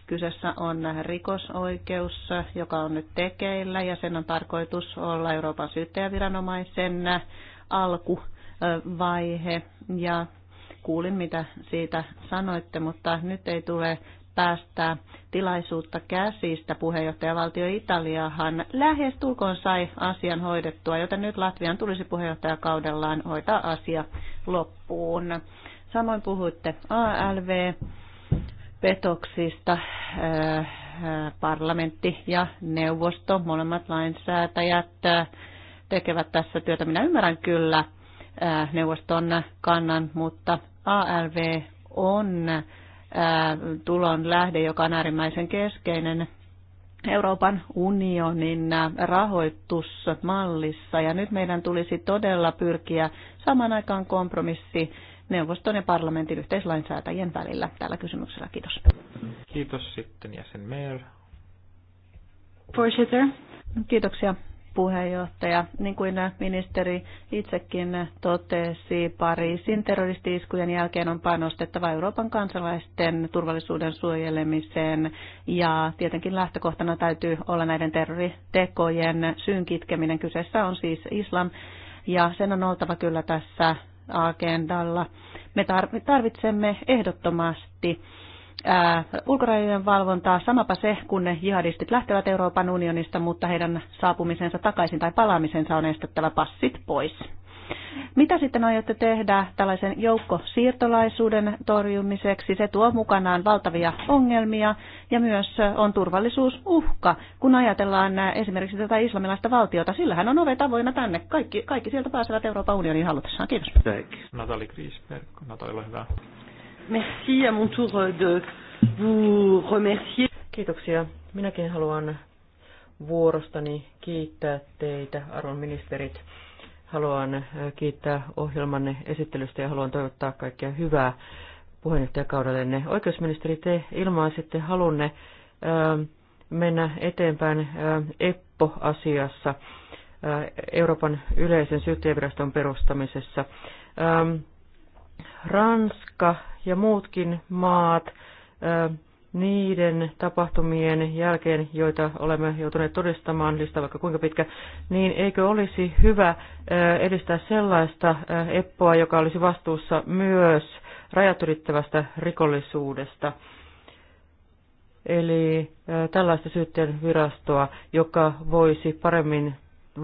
Kyseessä on rikosoikeus, joka on nyt tekeillä ja sen on tarkoitus olla Euroopan syyttäjäviranomaisen alkuvaihe. Ja kuulin, mitä siitä sanoitte, mutta nyt ei tule päästää tilaisuutta käsistä. Puheenjohtajavaltio Italiahan tulkoon sai asian hoidettua, joten nyt Latvian tulisi puheenjohtajakaudellaan hoitaa asia loppuun. Samoin puhuitte ALV petoksista äh, parlamentti ja neuvosto, molemmat lainsäätäjät äh, tekevät tässä työtä. Minä ymmärrän kyllä äh, neuvoston kannan, mutta ALV on tulon lähde, joka on äärimmäisen keskeinen Euroopan unionin rahoitusmallissa. Ja nyt meidän tulisi todella pyrkiä saman aikaan kompromissi neuvoston ja parlamentin yhteislainsäätäjien välillä tällä kysymyksellä. Kiitos. Kiitos sitten jäsen Meer. Kiitoksia puheenjohtaja. Niin kuin ministeri itsekin totesi, Pariisin terroristiiskujen jälkeen on panostettava Euroopan kansalaisten turvallisuuden suojelemiseen ja tietenkin lähtökohtana täytyy olla näiden terroritekojen syyn kitkeminen. Kyseessä on siis islam ja sen on oltava kyllä tässä agendalla. Me tarvitsemme ehdottomasti ää, ulkorajojen valvontaa, samapa se, kun ne jihadistit lähtevät Euroopan unionista, mutta heidän saapumisensa takaisin tai palaamisensa on estettävä passit pois. Mitä sitten aiotte tehdä tällaisen joukkosiirtolaisuuden torjumiseksi? Se tuo mukanaan valtavia ongelmia ja myös on turvallisuusuhka, kun ajatellaan esimerkiksi tätä islamilaista valtiota. Sillähän on ovet avoinna tänne. Kaikki, kaikki sieltä pääsevät Euroopan unionin halutessaan. Kiitos. Natali Kriisberg, Natali, ole hyvä. Merci à mon tour de vous remercier. Kiitoksia. Minäkin haluan vuorostani kiittää teitä, arvon ministerit Haluan äh, kiittää ohjelmanne esittelystä ja haluan toivottaa kaikkea hyvää puheenjohtajakaudellenne. Oikeusministeri, te ilmaisitte halunne ähm, mennä eteenpäin äh, EPPO-asiassa, äh, Euroopan yleisen syyttäjäviraston perustamisessa. Ähm, Ranska ja muutkin maat niiden tapahtumien jälkeen, joita olemme joutuneet todistamaan, lista vaikka kuinka pitkä, niin eikö olisi hyvä edistää sellaista EPPOa, joka olisi vastuussa myös rajat ylittävästä rikollisuudesta? Eli tällaista syytteen virastoa, joka voisi paremmin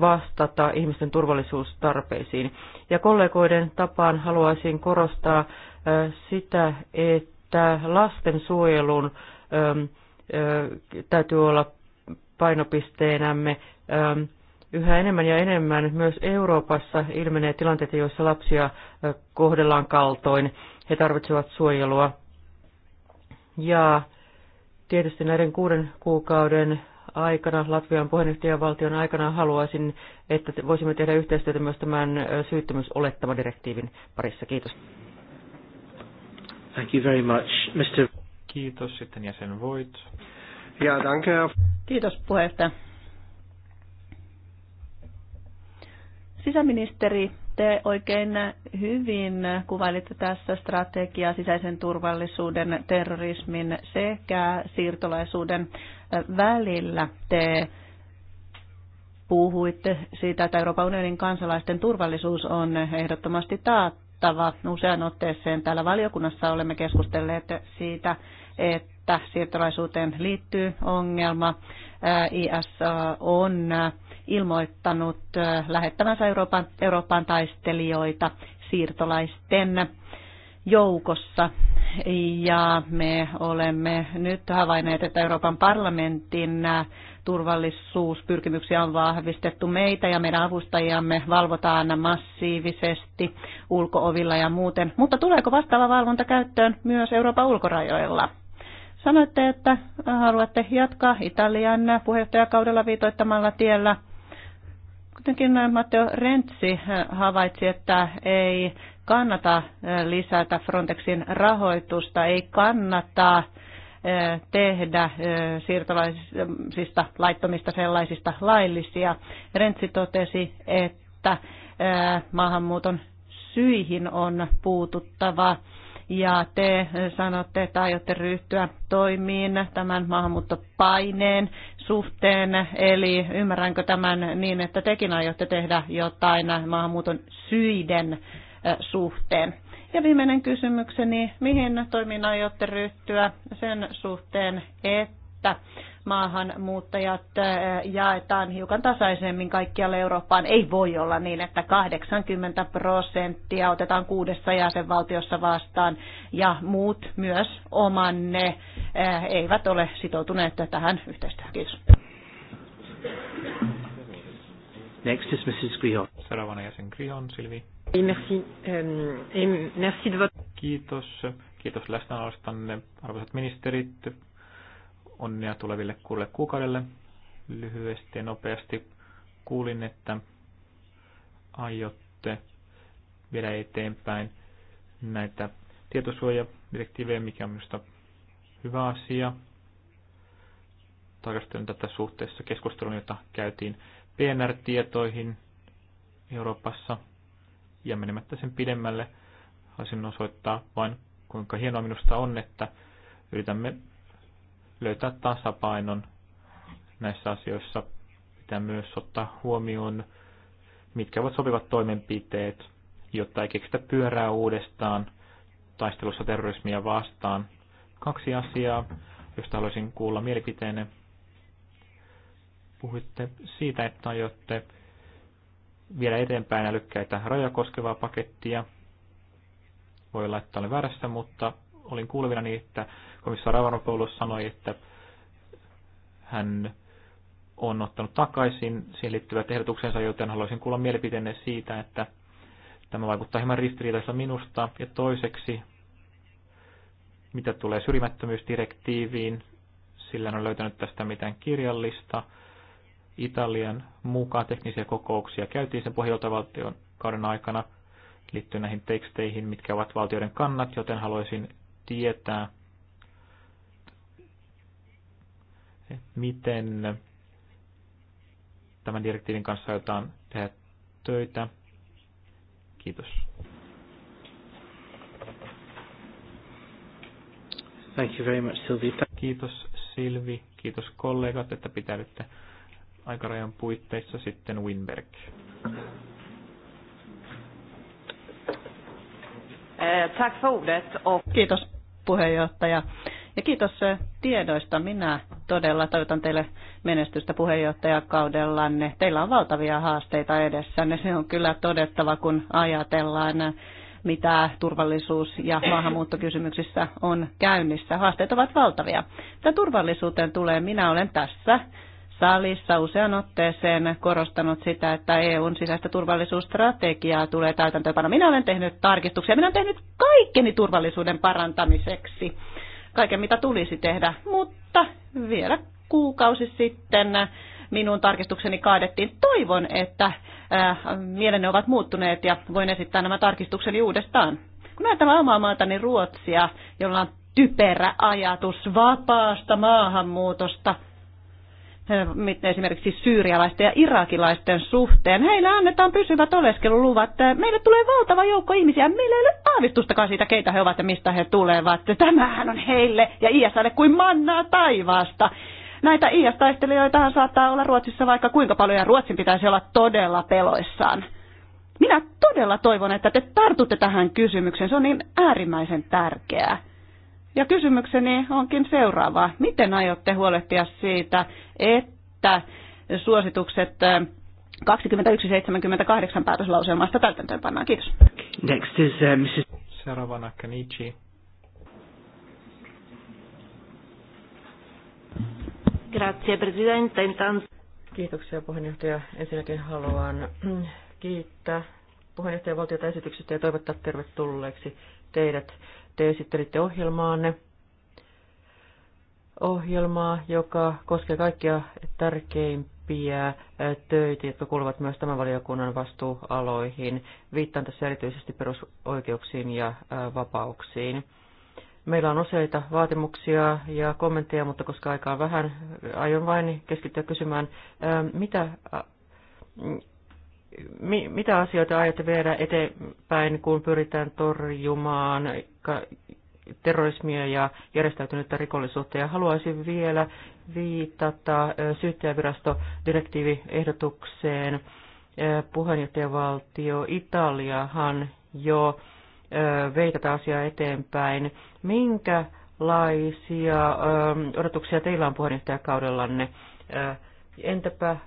vastata ihmisten turvallisuustarpeisiin. Ja kollegoiden tapaan haluaisin korostaa sitä, että tämä lastensuojelun ähm, äh, täytyy olla painopisteenämme. Ähm, yhä enemmän ja enemmän myös Euroopassa ilmenee tilanteita, joissa lapsia äh, kohdellaan kaltoin. He tarvitsevat suojelua. Ja tietysti näiden kuuden kuukauden aikana, Latvian puheenjohtajavaltion aikana haluaisin, että voisimme tehdä yhteistyötä myös tämän äh, syyttömyysolettama direktiivin parissa. Kiitos. Thank you very much. Mr. Kiitos sitten jäsen Voit. Ja danke. Kiitos puheenjohtaja. Sisäministeri, te oikein hyvin kuvailitte tässä strategiaa sisäisen turvallisuuden, terrorismin sekä siirtolaisuuden välillä. Te puhuitte siitä, että Euroopan unionin kansalaisten turvallisuus on ehdottomasti taattu huolestuttava. Usean otteeseen täällä valiokunnassa olemme keskustelleet siitä, että siirtolaisuuteen liittyy ongelma. IS on ilmoittanut lähettävänsä Euroopan, Euroopan taistelijoita siirtolaisten joukossa. Ja me olemme nyt havainneet, että Euroopan parlamentin turvallisuuspyrkimyksiä on vahvistettu meitä ja meidän avustajiamme valvotaan massiivisesti ulkoovilla ja muuten. Mutta tuleeko vastaava valvonta käyttöön myös Euroopan ulkorajoilla? Sanoitte, että haluatte jatkaa Italian puheenjohtajakaudella viitoittamalla tiellä. Kuitenkin Matteo Rentsi havaitsi, että ei kannata lisätä Frontexin rahoitusta, ei kannata tehdä siirtolaisista laittomista sellaisista laillisia. Rentsi totesi, että maahanmuuton syihin on puututtava ja te sanotte, että aiotte ryhtyä toimiin tämän maahanmuuttopaineen suhteen. Eli ymmärränkö tämän niin, että tekin aiotte tehdä jotain maahanmuuton syiden suhteen? Ja viimeinen kysymykseni, mihin toimiin aiotte ryhtyä sen suhteen, että maahanmuuttajat äh, jaetaan hiukan tasaisemmin kaikkialle Eurooppaan. Ei voi olla niin, että 80 prosenttia otetaan kuudessa jäsenvaltiossa vastaan ja muut myös omanne äh, eivät ole sitoutuneet tähän yhteistyöhön. Kiitos. Next is Mrs. Grillon. Seuraavana jäsen Grillon, Silvi. Merci. Euh, merci de votre... Kiitos. Kiitos läsnäolostanne, arvoisat ministerit. Onnea tuleville kuulle kuukaudelle. Lyhyesti ja nopeasti kuulin, että aiotte viedä eteenpäin näitä tietosuojadirektiivejä, mikä on minusta hyvä asia. Tarkastelen tätä suhteessa keskustelun, jota käytiin PNR-tietoihin Euroopassa. Ja menemättä sen pidemmälle haluaisin osoittaa vain, kuinka hienoa minusta on, että yritämme löytää tasapainon näissä asioissa. Pitää myös ottaa huomioon, mitkä ovat sopivat toimenpiteet, jotta ei keksitä pyörää uudestaan taistelussa terrorismia vastaan. Kaksi asiaa, josta haluaisin kuulla mielipiteenne puhuitte siitä, että aiotte vielä eteenpäin älykkäitä raja koskevaa pakettia. Voi olla, että olen väärässä, mutta olin kuulevina niin, että komissaari Avanopoulos sanoi, että hän on ottanut takaisin siihen liittyvät ehdotuksensa, joten haluaisin kuulla mielipiteenne siitä, että tämä vaikuttaa hieman ristiriitaisella minusta. Ja toiseksi, mitä tulee syrjimättömyysdirektiiviin, sillä en ole löytänyt tästä mitään kirjallista Italian mukaan teknisiä kokouksia käytiin sen pohjalta valtion kauden aikana liittyen näihin teksteihin, mitkä ovat valtioiden kannat, joten haluaisin tietää, miten tämän direktiivin kanssa aiotaan tehdä töitä. Kiitos. Thank you very much, Silvi. Kiitos Silvi, kiitos kollegat, että pitäydytte aikarajan puitteissa sitten Winberg. Eh, tack för ordet. Kiitos puheenjohtaja. Ja kiitos eh, tiedoista. Minä todella toivotan teille menestystä puheenjohtajakaudellanne. Teillä on valtavia haasteita edessä. Se on kyllä todettava, kun ajatellaan, eh, mitä turvallisuus- ja maahanmuuttokysymyksissä on käynnissä. Haasteet ovat valtavia. Mitä turvallisuuteen tulee, minä olen tässä salissa usean otteeseen korostanut sitä, että EUn sisäistä turvallisuusstrategiaa tulee täytäntöönpano. Minä olen tehnyt tarkistuksia, minä olen tehnyt kaikkeni turvallisuuden parantamiseksi, kaiken mitä tulisi tehdä, mutta vielä kuukausi sitten minun tarkistukseni kaadettiin. Toivon, että äh, mielenne ovat muuttuneet ja voin esittää nämä tarkistukseni uudestaan. Kun ajatellaan omaa maatani Ruotsia, jolla on typerä ajatus vapaasta maahanmuutosta – esimerkiksi syyrialaisten ja irakilaisten suhteen. Heille annetaan pysyvät oleskeluluvat. Meille tulee valtava joukko ihmisiä. Meillä ei ole aavistustakaan siitä, keitä he ovat ja mistä he tulevat. Tämähän on heille ja ISAlle kuin mannaa taivaasta. Näitä IS-taistelijoitahan saattaa olla Ruotsissa vaikka kuinka paljon, ja Ruotsin pitäisi olla todella peloissaan. Minä todella toivon, että te tartutte tähän kysymykseen. Se on niin äärimmäisen tärkeää. Ja kysymykseni onkin seuraava. Miten aiotte huolehtia siitä, että suositukset 2178 äh, päätöslauselmasta täytäntöön pannaan? Kiitos. Next is, uh, Mrs. Seuraavana Kenichi. Grazie, Presidente. Kiitoksia puheenjohtaja. Ensinnäkin haluan kiittää puheenjohtajavaltiota esityksestä ja toivottaa tervetulleeksi teidät te esittelitte ohjelmaanne, ohjelmaa, joka koskee kaikkia tärkeimpiä töitä, jotka kuuluvat myös tämän valiokunnan vastuualoihin. Viittaan tässä erityisesti perusoikeuksiin ja vapauksiin. Meillä on useita vaatimuksia ja kommentteja, mutta koska aikaa vähän, aion vain keskittyä kysymään, mitä, mitä asioita aiotte viedä eteenpäin, kun pyritään torjumaan terrorismia ja järjestäytynyttä rikollisuutta. Ja haluaisin vielä viitata syyttäjävirastodirektiiviehdotukseen. Puheenjohtajavaltio Italiahan jo vei tätä asiaa eteenpäin. Minkälaisia odotuksia teillä on puheenjohtajakaudellanne? Entäpä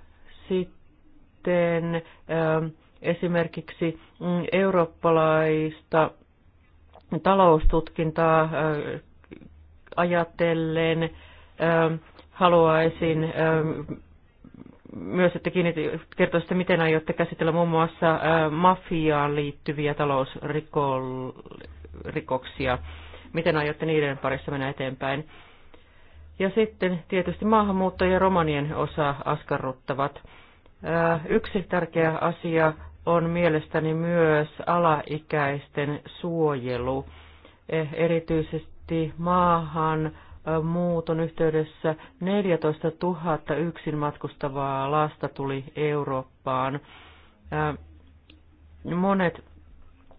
sitten esimerkiksi mm, eurooppalaista taloustutkintaa ajatellen haluaisin myös, että kertoisitte, miten aiotte käsitellä muun muassa mafiaan liittyviä talousrikoksia. Miten aiotte niiden parissa mennä eteenpäin? Ja sitten tietysti maahanmuutto ja romanien osa askarruttavat. Yksi tärkeä asia on mielestäni myös alaikäisten suojelu, eh, erityisesti maahan muuton yhteydessä 14 000 yksin matkustavaa lasta tuli Eurooppaan. Monet,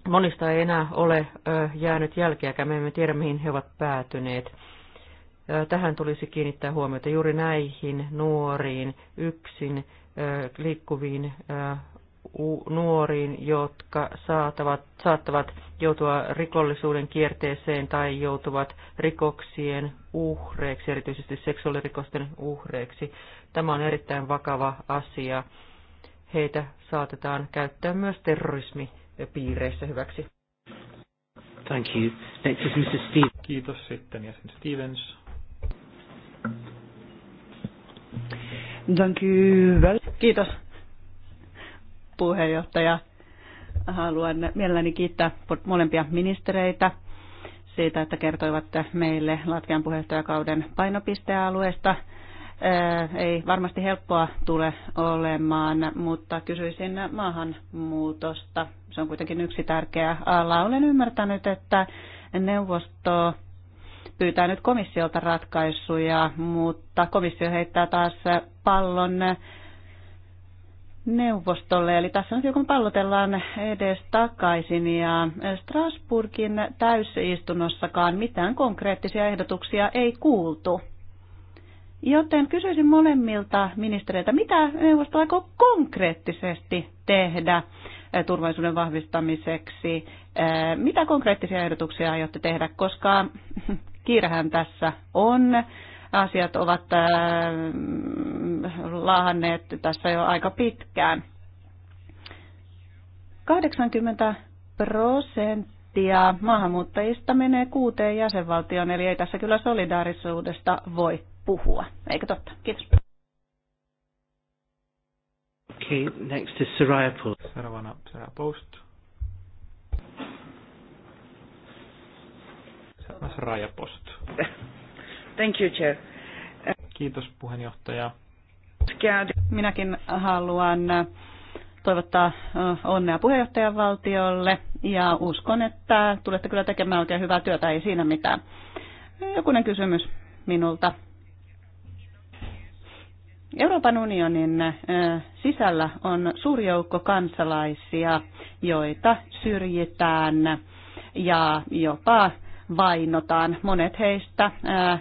monista ei enää ole jäänyt jälkeäkään, me emme tiedä mihin he ovat päätyneet. Tähän tulisi kiinnittää huomiota juuri näihin nuoriin, yksin liikkuviin nuoriin, jotka saatavat, saattavat joutua rikollisuuden kierteeseen tai joutuvat rikoksien uhreiksi, erityisesti seksuaalirikosten uhreiksi. Tämä on erittäin vakava asia. Heitä saatetaan käyttää myös terrorismipiireissä hyväksi. Thank you. Next is Mr. Kiitos sitten jäsen Stevens. Thank you. Kiitos puheenjohtaja. Haluan mielelläni kiittää molempia ministereitä siitä, että kertoivat meille Latvian puheenjohtajakauden painopistealueesta. Ei varmasti helppoa tule olemaan, mutta kysyisin maahanmuutosta. Se on kuitenkin yksi tärkeä ala. Olen ymmärtänyt, että neuvosto pyytää nyt komissiolta ratkaisuja, mutta komissio heittää taas pallon neuvostolle. Eli tässä nyt kun pallotellaan edes takaisin ja Strasburgin täysistunnossakaan mitään konkreettisia ehdotuksia ei kuultu. Joten kysyisin molemmilta ministereiltä, mitä neuvosto aikoo konkreettisesti tehdä eh, turvallisuuden vahvistamiseksi? Eh, mitä konkreettisia ehdotuksia aiotte tehdä, koska [LAUGHS] kiirehän tässä on asiat ovat äh, laahanneet tässä jo aika pitkään. 80 prosenttia maahanmuuttajista menee kuuteen jäsenvaltioon, eli ei tässä kyllä solidaarisuudesta voi puhua. Eikö totta? Kiitos. Okay, next is Saraya Post. Seuraavana Saraya Post. Saraya Post. [LAUGHS] Thank you, Chair. Kiitos puheenjohtaja. Minäkin haluan äh, toivottaa äh, onnea valtiolle ja uskon, että tulette kyllä tekemään oikein hyvää työtä, ei siinä mitään. Jokunen kysymys minulta. Euroopan unionin äh, sisällä on suuri joukko kansalaisia, joita syrjitään ja jopa vainotaan. Monet heistä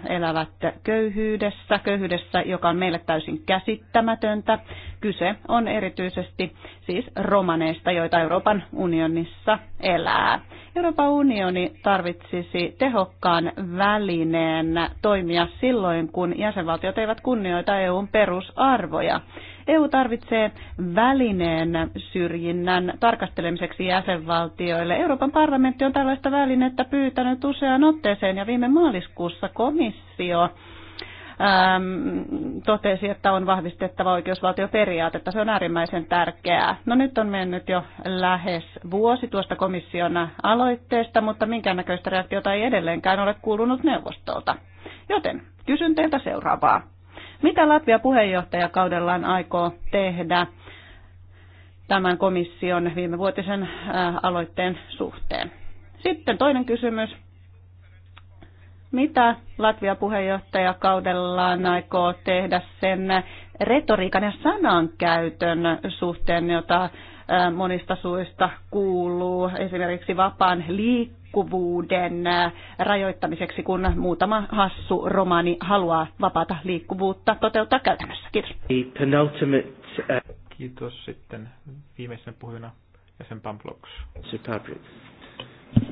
elävät köyhyydessä, köyhyydessä, joka on meille täysin käsittämätöntä. Kyse on erityisesti siis romaneista, joita Euroopan unionissa elää. Euroopan unioni tarvitsisi tehokkaan välineen toimia silloin, kun jäsenvaltiot eivät kunnioita EUn perusarvoja. EU tarvitsee välineen syrjinnän tarkastelemiseksi jäsenvaltioille. Euroopan parlamentti on tällaista välinettä pyytänyt useaan otteeseen ja viime maaliskuussa komissio äm, totesi, että on vahvistettava että Se on äärimmäisen tärkeää. No nyt on mennyt jo lähes vuosi tuosta komission aloitteesta, mutta minkäännäköistä reaktiota ei edelleenkään ole kuulunut neuvostolta. Joten kysyn teiltä seuraavaa. Mitä Latvia puheenjohtajakaudellaan aikoo tehdä tämän komission viimevuotisen äh, aloitteen suhteen? Sitten toinen kysymys. Mitä Latvia puheenjohtajakaudellaan aikoo tehdä sen retoriikan ja sanankäytön suhteen, jota monista suista kuuluu esimerkiksi vapaan liikkuvuuden rajoittamiseksi, kun muutama hassu romani haluaa vapaata liikkuvuutta toteuttaa käytännössä. Kiitos. Uh, Kiitos sitten viimeisen puhujana sen Pamploks.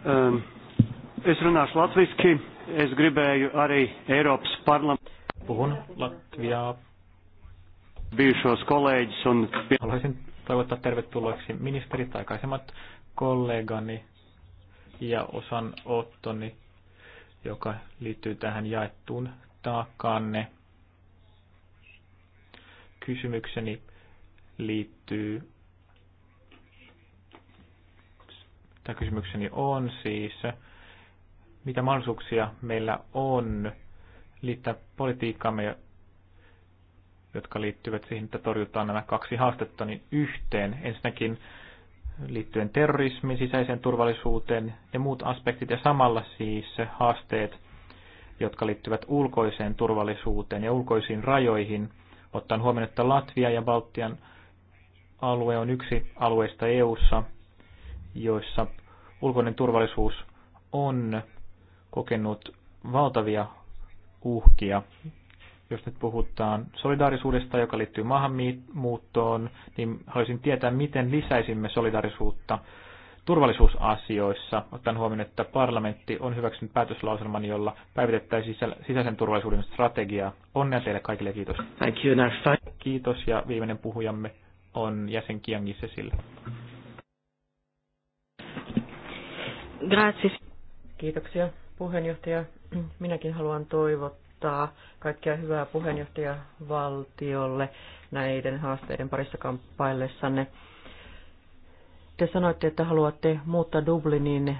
Um, latviski, es gribēju arī Eiropas parlamentu. Puhun Latvijaa bijušos kolēģis un... Haluaisin toivottaa tervetulleeksi ministerit, aikaisemmat kollegani ja osan ottoni, joka liittyy tähän jaettuun taakkaanne. Kysymykseni liittyy, tämä kysymykseni on siis, mitä mahdollisuuksia meillä on liittää politiikkaamme jotka liittyvät siihen, että torjutaan nämä kaksi haastetta niin yhteen. Ensinnäkin liittyen terrorismiin, sisäiseen turvallisuuteen ja muut aspektit ja samalla siis haasteet, jotka liittyvät ulkoiseen turvallisuuteen ja ulkoisiin rajoihin, ottaen huomioon, että Latvia ja Baltian alue on yksi alueista EU:ssa, joissa ulkoinen turvallisuus on kokenut valtavia uhkia jos nyt puhutaan solidaarisuudesta, joka liittyy maahanmuuttoon, niin haluaisin tietää, miten lisäisimme solidaarisuutta turvallisuusasioissa, Otan huomioon, että parlamentti on hyväksynyt päätöslauselman, jolla päivitettäisiin sisäisen turvallisuuden strategiaa. Onnea teille kaikille ja kiitos. Thank you, kiitos ja viimeinen puhujamme on jäsen Kiangi Cecilia. Grazie. Kiitoksia puheenjohtaja. Minäkin haluan toivottaa toivottaa kaikkia hyvää puheenjohtajavaltiolle näiden haasteiden parissa kamppaillessanne. Te sanoitte, että haluatte muuttaa Dublinin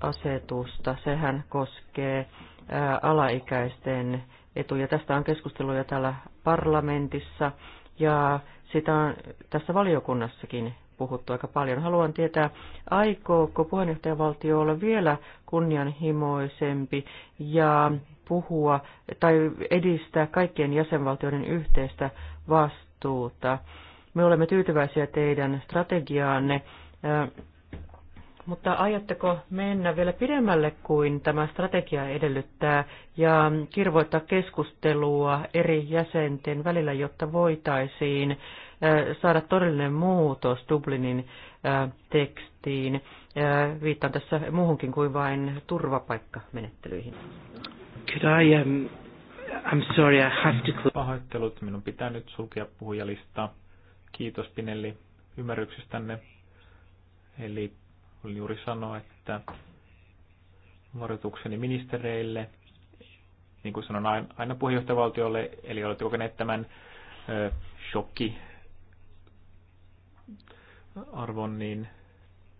asetusta. Sehän koskee alaikäisten etuja. Tästä on keskusteluja täällä parlamentissa ja sitä on tässä valiokunnassakin puhuttu aika paljon. Haluan tietää, aikooko puheenjohtajavaltio olla vielä kunnianhimoisempi ja puhua tai edistää kaikkien jäsenvaltioiden yhteistä vastuuta. Me olemme tyytyväisiä teidän strategiaanne, mutta ajatteko, mennä vielä pidemmälle kuin tämä strategia edellyttää ja kirvoittaa keskustelua eri jäsenten välillä, jotta voitaisiin saada todellinen muutos Dublinin tekstiin. Viittaan tässä muuhunkin kuin vain turvapaikkamenettelyihin. Could I, um, I'm sorry, I have to Pahoittelut, minun pitää nyt sulkea puhujalista. Kiitos Pinelli ymmärryksestänne. Eli olin juuri sanoa, että varoitukseni ministereille, niin kuin sanon aina puheenjohtajavaltiolle, eli olette kokeneet tämän shokki arvon, niin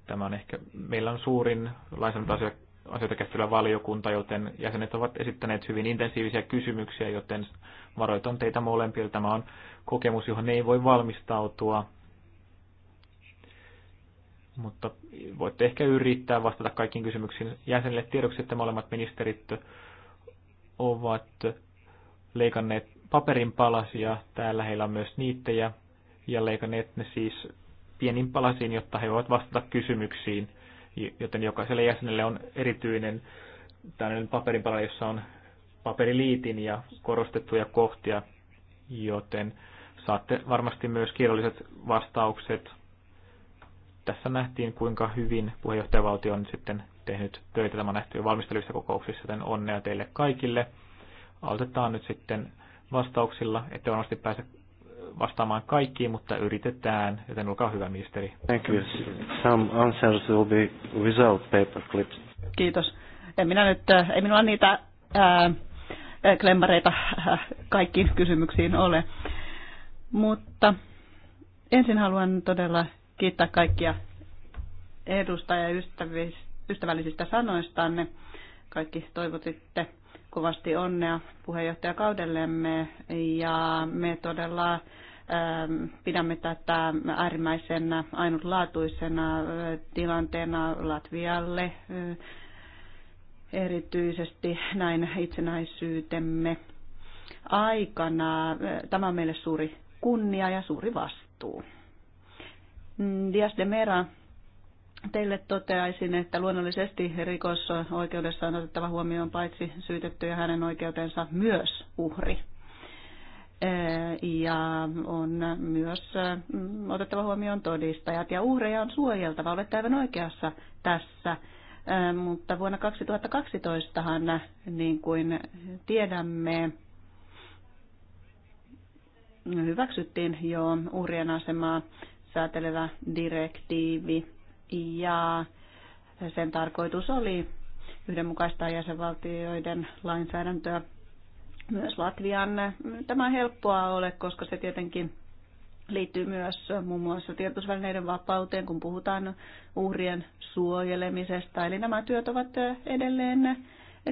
tämä on ehkä, meillä on suurin lainsäädäntöasioita käsittelevä valiokunta, joten jäsenet ovat esittäneet hyvin intensiivisiä kysymyksiä, joten varoitan teitä molempia. Tämä on kokemus, johon ei voi valmistautua, mutta voitte ehkä yrittää vastata kaikkiin kysymyksiin. Jäsenille tiedoksi, että molemmat ministerit ovat leikanneet paperin palasia. Täällä heillä on myös niittejä ja leikanneet ne siis pienin palasiin, jotta he voivat vastata kysymyksiin, joten jokaiselle jäsenelle on erityinen tämmöinen paperinpala, jossa on paperiliitin ja korostettuja kohtia, joten saatte varmasti myös kirjalliset vastaukset. Tässä nähtiin, kuinka hyvin puheenjohtajavaltio on sitten tehnyt töitä. Tämä nähty jo valmistelevissa kokouksissa, joten onnea teille kaikille. Autetaan nyt sitten vastauksilla, että varmasti pääse vastaamaan kaikkiin, mutta yritetään, joten olkaa hyvä ministeri. Thank you. Some answers will be without paperclips. Kiitos. En minä nyt, ei minulla niitä ää, klemmareita kaikkiin kysymyksiin ole. Mutta ensin haluan todella kiittää kaikkia edustajia ystävällisistä sanoistanne. Kaikki toivotitte kovasti onnea puheenjohtajakaudellemme ja me todella ähm, pidämme tätä äärimmäisen ainutlaatuisena äh, tilanteena Latvialle äh, erityisesti näin itsenäisyytemme aikana. Tämä on meille suuri kunnia ja suuri vastuu. Dias de Mera teille toteaisin, että luonnollisesti rikosoikeudessa on otettava huomioon paitsi syytetty ja hänen oikeutensa myös uhri. Ja on myös mm, otettava huomioon todistajat ja uhreja on suojeltava. Olette aivan oikeassa tässä. Mutta vuonna 2012han, niin kuin tiedämme, hyväksyttiin jo uhrien asemaa säätelevä direktiivi ja sen tarkoitus oli yhdenmukaistaa jäsenvaltioiden lainsäädäntöä myös Latvian. Tämä on helppoa ole, koska se tietenkin liittyy myös muun muassa tietosvälineiden vapauteen, kun puhutaan uhrien suojelemisesta. Eli nämä työt ovat edelleen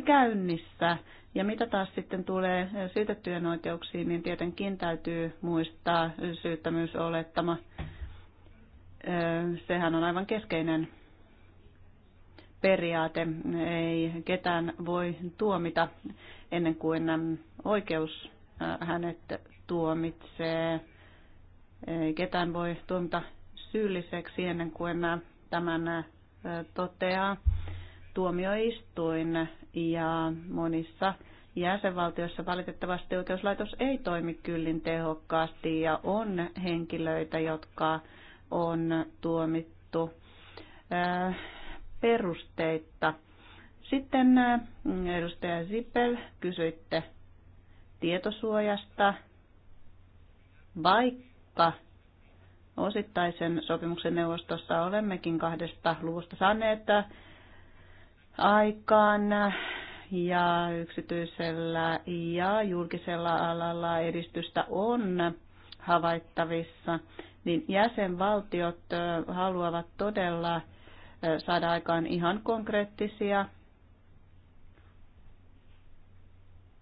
käynnissä. Ja mitä taas sitten tulee syytettyjen oikeuksiin, niin tietenkin täytyy muistaa syyttämyysolettama sehän on aivan keskeinen periaate. Ei ketään voi tuomita ennen kuin oikeus hänet tuomitsee. Ei ketään voi tuomita syylliseksi ennen kuin tämän toteaa tuomioistuin ja monissa jäsenvaltioissa valitettavasti oikeuslaitos ei toimi kyllin tehokkaasti ja on henkilöitä, jotka on tuomittu äh, perusteitta. Sitten äh, edustaja Zippel, kysyitte tietosuojasta, vaikka osittaisen sopimuksen neuvostossa olemmekin kahdesta luvusta saaneet aikaan ja yksityisellä ja julkisella alalla edistystä on havaittavissa, niin jäsenvaltiot haluavat todella saada aikaan ihan konkreettisia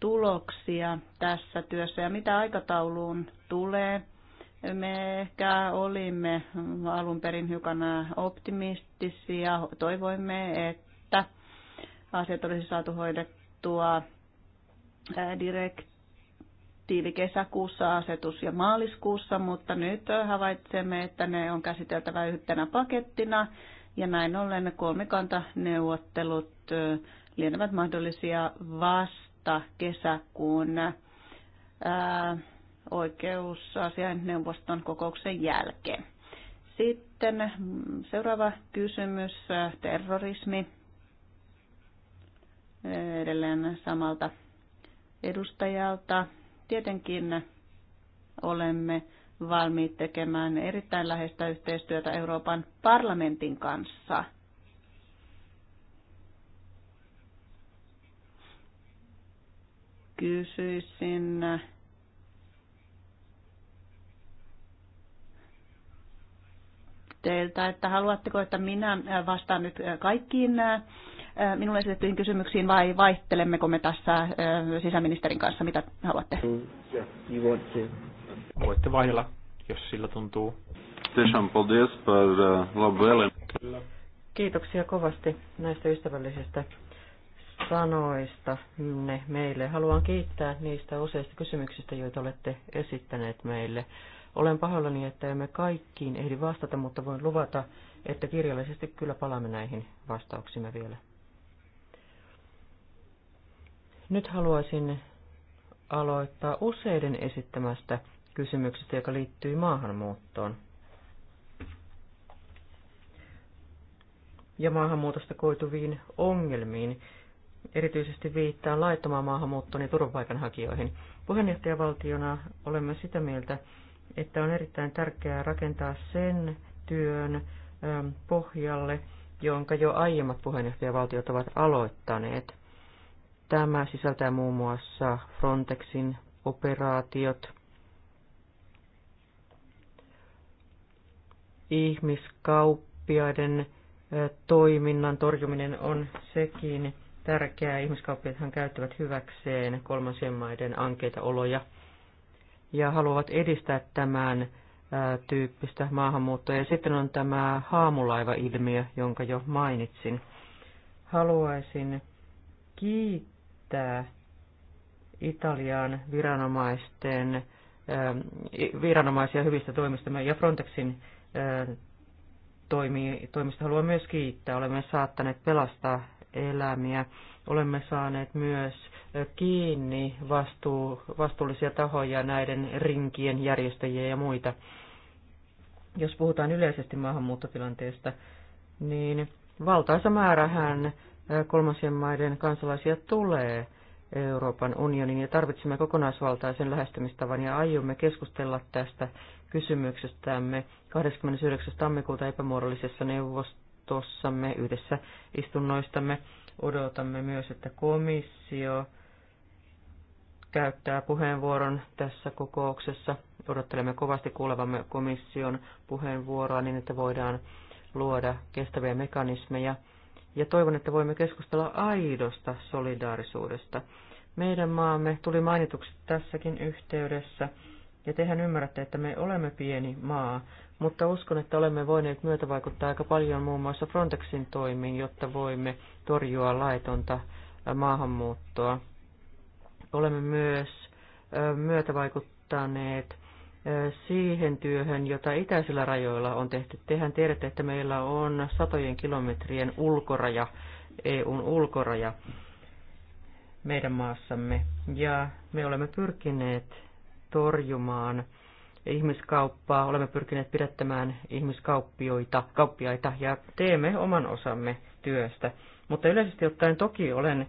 tuloksia tässä työssä ja mitä aikatauluun tulee. Me ehkä olimme alun perin hiukan optimistisia. Toivoimme, että asiat olisi saatu hoidettua direkt direktiivi kesäkuussa asetus ja maaliskuussa, mutta nyt havaitsemme, että ne on käsiteltävä yhtenä pakettina ja näin ollen kolmikantaneuvottelut lienevät mahdollisia vasta kesäkuun ää, oikeusasian neuvoston kokouksen jälkeen. Sitten seuraava kysymys, terrorismi. Edelleen samalta edustajalta. Tietenkin olemme valmiit tekemään erittäin läheistä yhteistyötä Euroopan parlamentin kanssa. Kysyisin teiltä, että haluatteko, että minä vastaan nyt kaikkiin minun esitettyihin kysymyksiin vai vaihtelemmeko me tässä sisäministerin kanssa, mitä haluatte? Voitte vaihdella, jos sillä tuntuu. Kiitoksia kovasti näistä ystävällisistä sanoista ne meille. Haluan kiittää niistä useista kysymyksistä, joita olette esittäneet meille. Olen pahoillani, että emme kaikkiin ehdi vastata, mutta voin luvata, että kirjallisesti kyllä palaamme näihin vastauksimme vielä. Nyt haluaisin aloittaa useiden esittämästä kysymyksestä, joka liittyy maahanmuuttoon. Ja maahanmuutosta koituviin ongelmiin. Erityisesti viittaan laittomaan maahanmuuttoon ja turvapaikanhakijoihin. Puheenjohtajavaltiona olemme sitä mieltä, että on erittäin tärkeää rakentaa sen työn pohjalle, jonka jo aiemmat puheenjohtajavaltiot ovat aloittaneet – Tämä sisältää muun muassa Frontexin operaatiot, ihmiskauppiaiden toiminnan torjuminen on sekin tärkeää. Ihmiskauppiaathan käyttävät hyväkseen kolmansien maiden ankeita oloja ja haluavat edistää tämän tyyppistä maahanmuuttoa. Ja sitten on tämä haamulaiva-ilmiö, jonka jo mainitsin. Haluaisin kiittää että Italian viranomaisten, ähm, viranomaisia hyvistä toimista ja Frontexin ähm, toimista haluan myös kiittää. Olemme saattaneet pelastaa elämiä. Olemme saaneet myös äh, kiinni vastuu, vastuullisia tahoja näiden rinkien järjestäjiä ja muita. Jos puhutaan yleisesti maahanmuuttotilanteesta, niin valtaisa määrähän kolmansien maiden kansalaisia tulee Euroopan unionin ja tarvitsemme kokonaisvaltaisen lähestymistavan ja aiomme keskustella tästä kysymyksestämme 29. tammikuuta epämuodollisessa neuvostossamme yhdessä istunnoistamme. Odotamme myös, että komissio käyttää puheenvuoron tässä kokouksessa. Odottelemme kovasti kuulevamme komission puheenvuoroa niin, että voidaan luoda kestäviä mekanismeja – ja toivon, että voimme keskustella aidosta solidaarisuudesta. Meidän maamme tuli mainituksi tässäkin yhteydessä, ja tehän ymmärrätte, että me olemme pieni maa, mutta uskon, että olemme voineet myötävaikuttaa aika paljon muun muassa Frontexin toimiin, jotta voimme torjua laitonta maahanmuuttoa. Olemme myös myötävaikuttaneet siihen työhön, jota itäisillä rajoilla on tehty. Tehän tiedätte, että meillä on satojen kilometrien ulkoraja, EUn ulkoraja meidän maassamme. Ja me olemme pyrkineet torjumaan ihmiskauppaa, olemme pyrkineet pidättämään ihmiskauppioita kauppiaita ja teemme oman osamme työstä. Mutta yleisesti ottaen toki olen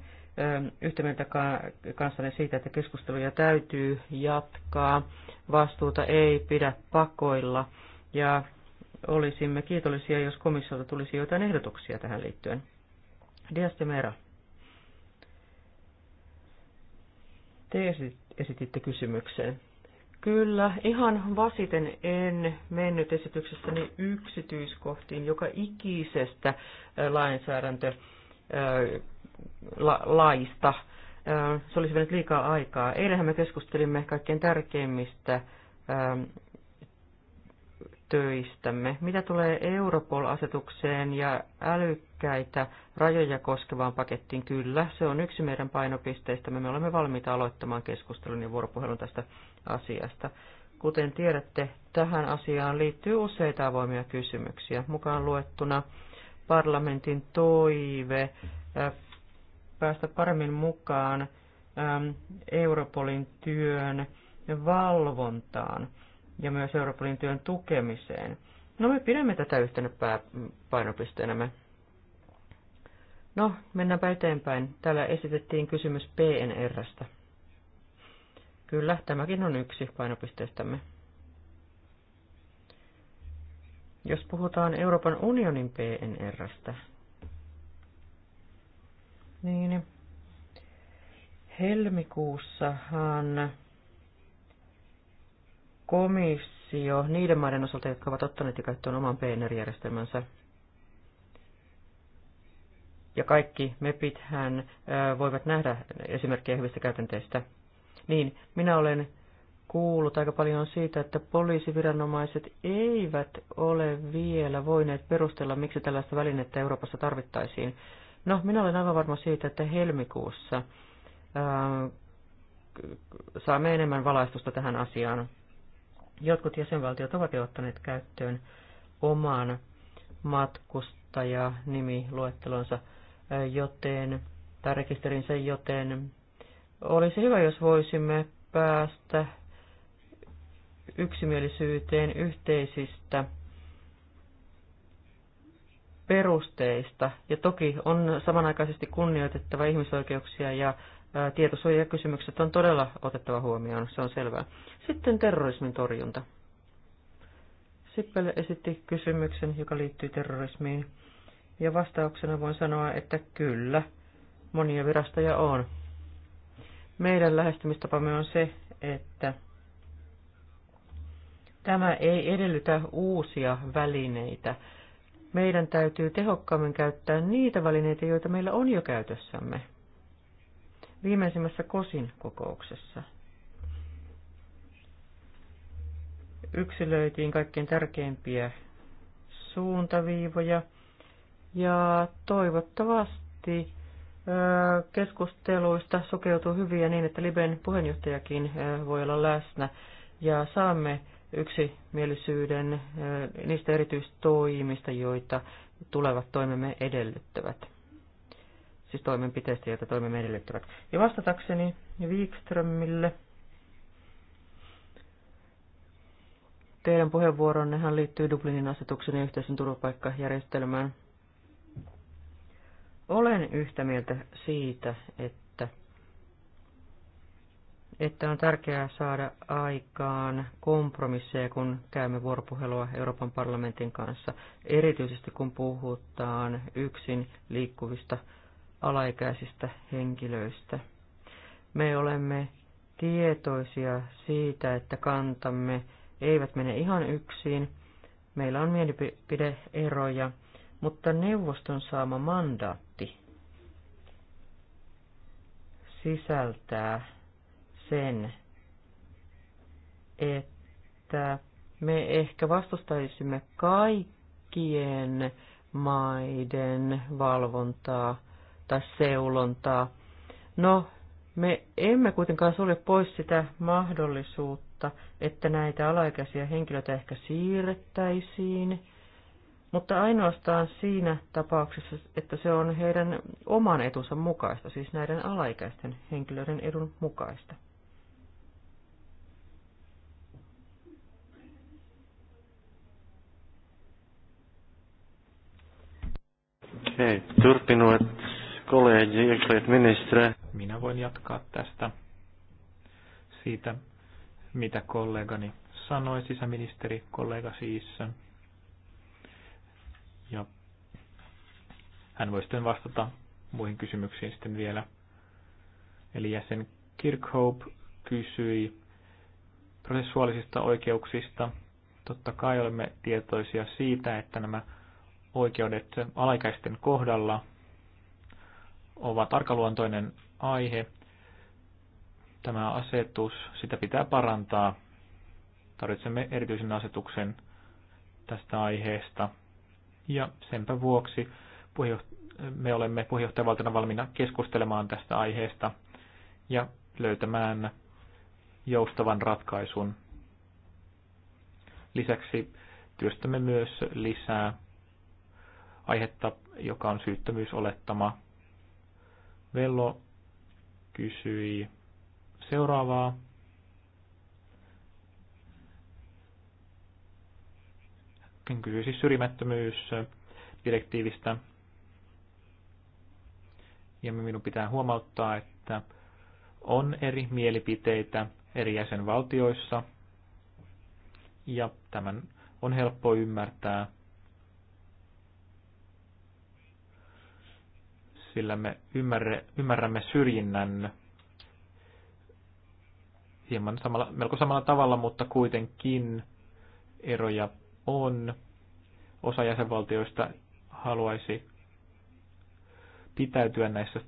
yhtä mieltä kanssani siitä, että keskusteluja täytyy jatkaa, vastuuta ei pidä pakoilla ja olisimme kiitollisia, jos komissiolta tulisi jotain ehdotuksia tähän liittyen. Diastemera. Mera. Te esititte kysymyksen. Kyllä, ihan vasiten en mennyt esityksessäni yksityiskohtiin joka ikisestä lainsäädäntö la, laista. Se olisi mennyt liikaa aikaa. Eilenhän me keskustelimme kaikkein tärkeimmistä töistämme. Mitä tulee Europol-asetukseen ja älykkäitä rajoja koskevaan pakettiin, kyllä, se on yksi meidän painopisteistämme. Me olemme valmiita aloittamaan keskustelun ja vuoropuhelun tästä asiasta. Kuten tiedätte, tähän asiaan liittyy useita avoimia kysymyksiä, mukaan luettuna parlamentin toive päästä paremmin mukaan ähm, Europolin työn valvontaan ja myös Europolin työn tukemiseen. No me pidämme tätä yhtenä pääpainopisteenämme. No, mennäänpä eteenpäin. Täällä esitettiin kysymys PNRstä. Kyllä, tämäkin on yksi painopisteistämme. Jos puhutaan Euroopan unionin PNRstä, niin. Helmikuussahan komissio niiden maiden osalta, jotka ovat ottaneet ja käyttöön oman PNR-järjestelmänsä, ja kaikki mepithän voivat nähdä esimerkkejä hyvistä käytänteistä, niin minä olen kuullut aika paljon siitä, että poliisiviranomaiset eivät ole vielä voineet perustella, miksi tällaista välinettä Euroopassa tarvittaisiin. No, minä olen aivan varma siitä, että helmikuussa ää, äh, saamme enemmän valaistusta tähän asiaan. Jotkut jäsenvaltiot ovat jo ottaneet käyttöön oman matkustajanimiluettelonsa, äh, joten, tai rekisterinsä, joten olisi hyvä, jos voisimme päästä yksimielisyyteen yhteisistä perusteista. Ja toki on samanaikaisesti kunnioitettava ihmisoikeuksia ja tietosuojakysymykset on todella otettava huomioon, se on selvää. Sitten terrorismin torjunta. Sippele esitti kysymyksen, joka liittyy terrorismiin. Ja vastauksena voin sanoa, että kyllä, monia virastoja on. Meidän lähestymistapamme on se, että tämä ei edellytä uusia välineitä meidän täytyy tehokkaammin käyttää niitä välineitä, joita meillä on jo käytössämme. Viimeisimmässä kosin kokouksessa yksilöitiin kaikkein tärkeimpiä suuntaviivoja ja toivottavasti keskusteluista sukeutuu hyviä niin, että Liben puheenjohtajakin voi olla läsnä ja saamme yksimielisyyden eh, niistä erityistoimista, joita tulevat toimemme edellyttävät. Siis toimenpiteistä, joita toimemme edellyttävät. Ja vastatakseni Wikströmille. Teidän puheenvuoronnehan liittyy Dublinin asetuksen ja yhteisen turvapaikkajärjestelmään. Olen yhtä mieltä siitä, että että on tärkeää saada aikaan kompromisseja, kun käymme vuoropuhelua Euroopan parlamentin kanssa, erityisesti kun puhutaan yksin liikkuvista alaikäisistä henkilöistä. Me olemme tietoisia siitä, että kantamme eivät mene ihan yksin. Meillä on mielipideeroja, mutta neuvoston saama mandaatti sisältää sen, että me ehkä vastustaisimme kaikkien maiden valvontaa tai seulontaa. No, me emme kuitenkaan sulje pois sitä mahdollisuutta, että näitä alaikäisiä henkilöitä ehkä siirrettäisiin, mutta ainoastaan siinä tapauksessa, että se on heidän oman etunsa mukaista, siis näiden alaikäisten henkilöiden edun mukaista. okay. turpinuet kollegi, ministre. Minä voin jatkaa tästä siitä, mitä kollegani sanoi, sisäministeri, kollega siis. Ja hän voi sitten vastata muihin kysymyksiin sitten vielä. Eli jäsen Kirkhope kysyi prosessuaalisista oikeuksista. Totta kai olemme tietoisia siitä, että nämä oikeudet alaikäisten kohdalla ovat arkaluontoinen aihe. Tämä asetus, sitä pitää parantaa. Tarvitsemme erityisen asetuksen tästä aiheesta. Ja senpä vuoksi me olemme puheenjohtajavaltana valmiina keskustelemaan tästä aiheesta ja löytämään joustavan ratkaisun. Lisäksi työstämme myös lisää aihetta, joka on syyttömyysolettama. Vello kysyi seuraavaa. Hän kysyi siis syrjimättömyysdirektiivistä. Ja minun pitää huomauttaa, että on eri mielipiteitä eri jäsenvaltioissa. Ja tämän on helppo ymmärtää sillä me ymmärre, ymmärrämme syrjinnän hieman samalla, melko samalla tavalla, mutta kuitenkin eroja on. Osa jäsenvaltioista haluaisi pitäytyä näissä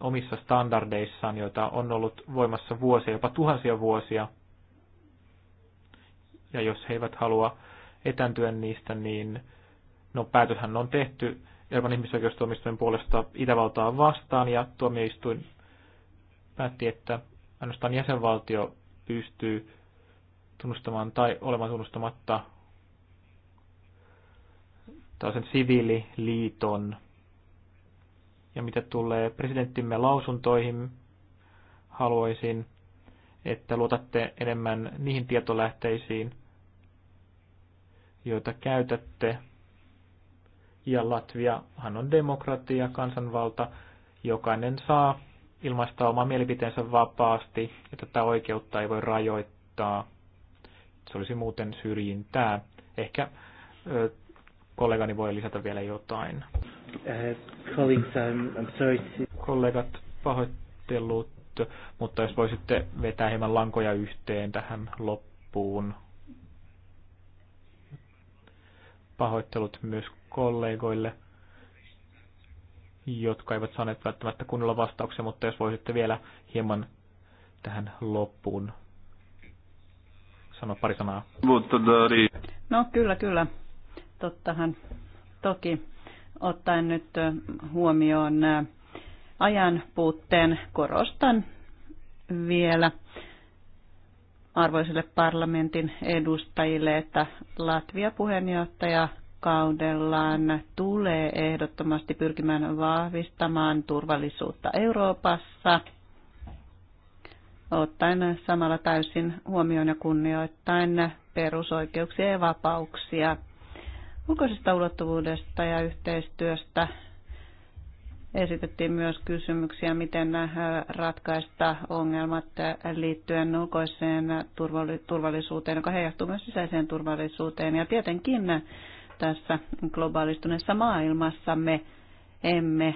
omissa standardeissaan, joita on ollut voimassa vuosia, jopa tuhansia vuosia. Ja jos he eivät halua etääntyä niistä, niin no päätöshän on tehty Euroopan ihmisoikeustuomioistuimen puolesta Itävaltaa vastaan ja tuomioistuin päätti, että ainoastaan jäsenvaltio pystyy tunnustamaan tai olemaan tunnustamatta tällaisen siviililiiton. Ja mitä tulee presidenttimme lausuntoihin, haluaisin, että luotatte enemmän niihin tietolähteisiin, joita käytätte ja Latviahan on demokratia, kansanvalta. Jokainen saa ilmaista omaa mielipiteensä vapaasti ja tätä oikeutta ei voi rajoittaa. Se olisi muuten syrjintää. Ehkä ö, kollegani voi lisätä vielä jotain. Uh, Kollegat, pahoittelut, mutta jos voisitte vetää hieman lankoja yhteen tähän loppuun. Pahoittelut myös kollegoille, jotka eivät saaneet välttämättä kunnolla vastauksia, mutta jos voisitte vielä hieman tähän loppuun sanoa pari sanaa. No kyllä, kyllä. Tottahan toki ottaen nyt huomioon äh, ajan puutteen korostan vielä arvoisille parlamentin edustajille, että Latvia puheenjohtaja kaudellaan tulee ehdottomasti pyrkimään vahvistamaan turvallisuutta Euroopassa, ottaen samalla täysin huomioon ja kunnioittain perusoikeuksia ja vapauksia. Ulkoisesta ulottuvuudesta ja yhteistyöstä Esitettiin myös kysymyksiä, miten ratkaista ongelmat liittyen ulkoiseen turvallisuuteen, joka heijastuu myös sisäiseen turvallisuuteen. Ja tietenkin tässä globaalistuneessa me emme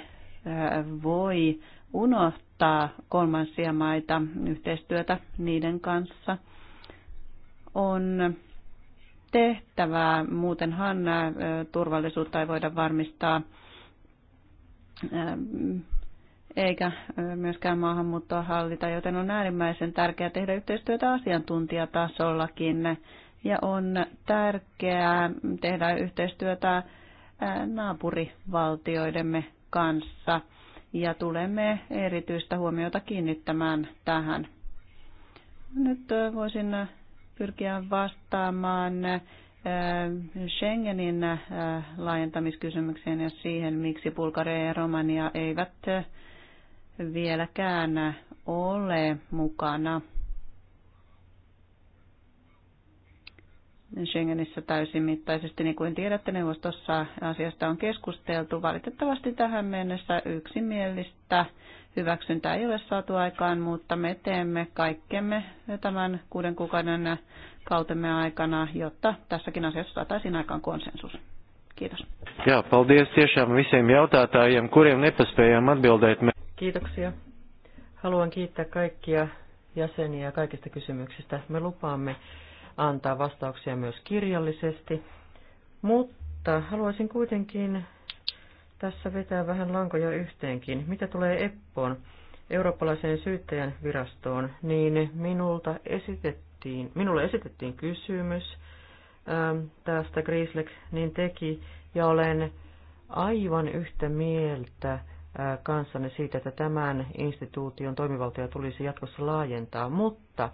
äh, voi unohtaa kolmansia maita yhteistyötä niiden kanssa. On tehtävää, muutenhan äh, turvallisuutta ei voida varmistaa eikä myöskään maahanmuuttoa hallita, joten on äärimmäisen tärkeää tehdä yhteistyötä asiantuntijatasollakin ja on tärkeää tehdä yhteistyötä naapurivaltioidemme kanssa ja tulemme erityistä huomiota kiinnittämään tähän. Nyt voisin pyrkiä vastaamaan Schengenin laajentamiskysymykseen ja siihen, miksi Bulgaria ja Romania eivät vieläkään ole mukana Schengenissä täysimittaisesti. Niin kuin tiedätte, neuvostossa asiasta on keskusteltu. Valitettavasti tähän mennessä yksimielistä hyväksyntää ei ole saatu aikaan, mutta me teemme kaikkemme tämän kuuden kuukauden kautemme aikana, jotta tässäkin asiassa saataisiin aikaan konsensus. Kiitos. Jā, paldies tiešām visiem jautātājiem, kuriem nepaspējām atbildēt. Kiitoksia. Haluan kiittää kaikkia jäseniä kaikista kysymyksistä. Me lupaamme antaa vastauksia myös kirjallisesti, mutta haluaisin kuitenkin tässä vetää vähän lankoja yhteenkin. Mitä tulee Eppoon, eurooppalaiseen syyttäjän virastoon, niin minulta esitettiin, esitettiin, minulle esitettiin kysymys ähm, tästä Grislek niin teki, ja olen aivan yhtä mieltä äh, kanssanne siitä, että tämän instituution toimivaltoja tulisi jatkossa laajentaa, mutta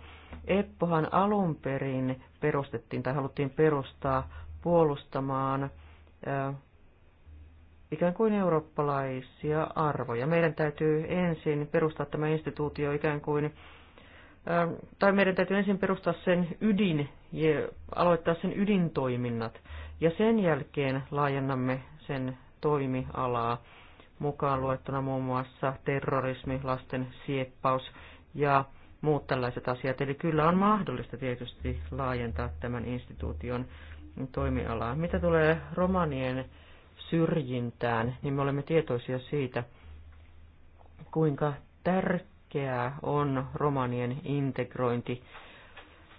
Eppohan alun perin perustettiin tai haluttiin perustaa puolustamaan äh, ikään kuin eurooppalaisia arvoja. Meidän täytyy ensin perustaa tämä instituutio ikään kuin tai meidän täytyy ensin perustaa sen ydin ja aloittaa sen ydintoiminnat ja sen jälkeen laajennamme sen toimialaa mukaan luettuna muun muassa terrorismi, lasten sieppaus ja muut tällaiset asiat. Eli kyllä on mahdollista tietysti laajentaa tämän instituution toimialaa. Mitä tulee romanien syrjintään, niin me olemme tietoisia siitä, kuinka tärkeää tärkeää on romanien integrointi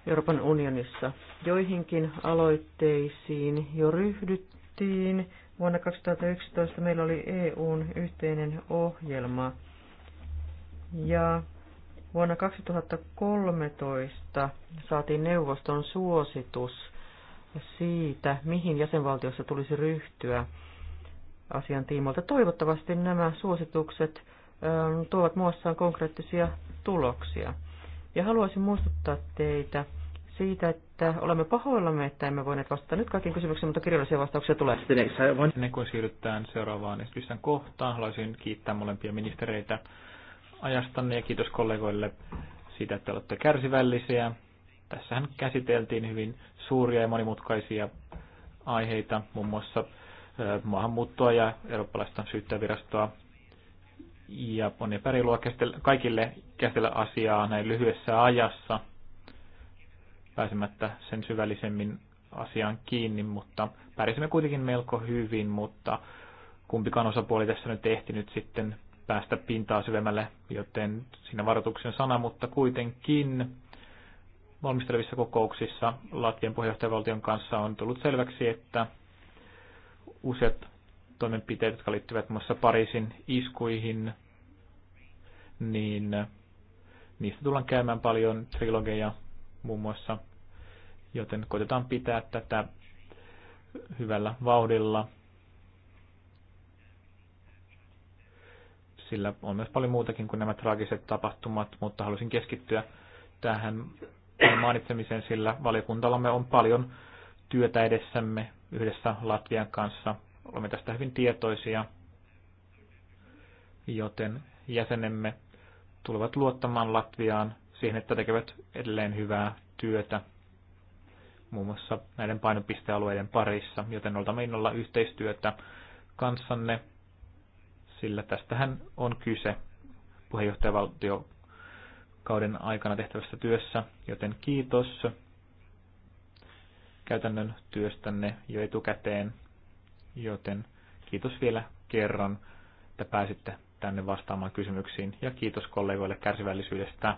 Euroopan unionissa. Joihinkin aloitteisiin jo ryhdyttiin. Vuonna 2011 meillä oli EUn yhteinen ohjelma ja vuonna 2013 saatiin neuvoston suositus siitä, mihin jäsenvaltiossa tulisi ryhtyä asian tiimoilta. Toivottavasti nämä suositukset Ähm, tuovat muassaan konkreettisia tuloksia. Ja haluaisin muistuttaa teitä siitä, että olemme pahoillamme, että emme voineet vastata nyt kaikkiin kysymyksiin, mutta kirjallisia vastauksia tulee. Ennen kuin siirrytään seuraavaan esitysten kohtaan, haluaisin kiittää molempia ministereitä ajastanne ja kiitos kollegoille siitä, että olette kärsivällisiä. Tässähän käsiteltiin hyvin suuria ja monimutkaisia aiheita, muun muassa maahanmuuttoa ja eurooppalaista syyttävirastoa ja Poni Pärilua käsitellä, kaikille käsitellä asiaa näin lyhyessä ajassa, pääsemättä sen syvällisemmin asiaan kiinni, mutta pärjäsimme kuitenkin melko hyvin, mutta kumpikaan osapuoli tässä nyt ehtinyt sitten päästä pintaa syvemmälle, joten siinä varoituksen sana, mutta kuitenkin valmistelevissa kokouksissa Latvian puheenjohtajavaltion kanssa on tullut selväksi, että useat toimenpiteet, jotka liittyvät muun muassa Pariisin iskuihin, niin niistä tullaan käymään paljon trilogeja muun muassa, joten koitetaan pitää tätä hyvällä vauhdilla. Sillä on myös paljon muutakin kuin nämä traagiset tapahtumat, mutta halusin keskittyä tähän mainitsemiseen, sillä valiokuntallamme on paljon työtä edessämme yhdessä Latvian kanssa Olemme tästä hyvin tietoisia, joten jäsenemme tulevat luottamaan Latviaan siihen, että tekevät edelleen hyvää työtä muun muassa näiden painopistealueiden parissa, joten oltamme innolla yhteistyötä kanssanne, sillä tästähän on kyse kauden aikana tehtävässä työssä, joten kiitos käytännön työstänne jo etukäteen. Joten kiitos vielä kerran, että pääsitte tänne vastaamaan kysymyksiin ja kiitos kollegoille kärsivällisyydestä.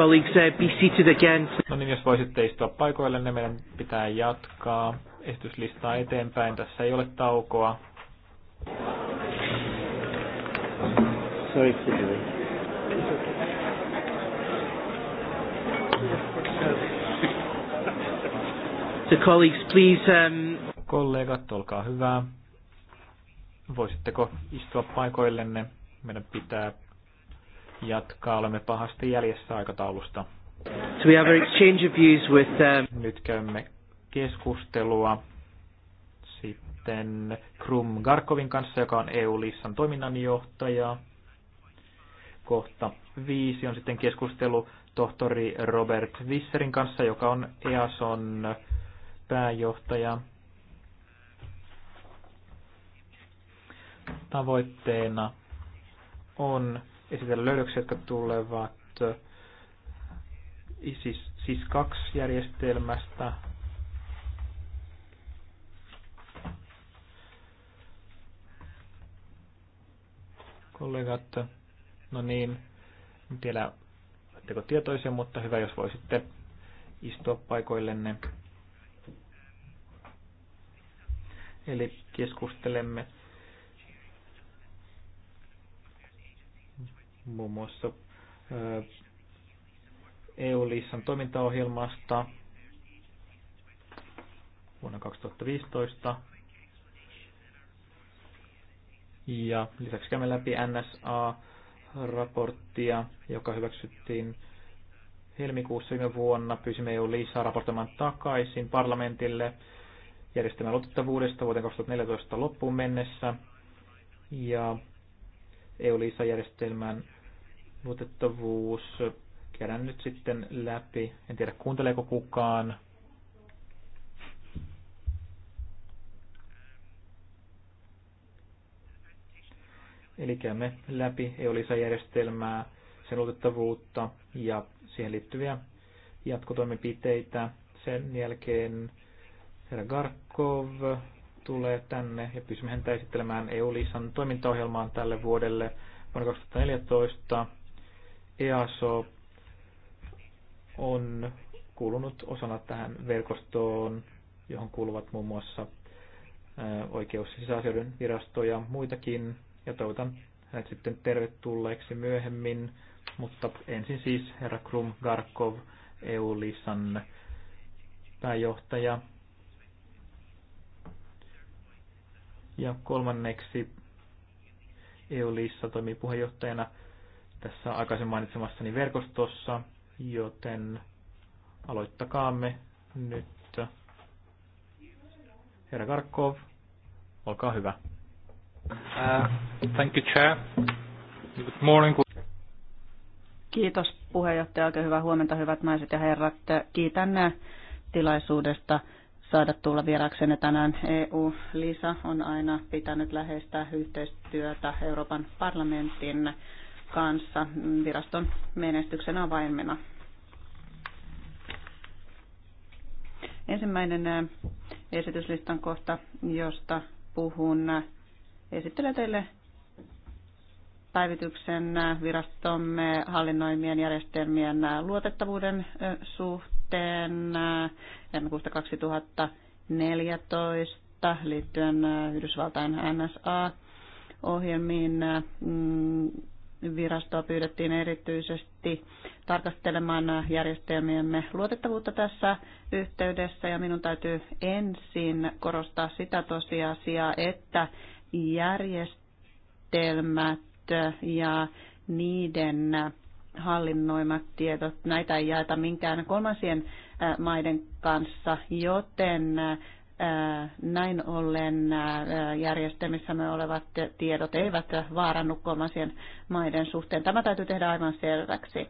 colleagues uh, be seated again. No niin, jos voisitte istua niin meidän pitää jatkaa esityslistaa eteenpäin. Tässä ei ole taukoa. Sorry for The colleagues, please. Um... Kollegat, olkaa hyvää. Voisitteko istua paikoillenne? Meidän pitää jatkaa. Olemme pahasti jäljessä aikataulusta. So we have an exchange of views with, um... Nyt käymme keskustelua sitten Krum Garkovin kanssa, joka on EU-lissan toiminnanjohtaja. Kohta viisi on sitten keskustelu tohtori Robert Visserin kanssa, joka on EASON pääjohtaja. Tavoitteena on esitellä löydöksiä, jotka tulevat äh, ISIS, siis kaksi järjestelmästä. Kollegat, no niin, en tiedä, oletteko tietoisia, mutta hyvä, jos voisitte istua paikoillenne. Eli keskustelemme muun muassa EU-liissan toimintaohjelmasta vuonna 2015. Ja lisäksi käymme läpi NSA-raporttia, joka hyväksyttiin helmikuussa viime vuonna. Pyysimme EU liisaa raportoimaan takaisin parlamentille järjestelmän luotettavuudesta vuoteen 2014 loppuun mennessä. Ja EU-liisa-järjestelmän luotettavuus. Käydään nyt sitten läpi. En tiedä kuunteleeko kukaan. Eli käymme läpi eu järjestelmää sen luotettavuutta ja siihen liittyviä jatkotoimenpiteitä. Sen jälkeen herra Garkov tulee tänne ja pysymme häntä esittelemään EU-lisan toimintaohjelmaan tälle vuodelle vuonna 2014. EASO on kuulunut osana tähän verkostoon, johon kuuluvat muun muassa oikeus- ja sisäasioiden virasto ja muitakin. Ja toivotan hänet sitten tervetulleeksi myöhemmin, mutta ensin siis herra Krum Garkov, EU-lisan pääjohtaja. Ja kolmanneksi EU-lissa toimii puheenjohtajana – tässä aikaisemmin mainitsemassani verkostossa, joten aloittakaamme nyt. Herra Karkov, olkaa hyvä. Uh, thank you, Chair. Good morning. Kiitos puheenjohtaja. Oikein hyvää huomenta, hyvät naiset ja herrat. Kiitän tilaisuudesta saada tulla vieraksenne tänään. EU-Lisa on aina pitänyt läheistä yhteistyötä Euroopan parlamentin kanssa viraston menestyksen avaimena. Ensimmäinen äh, esityslistan kohta, josta puhun, äh, esittelee teille päivityksen äh, virastomme hallinnoimien järjestelmien luotettavuuden suhteen ennen 2014 liittyen Yhdysvaltain NSA-ohjelmiin mm, virastoa pyydettiin erityisesti tarkastelemaan järjestelmiemme luotettavuutta tässä yhteydessä ja minun täytyy ensin korostaa sitä tosiasiaa, että järjestelmät ja niiden hallinnoimat tiedot, näitä ei jaeta minkään kolmansien maiden kanssa, joten näin ollen järjestelmissämme olevat tiedot eivät vaarannu kolmansien maiden suhteen. Tämä täytyy tehdä aivan selväksi.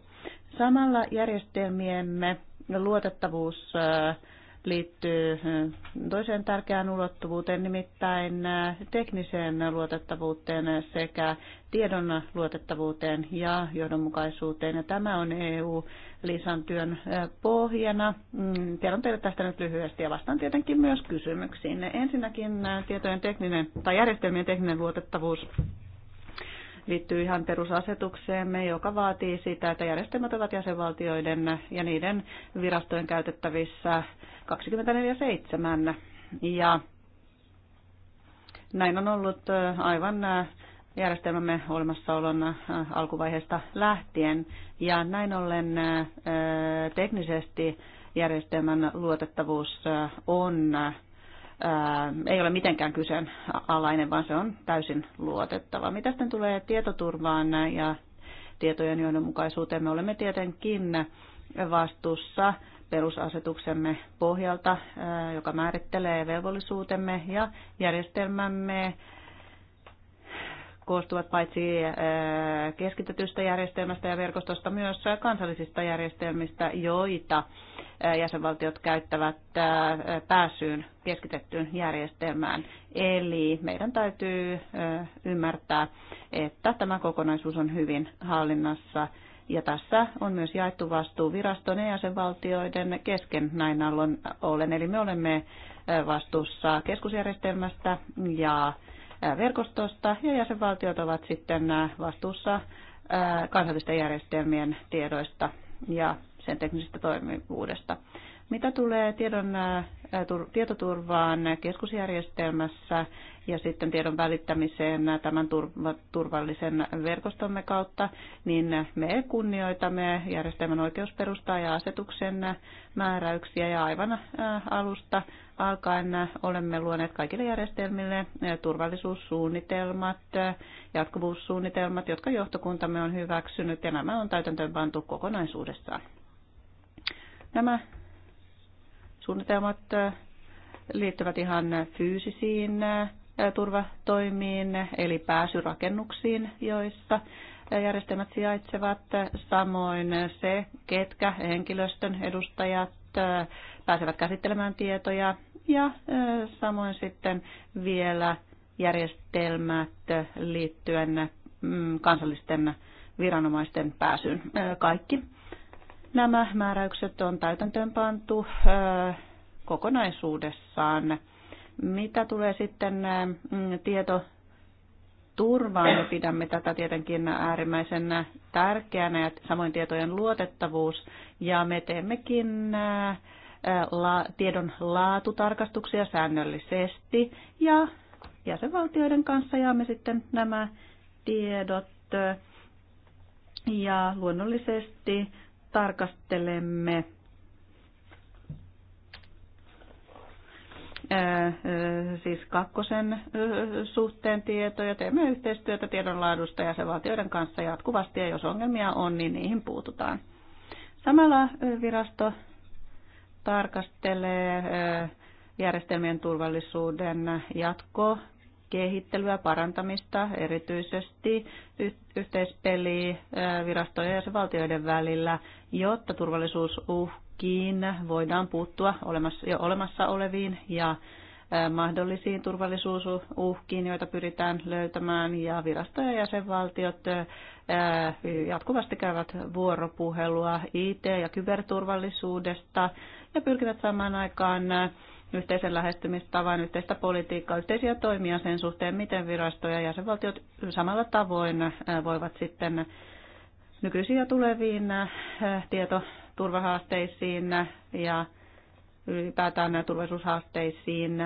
Samalla järjestelmiemme luotettavuus liittyy eh, toiseen tärkeään ulottuvuuteen, nimittäin eh, tekniseen luotettavuuteen sekä tiedon luotettavuuteen ja johdonmukaisuuteen. Ja tämä on eu lisan työn eh, pohjana. Mm, kerron teille tästä nyt lyhyesti ja vastaan tietenkin myös kysymyksiin. Ensinnäkin tietojen tekninen tai järjestelmien tekninen luotettavuus liittyy ihan perusasetukseemme, joka vaatii sitä, että järjestelmät ovat jäsenvaltioiden ja niiden virastojen käytettävissä 24-7. Ja näin on ollut äh, aivan äh, järjestelmämme olemassaolon äh, alkuvaiheesta lähtien. Ja näin ollen teknisesti järjestelmän luotettavuus on ei ole mitenkään kyseenalainen, vaan se on täysin luotettava. Mitä sitten tulee tietoturvaan ja tietojen johdonmukaisuuteen, me olemme tietenkin vastuussa perusasetuksemme pohjalta, joka määrittelee velvollisuutemme ja järjestelmämme koostuvat paitsi keskitetystä järjestelmästä ja verkostosta myös kansallisista järjestelmistä, joita jäsenvaltiot käyttävät pääsyyn keskitettyyn järjestelmään. Eli meidän täytyy ymmärtää, että tämä kokonaisuus on hyvin hallinnassa. Ja tässä on myös jaettu vastuu viraston ja jäsenvaltioiden kesken näin ollen. Eli me olemme vastuussa keskusjärjestelmästä ja verkostosta ja jäsenvaltiot ovat sitten vastuussa kansallisten järjestelmien tiedoista ja sen teknisestä toimivuudesta. Mitä tulee tiedon, tietoturvaan keskusjärjestelmässä ja sitten tiedon välittämiseen tämän turvallisen verkostomme kautta, niin me kunnioitamme järjestelmän oikeusperustaa ja asetuksen määräyksiä ja aivan alusta alkaen olemme luoneet kaikille järjestelmille turvallisuussuunnitelmat, jatkuvuussuunnitelmat, jotka johtokuntamme on hyväksynyt ja nämä on pantu kokonaisuudessaan. Nämä suunnitelmat äh, liittyvät ihan fyysisiin äh, turvatoimiin, eli pääsyrakennuksiin, joissa järjestelmät sijaitsevat. Samoin se, ketkä henkilöstön edustajat äh, pääsevät käsittelemään tietoja ja samoin sitten vielä järjestelmät liittyen mm, kansallisten viranomaisten pääsyyn. Kaikki Nämä määräykset on täytäntöönpantu kokonaisuudessaan. Mitä tulee sitten mm, tieto turvaan pidämme tätä tietenkin äärimmäisen tärkeänä ja samoin tietojen luotettavuus ja me teemmekin tiedon laatutarkastuksia säännöllisesti ja jäsenvaltioiden kanssa jaamme sitten nämä tiedot ja luonnollisesti tarkastelemme siis kakkosen suhteen tietoja. Teemme yhteistyötä tiedonlaadusta ja valtioiden kanssa jatkuvasti ja jos ongelmia on, niin niihin puututaan. Samalla virasto tarkastelee järjestelmien turvallisuuden jatko kehittelyä, parantamista, erityisesti yhteispeliä virastojen ja valtioiden välillä, jotta turvallisuusuhkiin voidaan puuttua olemassa, jo olemassa oleviin ja mahdollisiin turvallisuusuhkiin, joita pyritään löytämään, ja virasto- ja jäsenvaltiot jatkuvasti käyvät vuoropuhelua IT- ja kyberturvallisuudesta ja pyrkivät saamaan aikaan yhteisen lähestymistavan, yhteistä politiikkaa, yhteisiä toimia sen suhteen, miten virastoja ja jäsenvaltiot samalla tavoin äh, voivat sitten nykyisiin ja tuleviin äh, tietoturvahaasteisiin äh, ja ylipäätään turvallisuushaasteisiin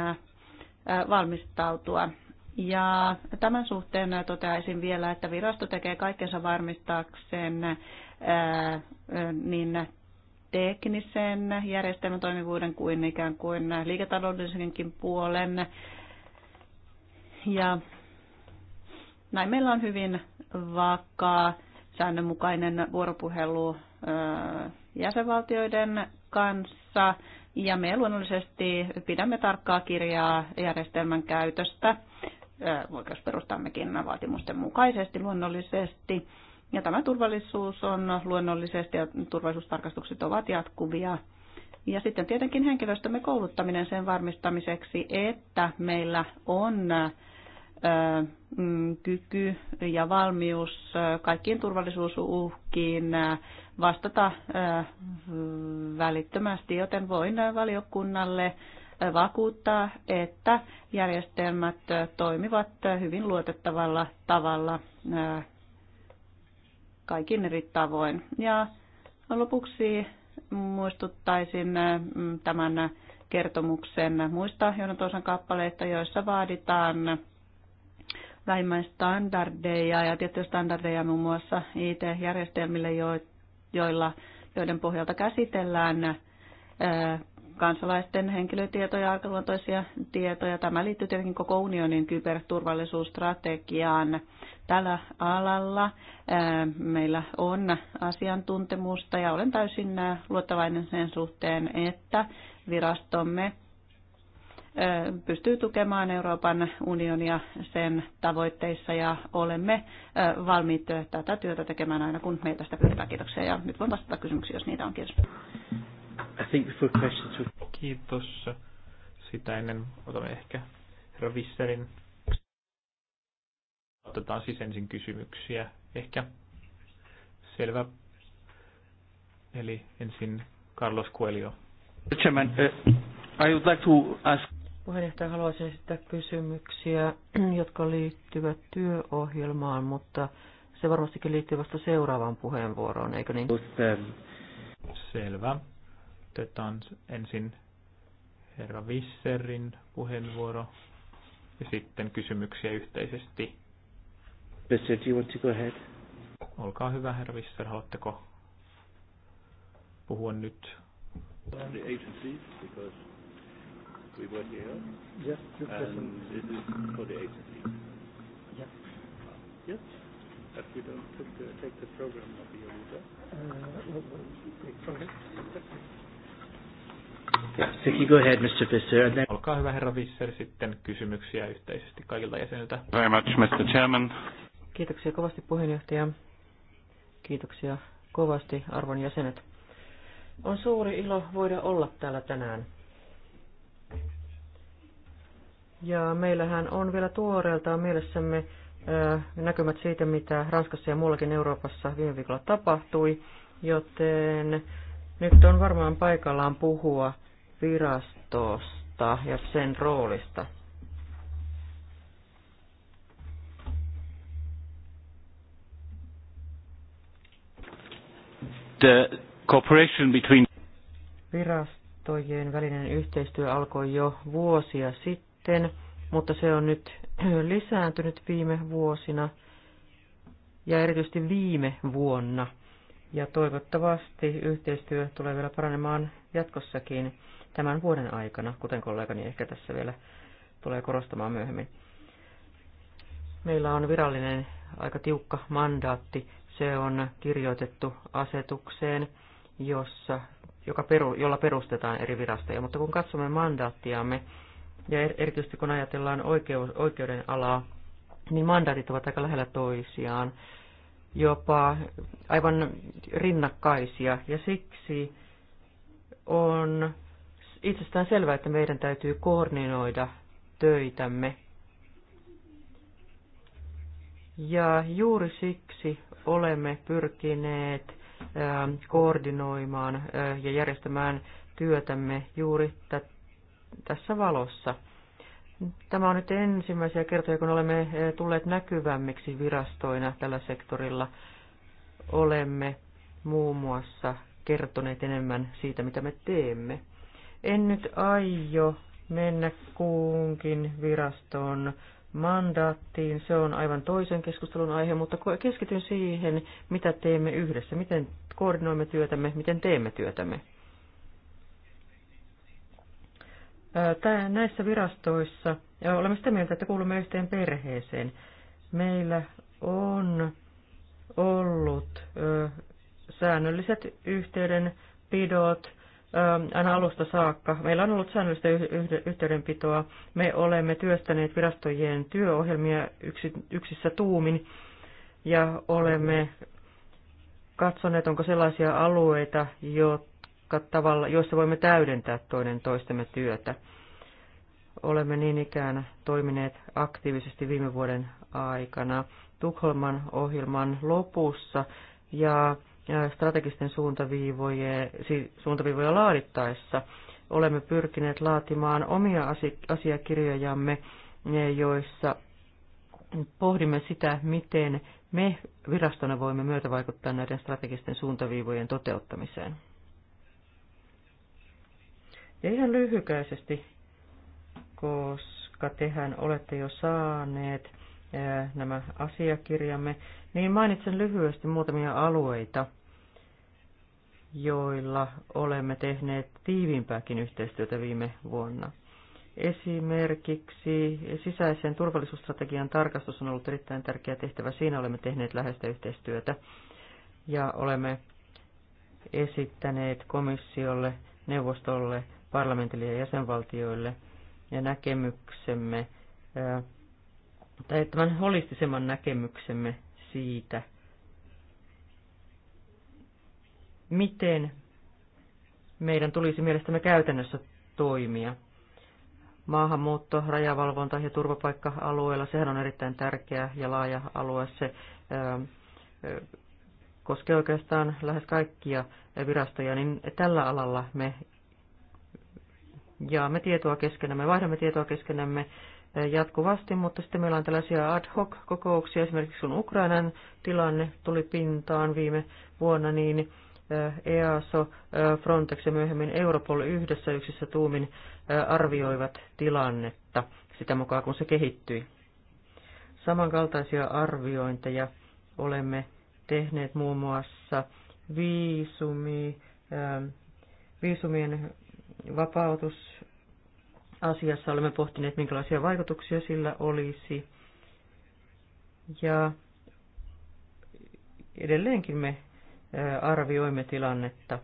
valmistautua. Ja tämän suhteen toteaisin vielä, että virasto tekee kaikkensa varmistaakseen niin teknisen järjestelmän toimivuuden kuin ikään kuin liiketaloudellisenkin puolen. Ja näin meillä on hyvin vakaa säännönmukainen vuoropuhelu jäsenvaltioiden kanssa ja me luonnollisesti pidämme tarkkaa kirjaa järjestelmän käytöstä oikeusperustammekin vaatimusten mukaisesti luonnollisesti. Ja tämä turvallisuus on luonnollisesti ja turvallisuustarkastukset ovat jatkuvia. Ja sitten tietenkin henkilöstömme kouluttaminen sen varmistamiseksi, että meillä on mm, kyky ja valmius kaikkiin turvallisuusuhkiin vastata välittömästi, joten voin valiokunnalle vakuuttaa, että järjestelmät toimivat hyvin luotettavalla tavalla kaikin eri tavoin. Ja lopuksi muistuttaisin mm, tämän kertomuksen muista Jonatosan kappaleista, joissa vaaditaan vähimmäistandardeja ja tiettyjä standardeja muun muassa IT-järjestelmille, joilla, joiden pohjalta käsitellään kansalaisten henkilötietoja, arkaluontoisia tietoja. Tämä liittyy tietenkin koko unionin kyberturvallisuusstrategiaan. Tällä alalla meillä on asiantuntemusta ja olen täysin luottavainen sen suhteen, että virastomme pystyy tukemaan Euroopan unionia sen tavoitteissa ja olemme valmiit tätä työtä tekemään aina, kun meitä sitä pyydetään. Kiitoksia ja nyt voin vastata kysymyksiin, jos niitä on. Kiitos. I think before questions were... Kiitos. Sitä ennen otamme ehkä herra Visserin. Otetaan siis ensin kysymyksiä. Ehkä selvä. Eli ensin Carlos Coelho. Chairman, uh, I would like to ask... Puheenjohtaja, haluaisin esittää kysymyksiä, jotka liittyvät työohjelmaan, mutta se varmastikin liittyy vasta seuraavaan puheenvuoroon, eikö niin? Um, selvä otetaan ensin herra Visserin puheenvuoro ja sitten kysymyksiä yhteisesti. Visser, do you want to go ahead? Olkaa hyvä, herra Visser, haluatteko puhua nyt? Yes, uh, don't take the, take the program of the Uh, well, well, go ahead, Mr. Visser, and then... Olkaa hyvä, herra Visser, sitten kysymyksiä yhteisesti kaikilta jäseniltä. Very much, Mr. Chairman. Kiitoksia kovasti puheenjohtaja. Kiitoksia kovasti arvon jäsenet. On suuri ilo voida olla täällä tänään. Ja meillähän on vielä tuoreeltaan mielessämme äh, näkymät siitä, mitä Ranskassa ja muuallakin Euroopassa viime viikolla tapahtui, joten nyt on varmaan paikallaan puhua virastosta ja sen roolista. The cooperation between Virastojen välinen yhteistyö alkoi jo vuosia sitten, mutta se on nyt [CLEARS THROAT] lisääntynyt viime vuosina ja erityisesti viime vuonna – ja toivottavasti yhteistyö tulee vielä paranemaan jatkossakin tämän vuoden aikana, kuten kollegani ehkä tässä vielä tulee korostamaan myöhemmin. Meillä on virallinen aika tiukka mandaatti. Se on kirjoitettu asetukseen, jossa, joka peru, jolla perustetaan eri virastoja. Mutta kun katsomme mandaattiamme, ja er, erityisesti kun ajatellaan oikeus, oikeuden alaa, niin mandaatit ovat aika lähellä toisiaan jopa aivan rinnakkaisia ja siksi on itsestään selvää, että meidän täytyy koordinoida töitämme. Ja juuri siksi olemme pyrkineet ähm, koordinoimaan äh, ja järjestämään työtämme juuri tässä valossa – Tämä on nyt ensimmäisiä kertoja, kun olemme eh, tulleet näkyvämmiksi virastoina tällä sektorilla. Olemme muun muassa kertoneet enemmän siitä, mitä me teemme. En nyt aio mennä kuunkin viraston mandaattiin. Se on aivan toisen keskustelun aihe, mutta keskityn siihen, mitä teemme yhdessä, miten koordinoimme työtämme, miten teemme työtämme. näissä virastoissa ja olemme sitä mieltä, että kuulumme yhteen perheeseen. Meillä on ollut säännölliset yhteydenpidot aina alusta saakka. Meillä on ollut säännöllistä yhteydenpitoa. Me olemme työstäneet virastojen työohjelmia yksissä tuumin ja olemme katsoneet, onko sellaisia alueita, jotka jotka tavalla, joissa voimme täydentää toinen toistemme työtä. Olemme niin ikään toimineet aktiivisesti viime vuoden aikana Tukholman ohjelman lopussa ja strategisten suuntaviivoja, suuntaviivoja laadittaessa olemme pyrkineet laatimaan omia asiakirjojamme, joissa pohdimme sitä, miten me virastona voimme myötävaikuttaa näiden strategisten suuntaviivojen toteuttamiseen. Ja ihan lyhykäisesti, koska tehän olette jo saaneet nämä asiakirjamme, niin mainitsen lyhyesti muutamia alueita, joilla olemme tehneet tiiviimpääkin yhteistyötä viime vuonna. Esimerkiksi sisäisen turvallisuusstrategian tarkastus on ollut erittäin tärkeä tehtävä. Siinä olemme tehneet läheistä yhteistyötä ja olemme esittäneet komissiolle, neuvostolle parlamentille ja jäsenvaltioille ja näkemyksemme, tai tämän holistisemman näkemyksemme siitä, miten meidän tulisi mielestämme käytännössä toimia. Maahanmuutto, rajavalvonta ja turvapaikka-alueella, sehän on erittäin tärkeä ja laaja alue. Se ää, koskee oikeastaan lähes kaikkia virastoja, niin tällä alalla me jaamme tietoa keskenämme, vaihdamme tietoa keskenämme jatkuvasti, mutta sitten meillä on tällaisia ad hoc kokouksia, esimerkiksi kun Ukrainan tilanne tuli pintaan viime vuonna, niin EASO, Frontex ja myöhemmin Europol yhdessä yksissä tuumin arvioivat tilannetta sitä mukaan, kun se kehittyi. Samankaltaisia arviointeja olemme tehneet muun muassa viisumi, viisumien Vapautusasiassa olemme pohtineet, minkälaisia vaikutuksia sillä olisi. Ja edelleenkin me arvioimme tilannetta.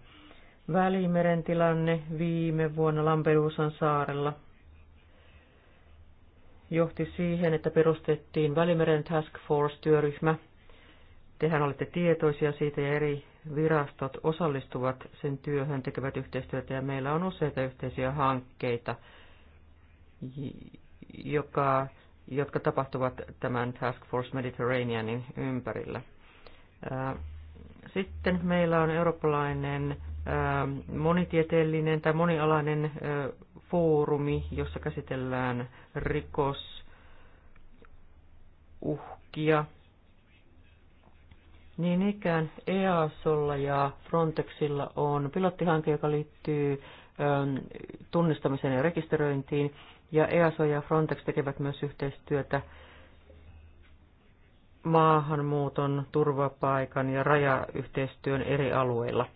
Välimeren tilanne viime vuonna Lampedusan saarella johti siihen, että perustettiin Välimeren Task Force-työryhmä – Tehän olette tietoisia siitä ja eri virastot osallistuvat sen työhön, tekevät yhteistyötä ja meillä on useita yhteisiä hankkeita, joka, jotka tapahtuvat tämän Task Force Mediterraneanin ympärillä. Sitten meillä on eurooppalainen monitieteellinen tai monialainen foorumi, jossa käsitellään rikosuhkia niin ikään EASolla ja Frontexilla on pilottihanke, joka liittyy ähm, tunnistamiseen ja rekisteröintiin, ja EASO ja Frontex tekevät myös yhteistyötä maahanmuuton, turvapaikan ja rajayhteistyön eri alueilla.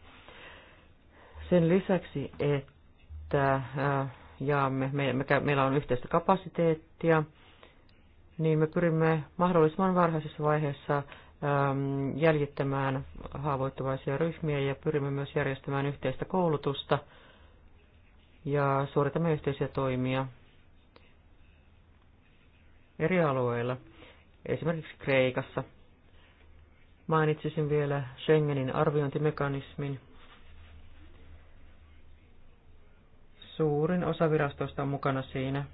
Sen lisäksi, että äh, jaamme, me, me, meillä on yhteistä kapasiteettia, niin me pyrimme mahdollisimman varhaisessa vaiheessa Ähm, jäljittämään haavoittuvaisia ryhmiä ja pyrimme myös järjestämään yhteistä koulutusta ja suoritamme yhteisiä toimia eri alueilla, esimerkiksi Kreikassa. Mainitsisin vielä Schengenin arviointimekanismin. Suurin osa virastoista on mukana siinä.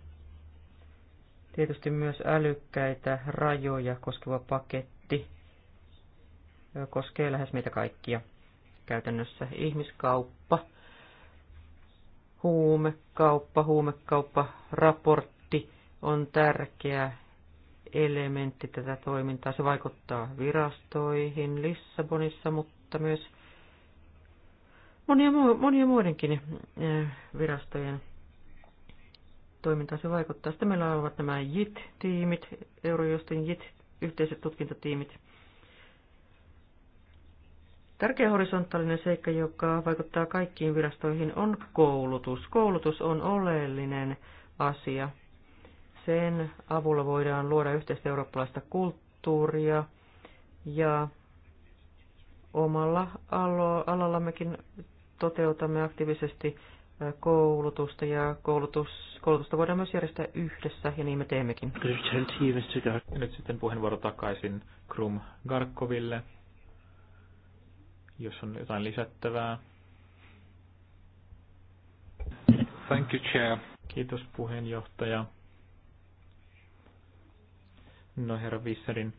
Tietysti myös älykkäitä rajoja koskeva paketti koskee lähes meitä kaikkia. Käytännössä ihmiskauppa, huumekauppa, huumekauppa, raportti on tärkeä elementti tätä toimintaa. Se vaikuttaa virastoihin Lissabonissa, mutta myös monia, monia muidenkin virastojen toimintaan se vaikuttaa. Sitten meillä ovat nämä JIT-tiimit, Eurojustin JIT, yhteiset tutkintatiimit, Tärkeä horisontaalinen seikka, joka vaikuttaa kaikkiin virastoihin, on koulutus. Koulutus on oleellinen asia. Sen avulla voidaan luoda yhteistä eurooppalaista kulttuuria ja omalla alallammekin toteutamme aktiivisesti koulutusta ja koulutus, koulutusta voidaan myös järjestää yhdessä ja niin me teemmekin. Nyt sitten puheenvuoro takaisin Krum Garkoville jos on jotain lisättävää. Thank you, Chair. Kiitos puheenjohtaja. No herra Visserin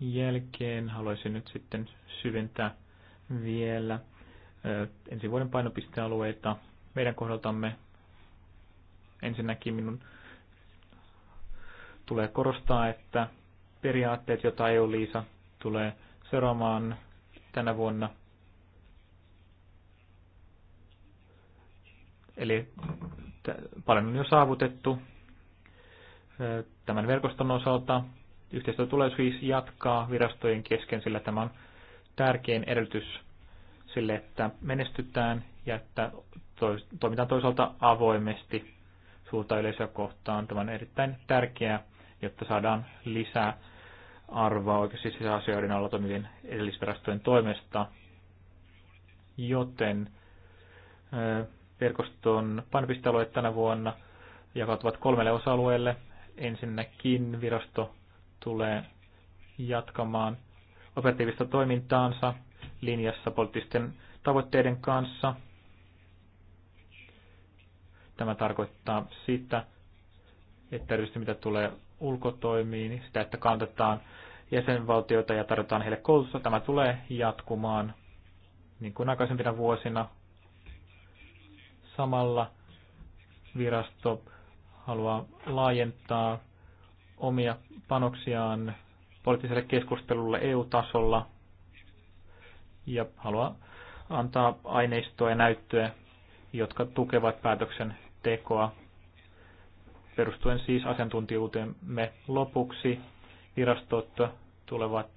jälkeen haluaisin nyt sitten syventää vielä ensi vuoden painopistealueita meidän kohdaltamme. Ensinnäkin minun tulee korostaa, että periaatteet, joita EU-Liisa tulee seuraamaan tänä vuonna, Eli paljon on jo saavutettu tämän verkoston osalta. Yhteistyö tulee siis jatkaa virastojen kesken, sillä tämä on tärkein edellytys sille, että menestytään ja että toimitaan toisaalta avoimesti suurta yleisöä kohtaan. Tämä on erittäin tärkeää, jotta saadaan lisää arvoa oikeasti sisäasioiden alla toimivien edellisvirastojen toimesta. Joten verkoston painopistealueet tänä vuonna jakautuvat kolmelle osa-alueelle. Ensinnäkin virasto tulee jatkamaan operatiivista toimintaansa linjassa poliittisten tavoitteiden kanssa. Tämä tarkoittaa sitä, että erityisesti mitä tulee ulkotoimiin, niin sitä, että kantetaan jäsenvaltioita ja tarjotaan heille koulutusta. Tämä tulee jatkumaan niin kuin aikaisempina vuosina Samalla virasto haluaa laajentaa omia panoksiaan poliittiselle keskustelulle EU-tasolla ja haluaa antaa aineistoa ja näyttöä, jotka tukevat päätöksen tekoa perustuen siis asiantuntijuuteemme lopuksi virastot tulevat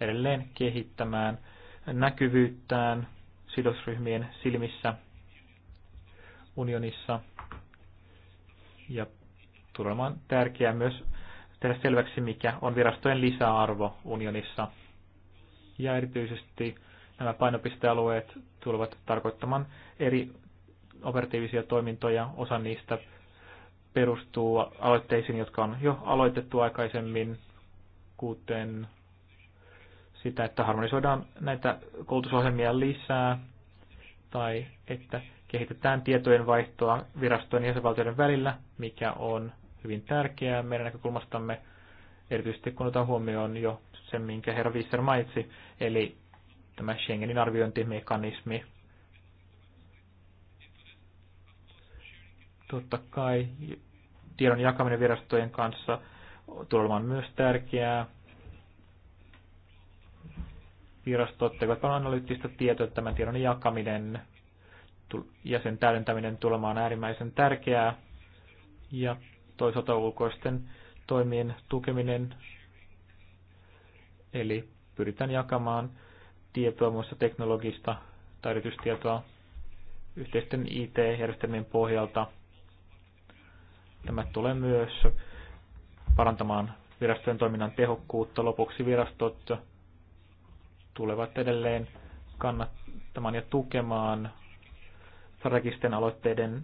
edelleen kehittämään näkyvyyttään sidosryhmien silmissä unionissa. Ja tulee tärkeää myös tehdä selväksi, mikä on virastojen lisäarvo unionissa. Ja erityisesti nämä painopistealueet tulevat tarkoittamaan eri operatiivisia toimintoja. Osa niistä perustuu aloitteisiin, jotka on jo aloitettu aikaisemmin, kuten sitä, että harmonisoidaan näitä koulutusohjelmia lisää tai että kehitetään tietojen vaihtoa virastojen ja jäsenvaltioiden välillä, mikä on hyvin tärkeää meidän näkökulmastamme, erityisesti kun otetaan huomioon jo se, minkä herra Visser mainitsi, eli tämä Schengenin arviointimekanismi. Totta kai tiedon jakaminen virastojen kanssa tulee olemaan myös tärkeää. Virastot tekevät paljon analyyttistä tietoa, tämän tiedon jakaminen ja sen täydentäminen tulemaan äärimmäisen tärkeää. Ja toisaalta ulkoisten toimien tukeminen, eli pyritään jakamaan tietoa muista teknologista tai yritystietoa yhteisten IT-järjestelmien pohjalta. Tämä tulee myös parantamaan virastojen toiminnan tehokkuutta. Lopuksi virastot tulevat edelleen kannattamaan ja tukemaan strategisten aloitteiden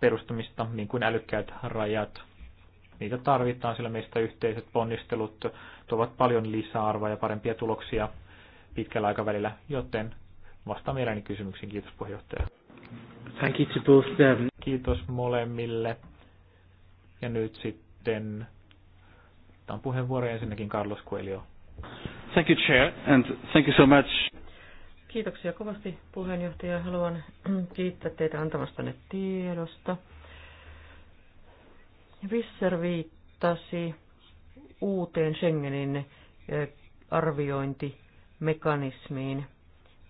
perustamista, niin kuin älykkäät rajat. Niitä tarvitaan, sillä meistä yhteiset ponnistelut tuovat paljon lisäarvoa ja parempia tuloksia pitkällä aikavälillä, joten vastaan mielelläni kysymyksiin. Kiitos puheenjohtaja. Thank you to both them. Kiitos molemmille. Ja nyt sitten on puheenvuoro ensinnäkin Carlos Coelho. Thank you, Chair, and thank you so much. Kiitoksia kovasti puheenjohtaja. Haluan [CLEARS THROAT] kiittää teitä antamastanne tiedosta. Visser viittasi uuteen Schengenin eh, arviointimekanismiin.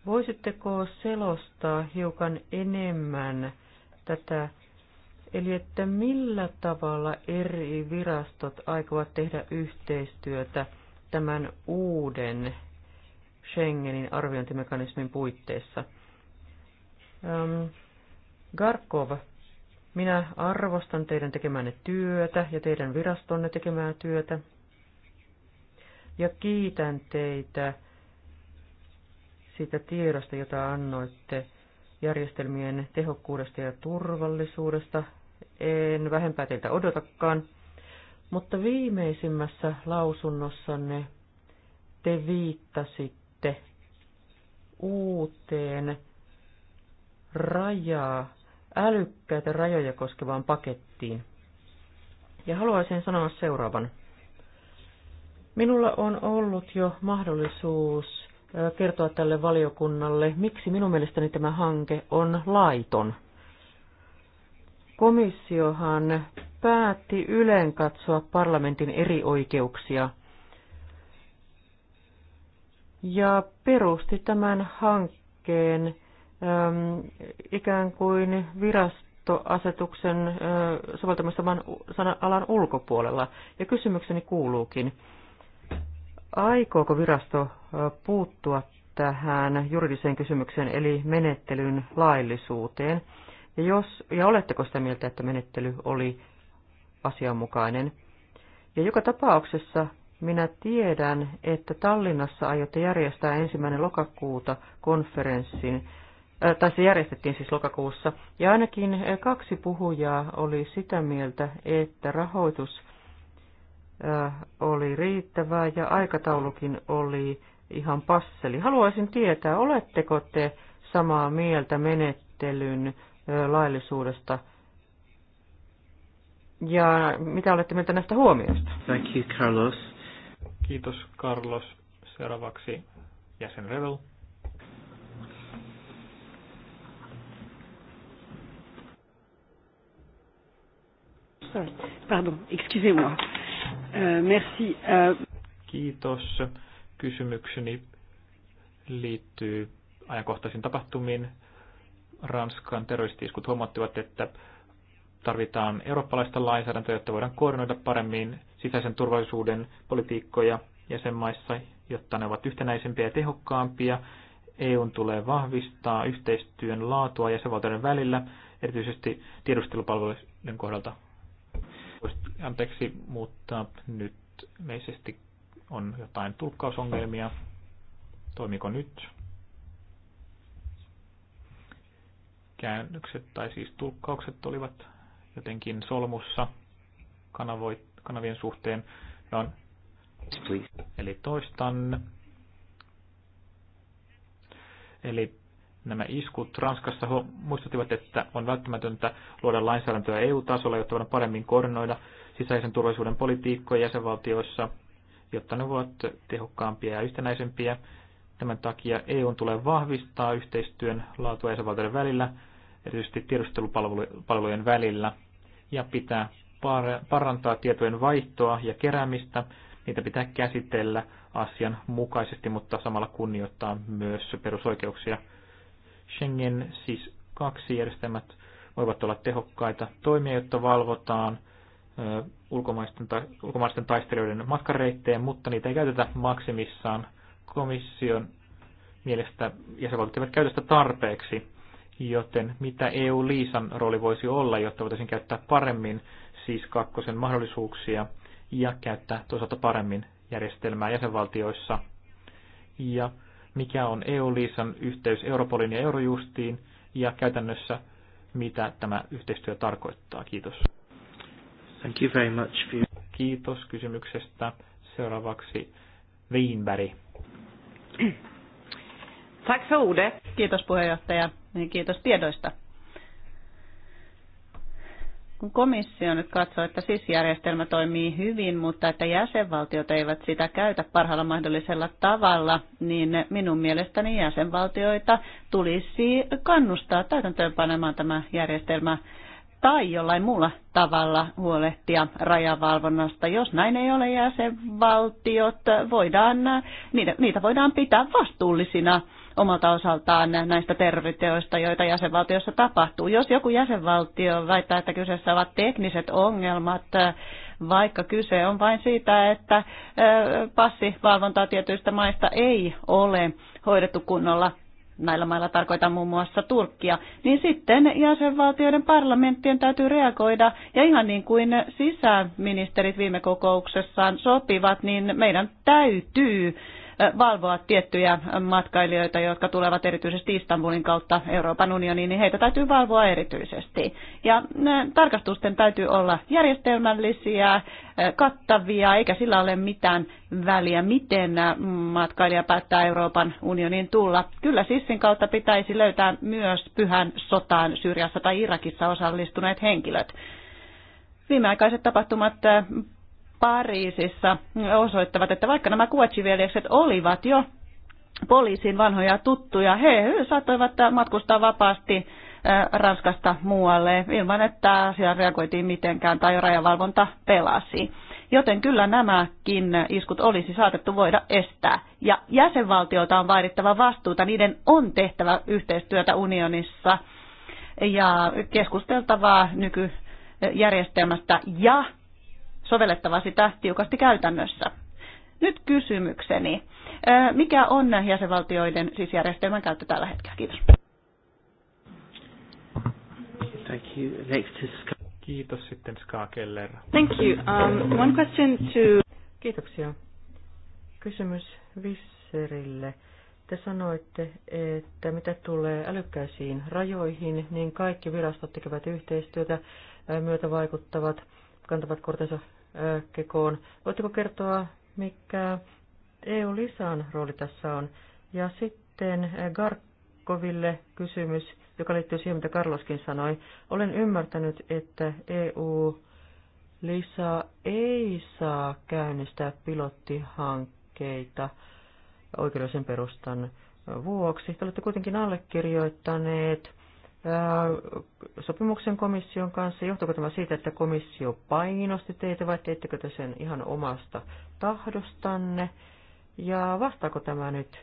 Voisitteko selostaa hiukan enemmän tätä, eli että millä tavalla eri virastot aikovat tehdä yhteistyötä tämän uuden Schengenin arviointimekanismin puitteissa. Ähm, Garkov, minä arvostan teidän tekemänne työtä ja teidän virastonne tekemää työtä. Ja kiitän teitä siitä tiedosta, jota annoitte järjestelmien tehokkuudesta ja turvallisuudesta. En vähempää teiltä odotakaan. Mutta viimeisimmässä lausunnossanne te viittasitte sitten uuteen rajaa, älykkäitä rajoja koskevaan pakettiin. Ja haluaisin sanoa seuraavan. Minulla on ollut jo mahdollisuus kertoa tälle valiokunnalle, miksi minun mielestäni tämä hanke on laiton. Komissiohan päätti ylen katsoa parlamentin eri oikeuksia – ja perusti tämän hankkeen äm, ikään kuin virastoasetuksen äh, soveltamistavan alan ulkopuolella. Ja kysymykseni kuuluukin, aikooko virasto äh, puuttua tähän juridiseen kysymykseen, eli menettelyn laillisuuteen? Ja, jos, ja oletteko sitä mieltä, että menettely oli asianmukainen? Ja joka tapauksessa minä tiedän, että Tallinnassa aiotte järjestää ensimmäinen lokakuuta konferenssin, äh, tai se järjestettiin siis lokakuussa, ja ainakin äh, kaksi puhujaa oli sitä mieltä, että rahoitus äh, oli riittävää ja aikataulukin oli ihan passeli. Haluaisin tietää, oletteko te samaa mieltä menettelyn laillisuudesta ja mitä olette mieltä näistä huomioista? Thank you, Carlos. Kiitos Carlos. Seuraavaksi jäsen Revel. Pardon, excusez-moi. Euh, merci. Euh. Kiitos. Kysymykseni liittyy ajankohtaisiin tapahtumiin. Ranskan terroristiiskut huomattivat, että tarvitaan eurooppalaista lainsäädäntöä, jotta voidaan koordinoida paremmin sisäisen turvallisuuden politiikkoja jäsenmaissa, jotta ne ovat yhtenäisempiä ja tehokkaampia. EUn tulee vahvistaa yhteistyön laatua jäsenvaltioiden välillä, erityisesti tiedustelupalveluiden kohdalta. Anteeksi, mutta nyt meisesti on jotain tulkkausongelmia. Toimiko nyt? Käännökset tai siis tulkkaukset olivat jotenkin solmussa. Kanavoit kanavien suhteen. Ja on, eli toistan. Eli nämä iskut Ranskassa muistuttivat, että on välttämätöntä luoda lainsäädäntöä EU-tasolla, jotta voidaan paremmin koordinoida sisäisen turvallisuuden politiikkoja jäsenvaltioissa, jotta ne ovat tehokkaampia ja yhtenäisempiä. Tämän takia EU tulee vahvistaa yhteistyön laatua jäsenvaltioiden välillä, erityisesti tiedustelupalvelujen välillä, ja pitää parantaa tietojen vaihtoa ja keräämistä. Niitä pitää käsitellä asian mukaisesti, mutta samalla kunnioittaa myös perusoikeuksia. Schengen siis kaksi järjestelmät voivat olla tehokkaita toimia, jotta valvotaan ulkomaisten, ta- ulkomaisten taistelijoiden matkareittejä, mutta niitä ei käytetä maksimissaan. Komission mielestä jäsenvaltiot eivät käytä sitä tarpeeksi. Joten mitä EU-liisan rooli voisi olla, jotta voitaisiin käyttää paremmin siis kakkosen mahdollisuuksia ja käyttää toisaalta paremmin järjestelmää jäsenvaltioissa? Ja mikä on EU-liisan yhteys Europolin ja Eurojustiin ja käytännössä mitä tämä yhteistyö tarkoittaa? Kiitos. Thank you very much for... Kiitos kysymyksestä. Seuraavaksi Weinberg. Tack för ordet. Kiitos puheenjohtaja ja niin, kiitos tiedoista. Kun komissio nyt katsoo, että SIS-järjestelmä toimii hyvin, mutta että jäsenvaltiot eivät sitä käytä parhaalla mahdollisella tavalla, niin minun mielestäni jäsenvaltioita tulisi kannustaa täytäntöönpanemaan tämä järjestelmä tai jollain muulla tavalla huolehtia rajavalvonnasta. Jos näin ei ole jäsenvaltiot, voidaan, niitä, niitä voidaan pitää vastuullisina omalta osaltaan näistä terveyteoista, joita jäsenvaltiossa tapahtuu. Jos joku jäsenvaltio väittää, että kyseessä ovat tekniset ongelmat, vaikka kyse on vain siitä, että passivalvontaa tietyistä maista ei ole hoidettu kunnolla, näillä mailla tarkoitan muun muassa Turkkia, niin sitten jäsenvaltioiden parlamenttien täytyy reagoida. Ja ihan niin kuin sisäministerit viime kokouksessaan sopivat, niin meidän täytyy valvoa tiettyjä matkailijoita, jotka tulevat erityisesti Istanbulin kautta Euroopan unioniin, niin heitä täytyy valvoa erityisesti. Ja tarkastusten täytyy olla järjestelmällisiä, kattavia, eikä sillä ole mitään väliä, miten matkailija päättää Euroopan unioniin tulla. Kyllä Sissin kautta pitäisi löytää myös pyhän sotaan Syyriassa tai Irakissa osallistuneet henkilöt. Viimeaikaiset tapahtumat Pariisissa osoittavat, että vaikka nämä kuotsiveljekset olivat jo poliisin vanhoja tuttuja, he saattoivat matkustaa vapaasti Ranskasta muualle ilman, että asia reagoitiin mitenkään tai rajavalvonta pelasi. Joten kyllä nämäkin iskut olisi saatettu voida estää. Ja jäsenvaltiota on vaadittava vastuuta, niiden on tehtävä yhteistyötä unionissa ja keskusteltavaa nykyjärjestelmästä ja Sovellettavasi sitä tiukasti käytännössä. Nyt kysymykseni. Mikä on jäsenvaltioiden siis järjestelmän käyttö tällä hetkellä? Kiitos. Thank you. Next is... Kiitos sitten Ska Keller. Thank you. Um, one question to... Kiitoksia. Kysymys Visserille. Te sanoitte, että mitä tulee älykkäisiin rajoihin, niin kaikki virastot tekevät yhteistyötä, myötä vaikuttavat, kantavat kortensa kekoon. Voitteko kertoa, mikä eu lisan rooli tässä on? Ja sitten eh, Garkoville kysymys, joka liittyy siihen, mitä Karloskin sanoi. Olen ymmärtänyt, että EU-lisa ei saa käynnistää pilottihankkeita oikeudellisen perustan vuoksi. Te olette kuitenkin allekirjoittaneet sopimuksen komission kanssa? Johtuuko tämä siitä, että komissio painosti teitä vai teittekö te sen ihan omasta tahdostanne? Ja vastaako tämä nyt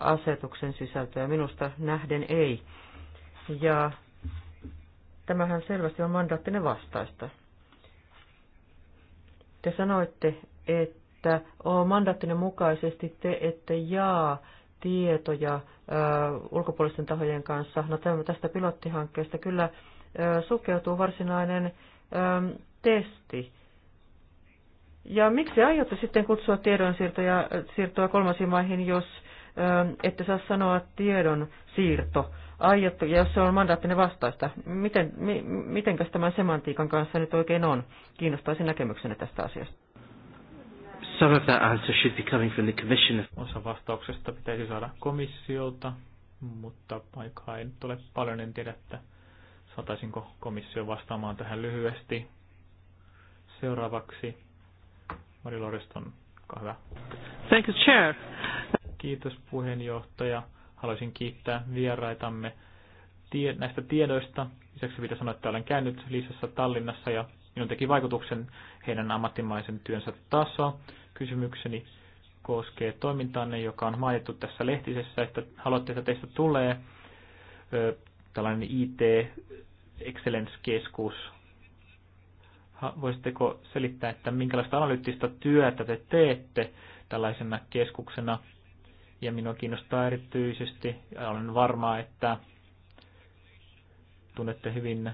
asetuksen sisältöä? Minusta nähden ei. Ja tämähän selvästi on mandaattinen vastaista. Te sanoitte, että mandaattinen mukaisesti te ette jaa tietoja ulkopuolisten tahojen kanssa. No tästä pilottihankkeesta kyllä sukeutuu varsinainen testi. Ja miksi aiotte sitten kutsua tiedonsiirtoja siirtoa kolmansiin maihin, jos ette saa sanoa tiedon siirto? Aiottu, ja jos se on mandaattinen vastaista, miten, mi, mitenkäs tämän semantiikan kanssa nyt oikein on? Kiinnostaisin näkemyksenne tästä asiasta. Some of that answer should be coming from the Osa vastauksesta pitäisi saada komissiolta, mutta vaikka ei nyt ole paljon, en tiedä, että saataisinko komissio vastaamaan tähän lyhyesti. Seuraavaksi Mari Loreston, hyvä. Thank you, Chair. Kiitos puheenjohtaja. Haluaisin kiittää vieraitamme tie- näistä tiedoista. Lisäksi pitää sanoa, että olen käynyt Liisassa Tallinnassa ja minun teki vaikutuksen heidän ammattimaisen työnsä tasoa. Kysymykseni koskee toimintaanne, joka on mainittu tässä lehtisessä, että haluatte, että teistä tulee ö, tällainen IT Excellence-keskus. Voisitteko selittää, että minkälaista analyyttistä työtä te teette tällaisena keskuksena? Ja minua kiinnostaa erityisesti, ja olen varma, että tunnette hyvin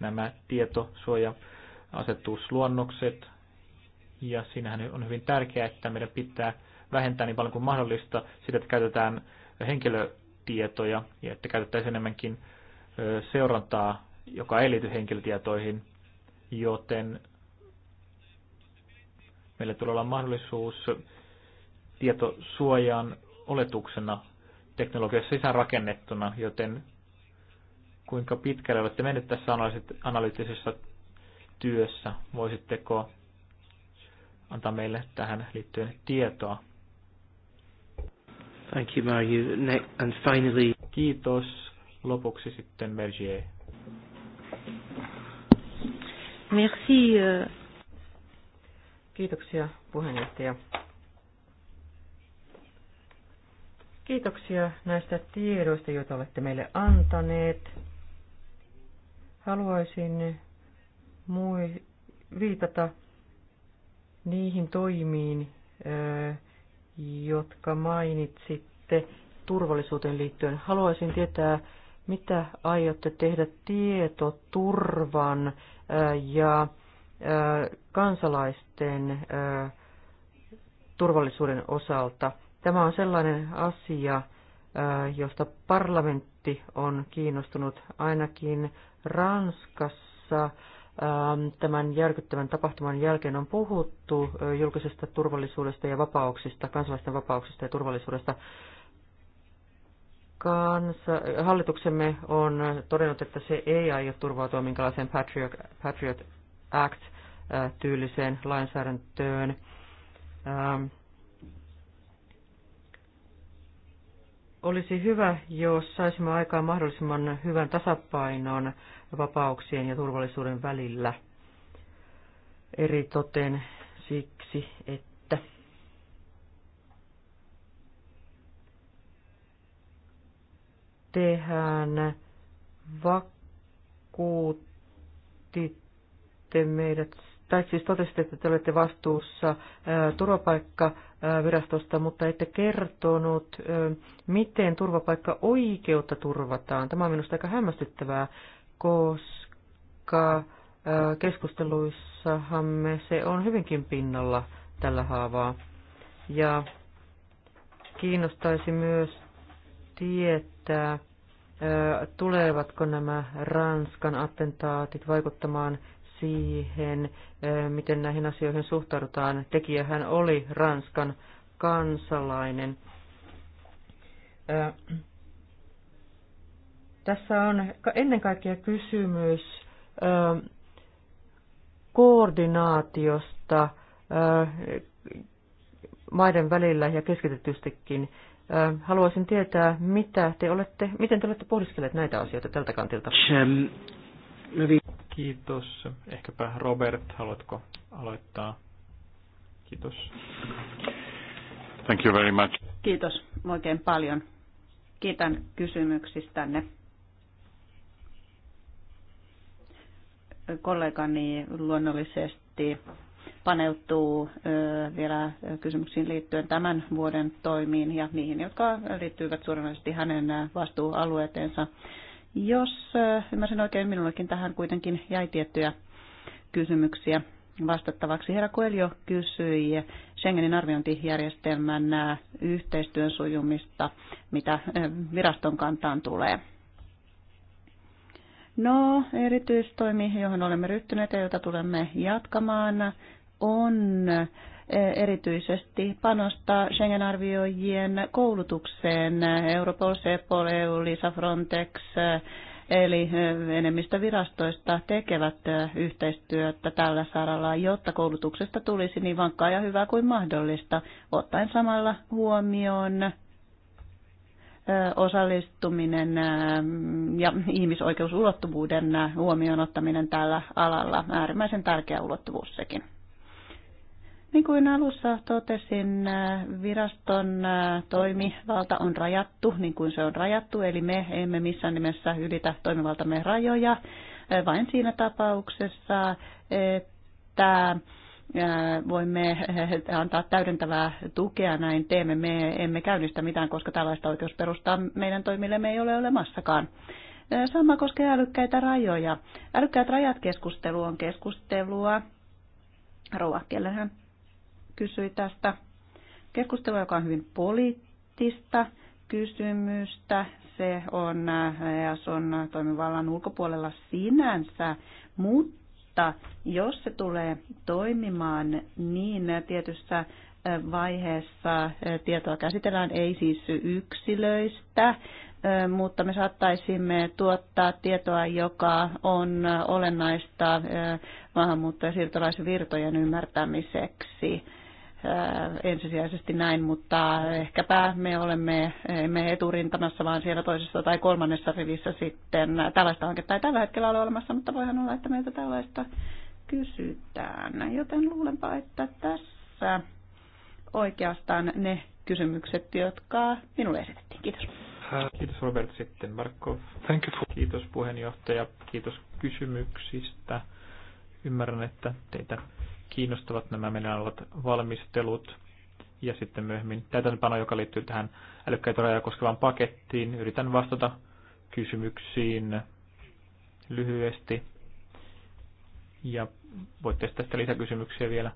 nämä tietosuoja-asetusluonnokset, ja siinähän on hyvin tärkeää, että meidän pitää vähentää niin paljon kuin mahdollista sitä, että käytetään henkilötietoja ja että käytettäisiin enemmänkin seurantaa, joka ei liity henkilötietoihin, joten meillä tulee olla mahdollisuus tietosuojaan oletuksena teknologiassa sisäänrakennettuna, joten kuinka pitkälle olette menneet tässä analyyttisessa työssä? Voisitteko antaa meille tähän liittyen tietoa. Thank you, Mario. and finally... Kiitos. Lopuksi sitten Mergier. Merci. Euh. Kiitoksia puheenjohtaja. Kiitoksia näistä tiedoista, joita olette meille antaneet. Haluaisin mui viitata niihin toimiin, jotka mainitsitte turvallisuuteen liittyen. Haluaisin tietää, mitä aiotte tehdä tietoturvan ja kansalaisten turvallisuuden osalta. Tämä on sellainen asia, josta parlamentti on kiinnostunut ainakin Ranskassa Ähm, tämän järkyttävän tapahtuman jälkeen on puhuttu julkisesta turvallisuudesta ja vapauksista, kansalaisten vapauksista ja turvallisuudesta. Kansa, hallituksemme on todennut, että se ei aio turvautua minkälaiseen Patriot, Patriot Act-tyyliseen lainsäädäntöön. Ähm, Olisi hyvä, jos saisimme aikaan mahdollisimman hyvän tasapainon vapauksien ja turvallisuuden välillä. Eri toteen siksi, että tehän vakuutitte meidät, tai siis totesitte, että te olette vastuussa turvapaikka virastosta, mutta ette kertonut, miten turvapaikka-oikeutta turvataan. Tämä on minusta aika hämmästyttävää, koska me se on hyvinkin pinnalla tällä haavaa. Ja kiinnostaisi myös tietää, tulevatko nämä Ranskan attentaatit vaikuttamaan siihen, miten näihin asioihin suhtaudutaan. Tekijähän oli Ranskan kansalainen. Tässä on ennen kaikkea kysymys koordinaatiosta maiden välillä ja keskitetystikin. Haluaisin tietää, mitä te olette, miten te olette pohdiskelleet näitä asioita tältä kantilta. Kiitos. Ehkäpä Robert, haluatko aloittaa? Kiitos. Thank you very much. Kiitos oikein paljon. Kiitän kysymyksistänne. Kollegani luonnollisesti paneutuu vielä kysymyksiin liittyen tämän vuoden toimiin ja niihin, jotka liittyvät suoranaisesti hänen vastuualueeteensa. Jos äh, ymmärsin oikein, minullekin tähän kuitenkin jäi tiettyjä kysymyksiä vastattavaksi. Herra Koelio kysyi Schengenin arviointijärjestelmän äh, yhteistyön sujumista, mitä äh, viraston kantaan tulee. No, erityistoimi, johon olemme ryhtyneet ja jota tulemme jatkamaan, on erityisesti panostaa Schengen-arvioijien koulutukseen. Europol, CEPOL, EU, Lisa Frontex, eli enemmistä virastoista tekevät yhteistyötä tällä saralla, jotta koulutuksesta tulisi niin vankkaa ja hyvää kuin mahdollista, ottaen samalla huomioon osallistuminen ja ihmisoikeusulottuvuuden huomioon ottaminen tällä alalla. Äärimmäisen tärkeä ulottuvuus sekin. Niin kuin alussa totesin, viraston toimivalta on rajattu, niin kuin se on rajattu, eli me emme missään nimessä ylitä toimivaltamme rajoja, vain siinä tapauksessa, että voimme antaa täydentävää tukea, näin teemme. Me emme käynnistä mitään, koska tällaista oikeusperustaa meidän toimillemme ei ole olemassakaan. Sama koskee älykkäitä rajoja. Älykkäät rajat keskustelu on keskustelua. Rouva, kellähän kysyi tästä keskustelua, joka on hyvin poliittista kysymystä. Se on e on toimivallan ulkopuolella sinänsä, mutta jos se tulee toimimaan niin tietyssä e, vaiheessa e, tietoa käsitellään, ei siis yksilöistä, mutta me saattaisimme tuottaa tietoa, joka on olennaista maahanmuutto- ja siirtolaisvirtojen ymmärtämiseksi Äh, ensisijaisesti näin, mutta ehkäpä me olemme me eturintamassa vaan siellä toisessa tai kolmannessa rivissä sitten. Tällaista hanketta ei tällä hetkellä ole olemassa, mutta voihan olla, että meiltä tällaista kysytään. Joten luulenpa, että tässä oikeastaan ne kysymykset, jotka minulle esitettiin. Kiitos. Kiitos Robert sitten, Marko, Thank you. Kiitos puheenjohtaja, kiitos kysymyksistä. Ymmärrän, että teitä kiinnostavat nämä meidän olevat valmistelut. Ja sitten myöhemmin täytäntöpano, joka liittyy tähän älykkäitä rajoja koskevaan pakettiin. Yritän vastata kysymyksiin lyhyesti. Ja voitte esittää sitten lisäkysymyksiä vielä,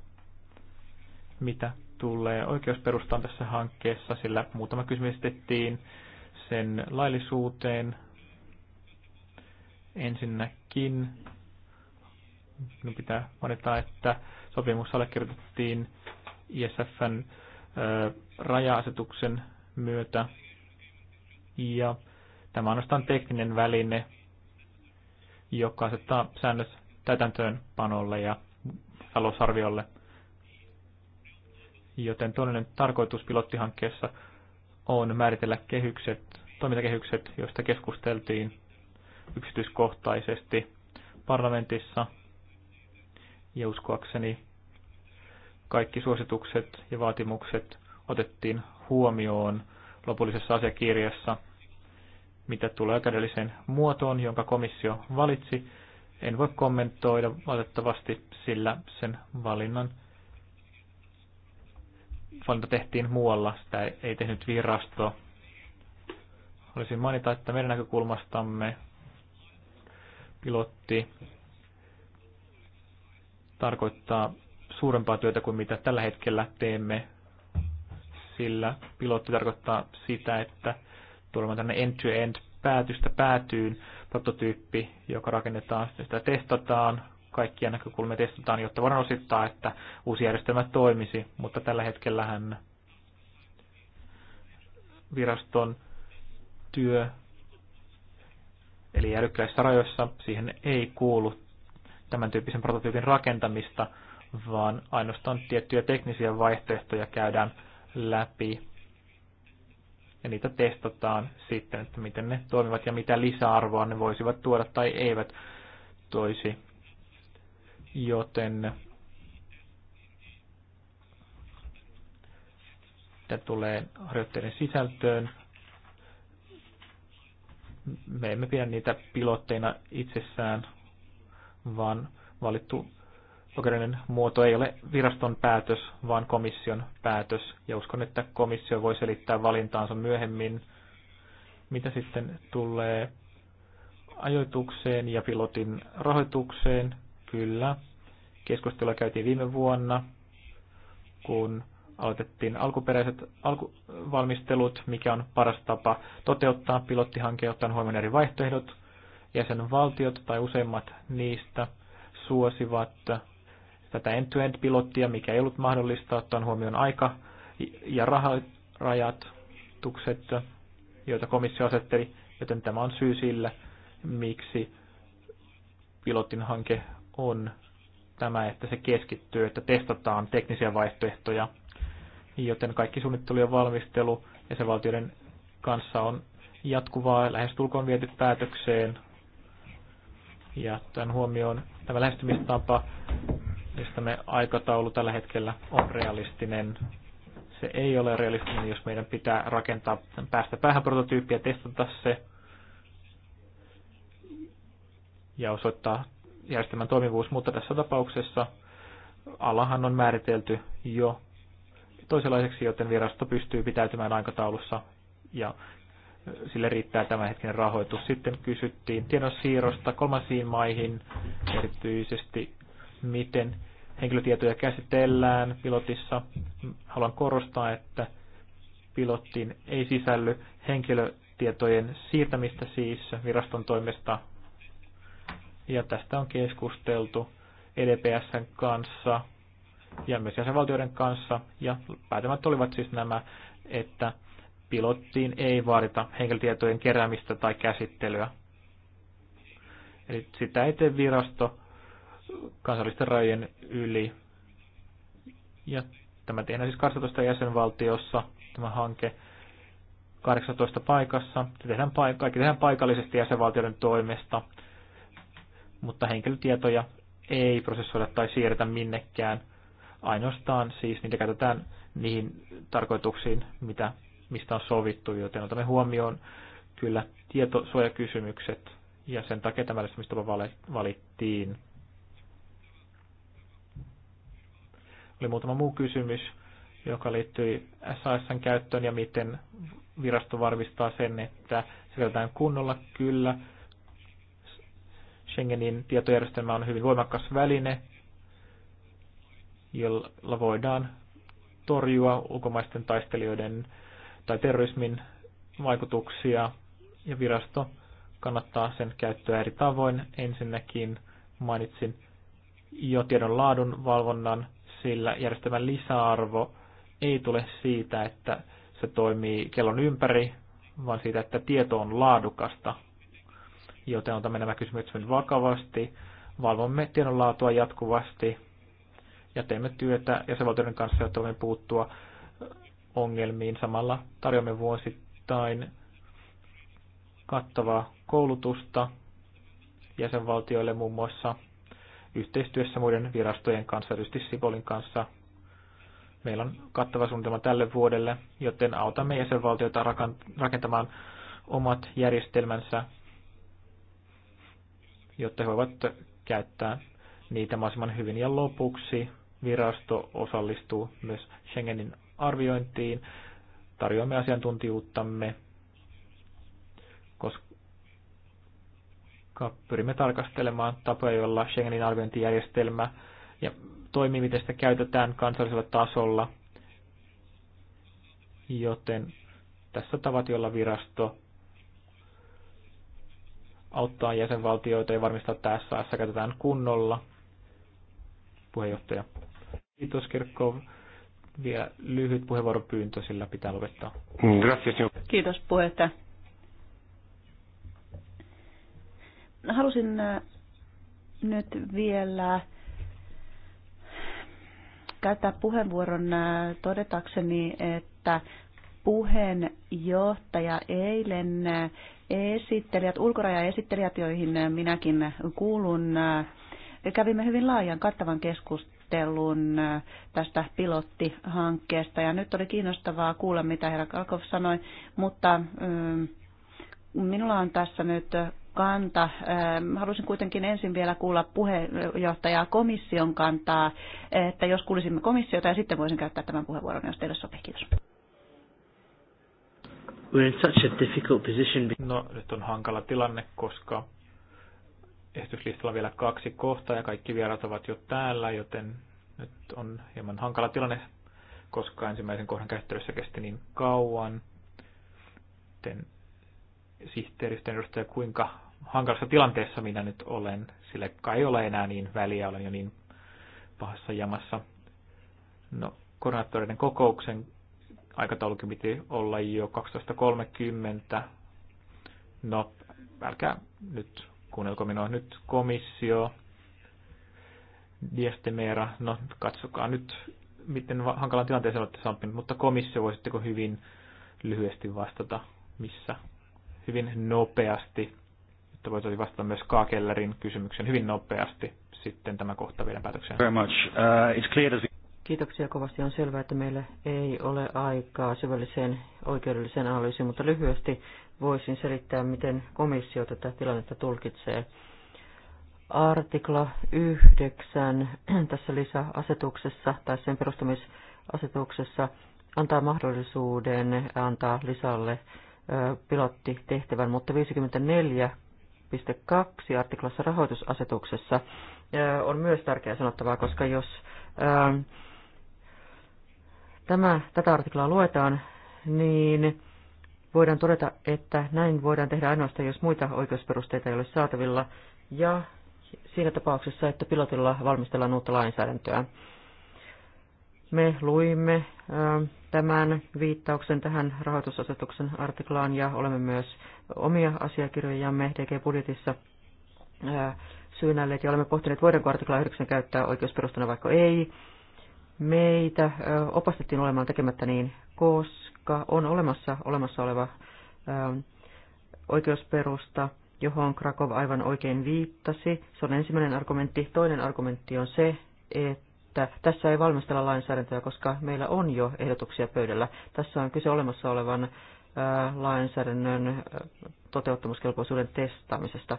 mitä tulee oikeusperustaan tässä hankkeessa, sillä muutama kysymys esitettiin sen laillisuuteen. Ensinnäkin Sinun pitää mainita, että sopimus allekirjoitettiin ISFn raja-asetuksen myötä. Ja tämä on ainoastaan tekninen väline, joka asettaa säännös täytäntöönpanolle ja talousarviolle. Joten toinen tarkoitus pilottihankkeessa on määritellä kehykset, toimintakehykset, joista keskusteltiin yksityiskohtaisesti parlamentissa ja uskoakseni kaikki suositukset ja vaatimukset otettiin huomioon lopullisessa asiakirjassa, mitä tulee kädelliseen muotoon, jonka komissio valitsi. En voi kommentoida valitettavasti, sillä sen valinnan valinta tehtiin muualla, sitä ei tehnyt virasto. Olisin mainita, että meidän näkökulmastamme pilotti tarkoittaa suurempaa työtä kuin mitä tällä hetkellä teemme, sillä pilotti tarkoittaa sitä, että tulemme tänne end-to-end päätystä päätyyn prototyyppi, joka rakennetaan, sitä testataan, kaikkia näkökulmia testataan, jotta voidaan osittaa, että uusi järjestelmä toimisi, mutta tällä hetkellähän viraston työ, eli järjykkäissä rajoissa, siihen ei kuulu tämän tyyppisen prototyypin rakentamista, vaan ainoastaan tiettyjä teknisiä vaihtoehtoja käydään läpi ja niitä testataan sitten, että miten ne toimivat ja mitä lisäarvoa ne voisivat tuoda tai eivät toisi. Joten mitä tulee harjoitteiden sisältöön, me emme pidä niitä pilotteina itsessään, vaan valittu oikeudellinen muoto ei ole viraston päätös, vaan komission päätös. Ja uskon, että komissio voi selittää valintaansa myöhemmin, mitä sitten tulee ajoitukseen ja pilotin rahoitukseen. Kyllä, keskustelua käytiin viime vuonna, kun aloitettiin alkuperäiset alkuvalmistelut, mikä on paras tapa toteuttaa pilottihanke, ottaen huomioon eri vaihtoehdot – jäsenvaltiot tai useimmat niistä suosivat tätä end-to-end-pilottia, mikä ei ollut mahdollista ottaa huomioon aika ja raharajatukset, joita komissio asetteli, joten tämä on syy sille, miksi pilotin hanke on tämä, että se keskittyy, että testataan teknisiä vaihtoehtoja, joten kaikki suunnittelu ja valmistelu ja se valtioiden kanssa on jatkuvaa lähestulkoon viety päätökseen ja tämän huomioon tämä lähestymistapa, mistä me aikataulu tällä hetkellä on realistinen. Se ei ole realistinen, jos meidän pitää rakentaa päästä päähän prototyyppiä, testata se ja osoittaa järjestelmän toimivuus, mutta tässä tapauksessa alahan on määritelty jo toisenlaiseksi, joten virasto pystyy pitäytymään aikataulussa ja sille riittää tämän hetken rahoitus. Sitten kysyttiin tiedonsiirrosta kolmansiin maihin, erityisesti miten henkilötietoja käsitellään pilotissa. Haluan korostaa, että pilottiin ei sisälly henkilötietojen siirtämistä siis viraston toimesta. Ja tästä on keskusteltu EDPSn kanssa ja myös jäsenvaltioiden kanssa. Ja päätämät olivat siis nämä, että pilottiin ei vaadita henkilötietojen keräämistä tai käsittelyä. Eli sitä ei tee virasto kansallisten rajojen yli. Ja tämä tehdään siis 12 jäsenvaltiossa, tämä hanke 18 paikassa. Se tehdään, kaikki tehdään paikallisesti jäsenvaltioiden toimesta, mutta henkilötietoja ei prosessoida tai siirretä minnekään. Ainoastaan siis niitä käytetään niihin tarkoituksiin, mitä mistä on sovittu, joten otamme huomioon kyllä tietosuojakysymykset ja sen takia tämä lähestymistapa valittiin. Oli muutama muu kysymys, joka liittyi SASn käyttöön ja miten virasto varmistaa sen, että se käytetään kunnolla. Kyllä, Schengenin tietojärjestelmä on hyvin voimakas väline, jolla voidaan torjua ulkomaisten taistelijoiden tai terrorismin vaikutuksia ja virasto kannattaa sen käyttöä eri tavoin. Ensinnäkin mainitsin jo tiedon laadun valvonnan, sillä järjestelmän lisäarvo ei tule siitä, että se toimii kellon ympäri, vaan siitä, että tieto on laadukasta. Joten otamme nämä kysymykset vakavasti, valvomme tiedon laatua jatkuvasti ja teemme työtä ja se kanssa, jotta voimme puuttua ongelmiin. Samalla tarjoamme vuosittain kattavaa koulutusta jäsenvaltioille muun muassa yhteistyössä muiden virastojen kanssa, erityisesti Sipolin kanssa. Meillä on kattava suunnitelma tälle vuodelle, joten autamme jäsenvaltioita rakentamaan omat järjestelmänsä, jotta he voivat käyttää niitä mahdollisimman hyvin. Ja lopuksi virasto osallistuu myös Schengenin arviointiin. Tarjoamme asiantuntijuuttamme, koska pyrimme tarkastelemaan tapoja, joilla Schengenin arviointijärjestelmä ja toimii, miten sitä käytetään kansallisella tasolla. Joten tässä tavat, joilla virasto auttaa jäsenvaltioita ja varmistaa, että SAS käytetään kunnolla. Puheenjohtaja. Kiitos Kirkkov vielä lyhyt puheenvuoropyyntö, sillä pitää lopettaa. Kiitos puheenjohtaja. Halusin äh, nyt vielä käyttää puheenvuoron äh, todetakseni, että puheenjohtaja eilen äh, esittelijät, ulkorajaesittelijät, joihin minäkin kuulun, kävimme hyvin laajan kattavan keskustelun keskustelun tästä pilottihankkeesta. Ja nyt oli kiinnostavaa kuulla, mitä herra Kalkov sanoi, mutta minulla on tässä nyt kanta. Haluaisin kuitenkin ensin vielä kuulla puheenjohtajaa komission kantaa, että jos kuulisimme komissiota ja sitten voisin käyttää tämän puheenvuoron, jos teille sopii. Kiitos. No, nyt on hankala tilanne, koska esityslistalla vielä kaksi kohtaa ja kaikki vierat ovat jo täällä, joten nyt on hieman hankala tilanne, koska ensimmäisen kohdan käsittelyssä kesti niin kauan. Joten sihteeristön edustaja, kuinka hankalassa tilanteessa minä nyt olen, sillä kai ei ole enää niin väliä, olen jo niin pahassa jamassa. No, koordinaattoreiden kokouksen aikataulukin piti olla jo 12.30. No, älkää nyt kuunnelko minua nyt komissio, Diestemera, no katsokaa nyt, miten hankalan tilanteeseen olette sampinut, mutta komissio, voisitteko hyvin lyhyesti vastata, missä hyvin nopeasti, että voitaisiin vastata myös Kaakellerin kysymyksen hyvin nopeasti sitten tämä kohta viedään päätökseen. Very much. Uh, it's clear that Kiitoksia kovasti. On selvää, että meillä ei ole aikaa syvälliseen oikeudelliseen analyysiin, mutta lyhyesti voisin selittää, miten komissio tätä tilannetta tulkitsee. Artikla 9 [CLEARS THROAT] tässä lisäasetuksessa tai sen perustamisasetuksessa antaa mahdollisuuden antaa lisälle pilottitehtävän, mutta 54.2 artiklassa rahoitusasetuksessa on myös tärkeää sanottavaa, koska jos tämä, tätä artiklaa luetaan, niin Voidaan todeta, että näin voidaan tehdä ainoastaan, jos muita oikeusperusteita ei ole saatavilla, ja siinä tapauksessa, että pilotilla valmistellaan uutta lainsäädäntöä. Me luimme tämän viittauksen tähän rahoitusasetuksen artiklaan ja olemme myös omia asiakirjojamme DG-budjetissa syynälleet ja olemme pohtineet, voidaanko artikla 9 käyttää oikeusperustana vaikka ei. Meitä opastettiin olemaan tekemättä niin, koska koska on olemassa, olemassa oleva ää, ähm, oikeusperusta, johon Krakov aivan oikein viittasi. Se on ensimmäinen argumentti. Toinen argumentti on se, että tässä ei valmistella lainsäädäntöä, koska meillä on jo ehdotuksia pöydällä. Tässä on kyse olemassa olevan ää, äh, lainsäädännön äh, toteuttamuskelpoisuuden testaamisesta.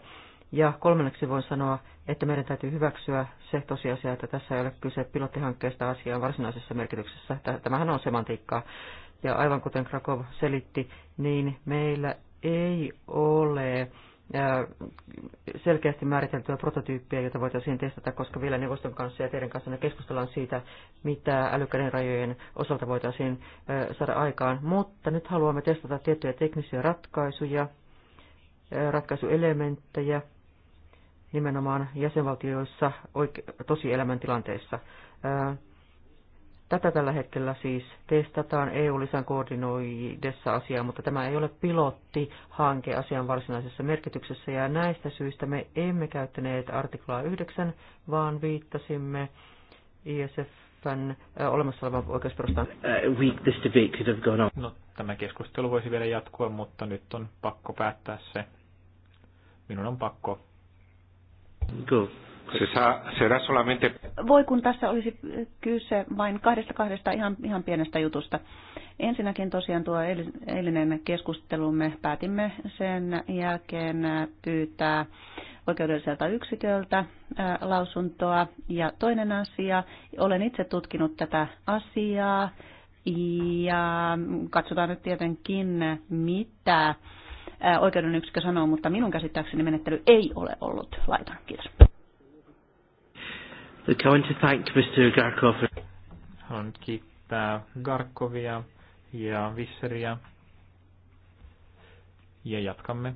Ja kolmanneksi voin sanoa, että meidän täytyy hyväksyä se tosiasia, että tässä ei ole kyse pilottihankkeesta asian varsinaisessa merkityksessä. Tämähän on semantiikkaa. Ja aivan kuten Krakow selitti, niin meillä ei ole selkeästi määriteltyä prototyyppiä, jota voitaisiin testata, koska vielä neuvoston kanssa ja teidän kanssa keskustellaan siitä, mitä älykkäiden rajojen osalta voitaisiin saada aikaan. Mutta nyt haluamme testata tiettyjä teknisiä ratkaisuja, ratkaisuelementtejä nimenomaan jäsenvaltioissa tosi tilanteissa. Tätä tällä hetkellä siis testataan EU-lisän koordinoidessa asiaa, mutta tämä ei ole pilottihanke asian varsinaisessa merkityksessä, ja näistä syistä me emme käyttäneet artiklaa 9, vaan viittasimme ISFn äh, olemassa olevan oikeusperustan. Uh, no, tämä keskustelu voisi vielä jatkua, mutta nyt on pakko päättää se. Minun on pakko. Go. Se saa, será solamente... Voi kun tässä olisi kyse vain kahdesta kahdesta ihan, ihan pienestä jutusta. Ensinnäkin tosiaan tuo eilinen keskustelumme päätimme sen jälkeen pyytää oikeudelliselta yksiköltä lausuntoa. Ja toinen asia, olen itse tutkinut tätä asiaa ja katsotaan nyt tietenkin, mitä oikeuden yksikkö sanoo, mutta minun käsittääkseni menettely ei ole ollut laiton. Kiitos. Look, I want to thank Mr. Garkov. Haluan kiittää Garkovia ja Visseria. Ja jatkamme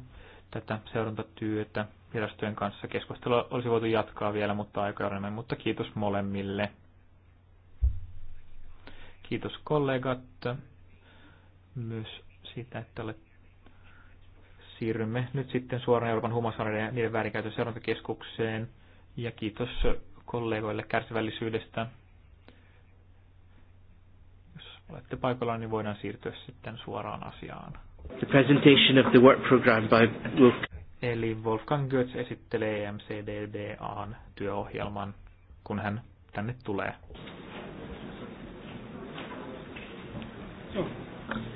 tätä seurantatyötä virastojen kanssa. Keskustelua olisi voitu jatkaa vielä, mutta aika enemmän. Mutta kiitos molemmille. Kiitos kollegat myös siitä, että olet siirrymme nyt sitten suoraan Euroopan huumausaineiden ja niiden väärinkäytön seurantakeskukseen. Ja kiitos kollegoille kärsivällisyydestä. Jos olette paikalla, niin voidaan siirtyä sitten suoraan asiaan. The presentation of the work program by Wolf. Eli Wolfgang Goetz esittelee EMCDDAn työohjelman, kun hän tänne tulee. Oh,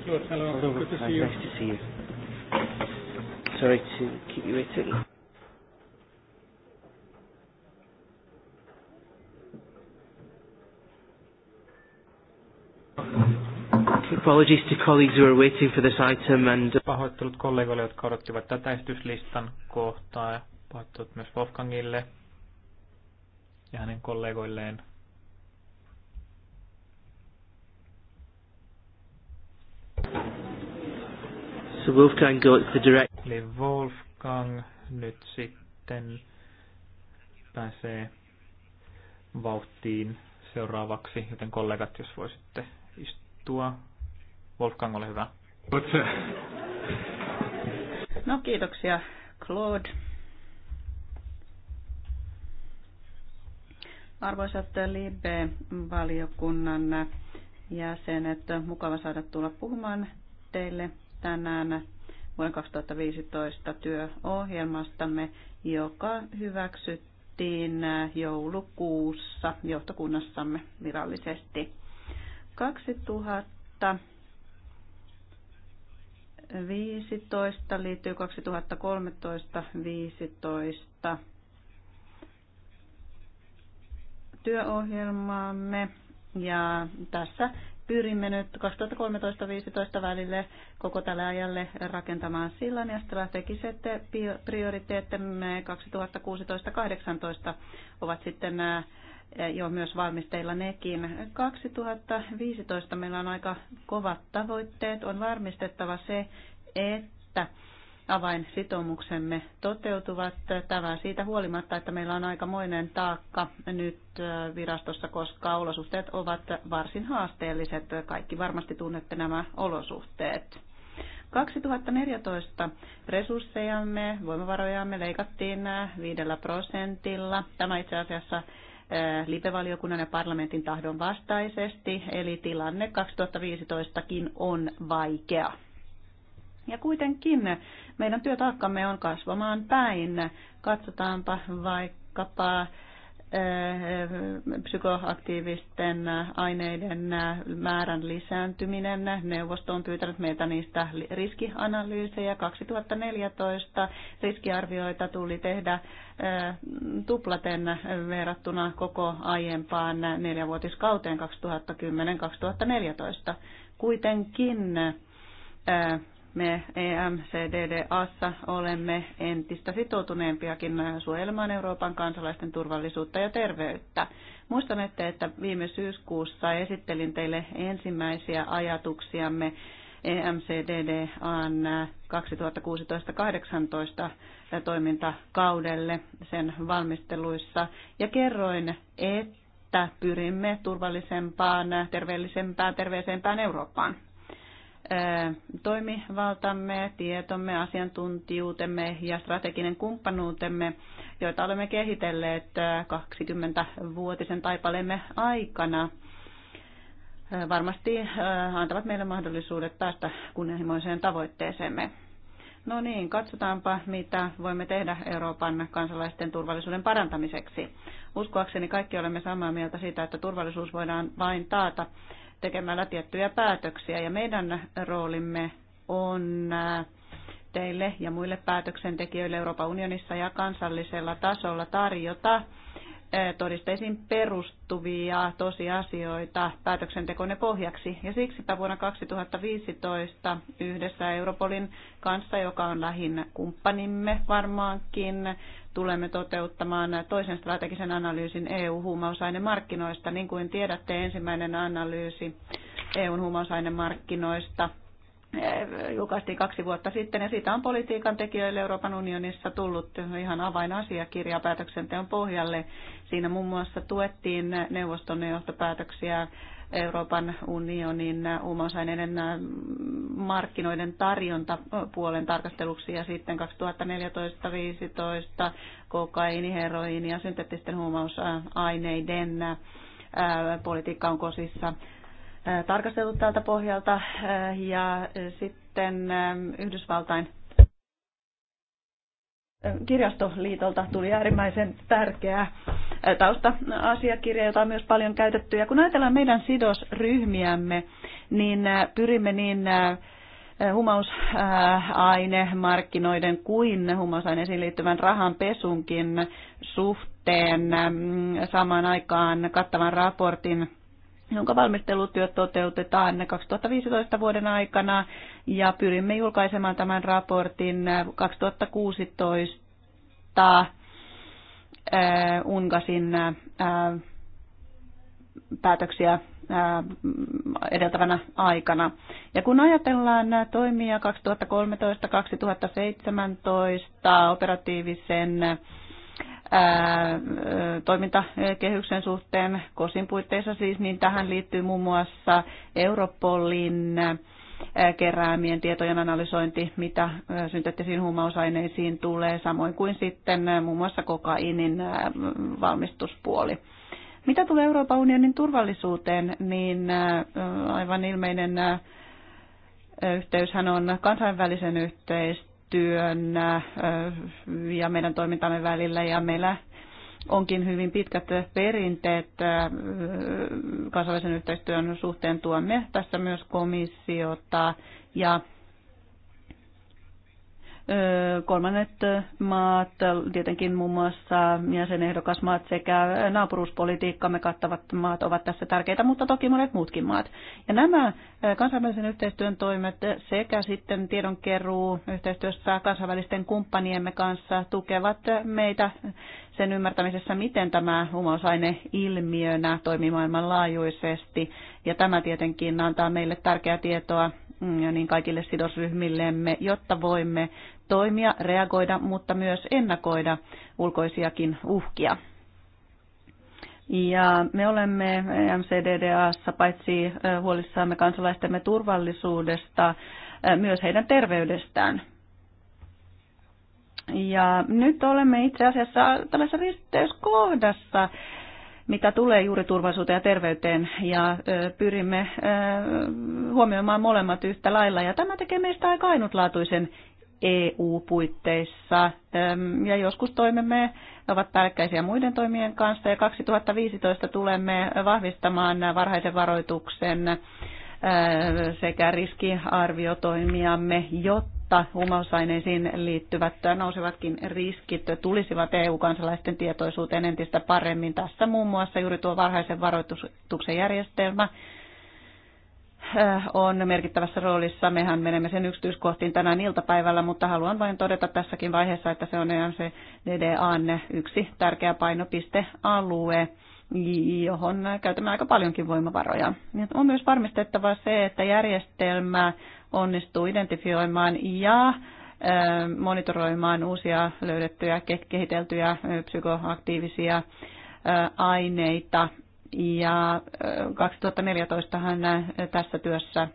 Lord, hello. hello. Good to see you. Sorry to keep you waiting. Apologies to colleagues who are waiting for this item and... Uh, pahoittelut kollegoille, jotka odottivat tätä esityslistan kohtaa ja pahoittelut myös Wolfgangille ja hänen kollegoilleen. So Wolfgang got the direct... Eli Wolfgang nyt sitten pääsee vauhtiin seuraavaksi, joten kollegat, jos voisitte istua Wolfgang, ole hyvä. No kiitoksia, Claude. Arvoisat Libe-valiokunnan jäsenet, mukava saada tulla puhumaan teille tänään vuoden 2015 työohjelmastamme, joka hyväksyttiin joulukuussa johtokunnassamme virallisesti. 2000 15 liittyy 2013-15 työohjelmaamme ja tässä pyrimme nyt 2013-2015 välille koko tälle ajalle rakentamaan sillan ja strategiset prioriteettimme 2016-2018 ovat sitten nämä jo myös valmisteilla nekin. 2015 meillä on aika kovat tavoitteet. On varmistettava se, että avainsitoumuksemme toteutuvat. Tämä siitä huolimatta, että meillä on aikamoinen taakka nyt virastossa, koska olosuhteet ovat varsin haasteelliset. Kaikki varmasti tunnette nämä olosuhteet. 2014 resurssejamme, voimavarojamme leikattiin 5 prosentilla. Tämä itse asiassa lipevaliokunnan ja parlamentin tahdon vastaisesti, eli tilanne 2015kin on vaikea. Ja kuitenkin meidän työtaakkamme on kasvamaan päin. Katsotaanpa vaikkapa Eh, psykoaktiivisten aineiden määrän lisääntyminen. Neuvosto on pyytänyt meiltä niistä riskianalyysejä. 2014 riskiarvioita tuli tehdä eh, tuplaten verrattuna koko aiempaan neljävuotiskauteen 2010-2014. Kuitenkin eh, me EMCDDAssa olemme entistä sitoutuneempiakin suojelemaan Euroopan kansalaisten turvallisuutta ja terveyttä. Muistanette, että viime syyskuussa esittelin teille ensimmäisiä ajatuksiamme EMCDDAn 2016-2018 toimintakaudelle sen valmisteluissa ja kerroin, että pyrimme turvallisempaan, terveellisempään, terveeseenpään Eurooppaan toimivaltamme, tietomme, asiantuntijuutemme ja strateginen kumppanuutemme, joita olemme kehitelleet 20-vuotisen taipaleemme aikana, varmasti antavat meille mahdollisuudet päästä kunnianhimoiseen tavoitteeseemme. No niin, katsotaanpa, mitä voimme tehdä Euroopan kansalaisten turvallisuuden parantamiseksi. Uskoakseni kaikki olemme samaa mieltä siitä, että turvallisuus voidaan vain taata tekemällä tiettyjä päätöksiä ja meidän roolimme on äh, teille ja muille päätöksentekijöille Euroopan unionissa ja kansallisella tasolla tarjota todisteisiin perustuvia tosiasioita päätöksentekonne pohjaksi. Ja siksipä vuonna 2015 yhdessä Europolin kanssa, joka on lähin kumppanimme varmaankin, tulemme toteuttamaan toisen strategisen analyysin EU-huumausainemarkkinoista. Niin kuin tiedätte, ensimmäinen analyysi eu huumausainemarkkinoista Eh, julkaistiin kaksi vuotta sitten ja siitä on politiikan tekijöille Euroopan unionissa tullut ihan avainasiakirja päätöksenteon pohjalle. Siinä muun muassa tuettiin neuvoston johtopäätöksiä Euroopan unionin uumausaineiden mm, markkinoiden tarjontapuolen tarkasteluksi ja sitten 2014-2015 kokaini, heroini ja synteettisten huumausaineiden politiikka on kosissa tarkasteltu tältä pohjalta. Ja sitten Yhdysvaltain kirjastoliitolta tuli äärimmäisen tärkeä tausta-asiakirja, jota on myös paljon käytetty. Ja kun ajatellaan meidän sidosryhmiämme, niin pyrimme niin markkinoiden kuin humausaineisiin liittyvän rahan pesunkin suhteen mm, samaan aikaan kattavan raportin jonka valmistelutyöt toteutetaan 2015 vuoden aikana ja pyrimme julkaisemaan tämän raportin 2016 äh, UNGASin äh, päätöksiä äh, edeltävänä aikana. Ja kun ajatellaan toimia 2013-2017 operatiivisen toimintakehyksen suhteen kosin puitteissa siis, niin tähän liittyy muun muassa Europolin keräämien tietojen analysointi, mitä synteettisiin huumausaineisiin tulee, samoin kuin sitten muun muassa kokainin valmistuspuoli. Mitä tulee Euroopan unionin turvallisuuteen, niin aivan ilmeinen yhteyshän on kansainvälisen yhteistyön työn ja meidän toimintamme välillä ja meillä onkin hyvin pitkät perinteet kansallisen yhteistyön suhteen tuomme tässä myös komissiota ja kolmannet maat, tietenkin muun muassa jäsenehdokasmaat sekä naapuruuspolitiikkamme kattavat maat ovat tässä tärkeitä, mutta toki monet muutkin maat. Ja nämä kansainvälisen yhteistyön toimet sekä sitten tiedonkeruu yhteistyössä kansainvälisten kumppaniemme kanssa tukevat meitä sen ymmärtämisessä, miten tämä humausaine ilmiönä toimii maailmanlaajuisesti. Ja tämä tietenkin antaa meille tärkeää tietoa Mm, ja niin kaikille sidosryhmillemme, jotta voimme toimia, reagoida, mutta myös ennakoida ulkoisiakin uhkia. Ja me olemme MCDDAssa paitsi huolissaamme kansalaistemme turvallisuudesta, myös heidän terveydestään. Ja nyt olemme itse asiassa tällaisessa risteyskohdassa mitä tulee juuri turvallisuuteen ja terveyteen ja pyrimme huomioimaan molemmat yhtä lailla. Ja tämä tekee meistä aika ainutlaatuisen EU-puitteissa ja joskus toimemme ovat päällekkäisiä muiden toimien kanssa ja 2015 tulemme vahvistamaan varhaisen varoituksen sekä riskiarviotoimiamme, jotta huumausaineisiin liittyvät nousevatkin riskit tulisivat EU-kansalaisten tietoisuuteen entistä paremmin. Tässä muun muassa juuri tuo varhaisen varoituksen järjestelmä on merkittävässä roolissa. Mehän menemme sen yksityiskohtiin tänään iltapäivällä, mutta haluan vain todeta tässäkin vaiheessa, että se on ihan se DDAn yksi tärkeä painopistealue johon käytämme aika paljonkin voimavaroja. On myös varmistettava se, että järjestelmä onnistuu identifioimaan ja monitoroimaan uusia löydettyjä, kehiteltyjä psykoaktiivisia aineita. Ja 2014han tässä työssä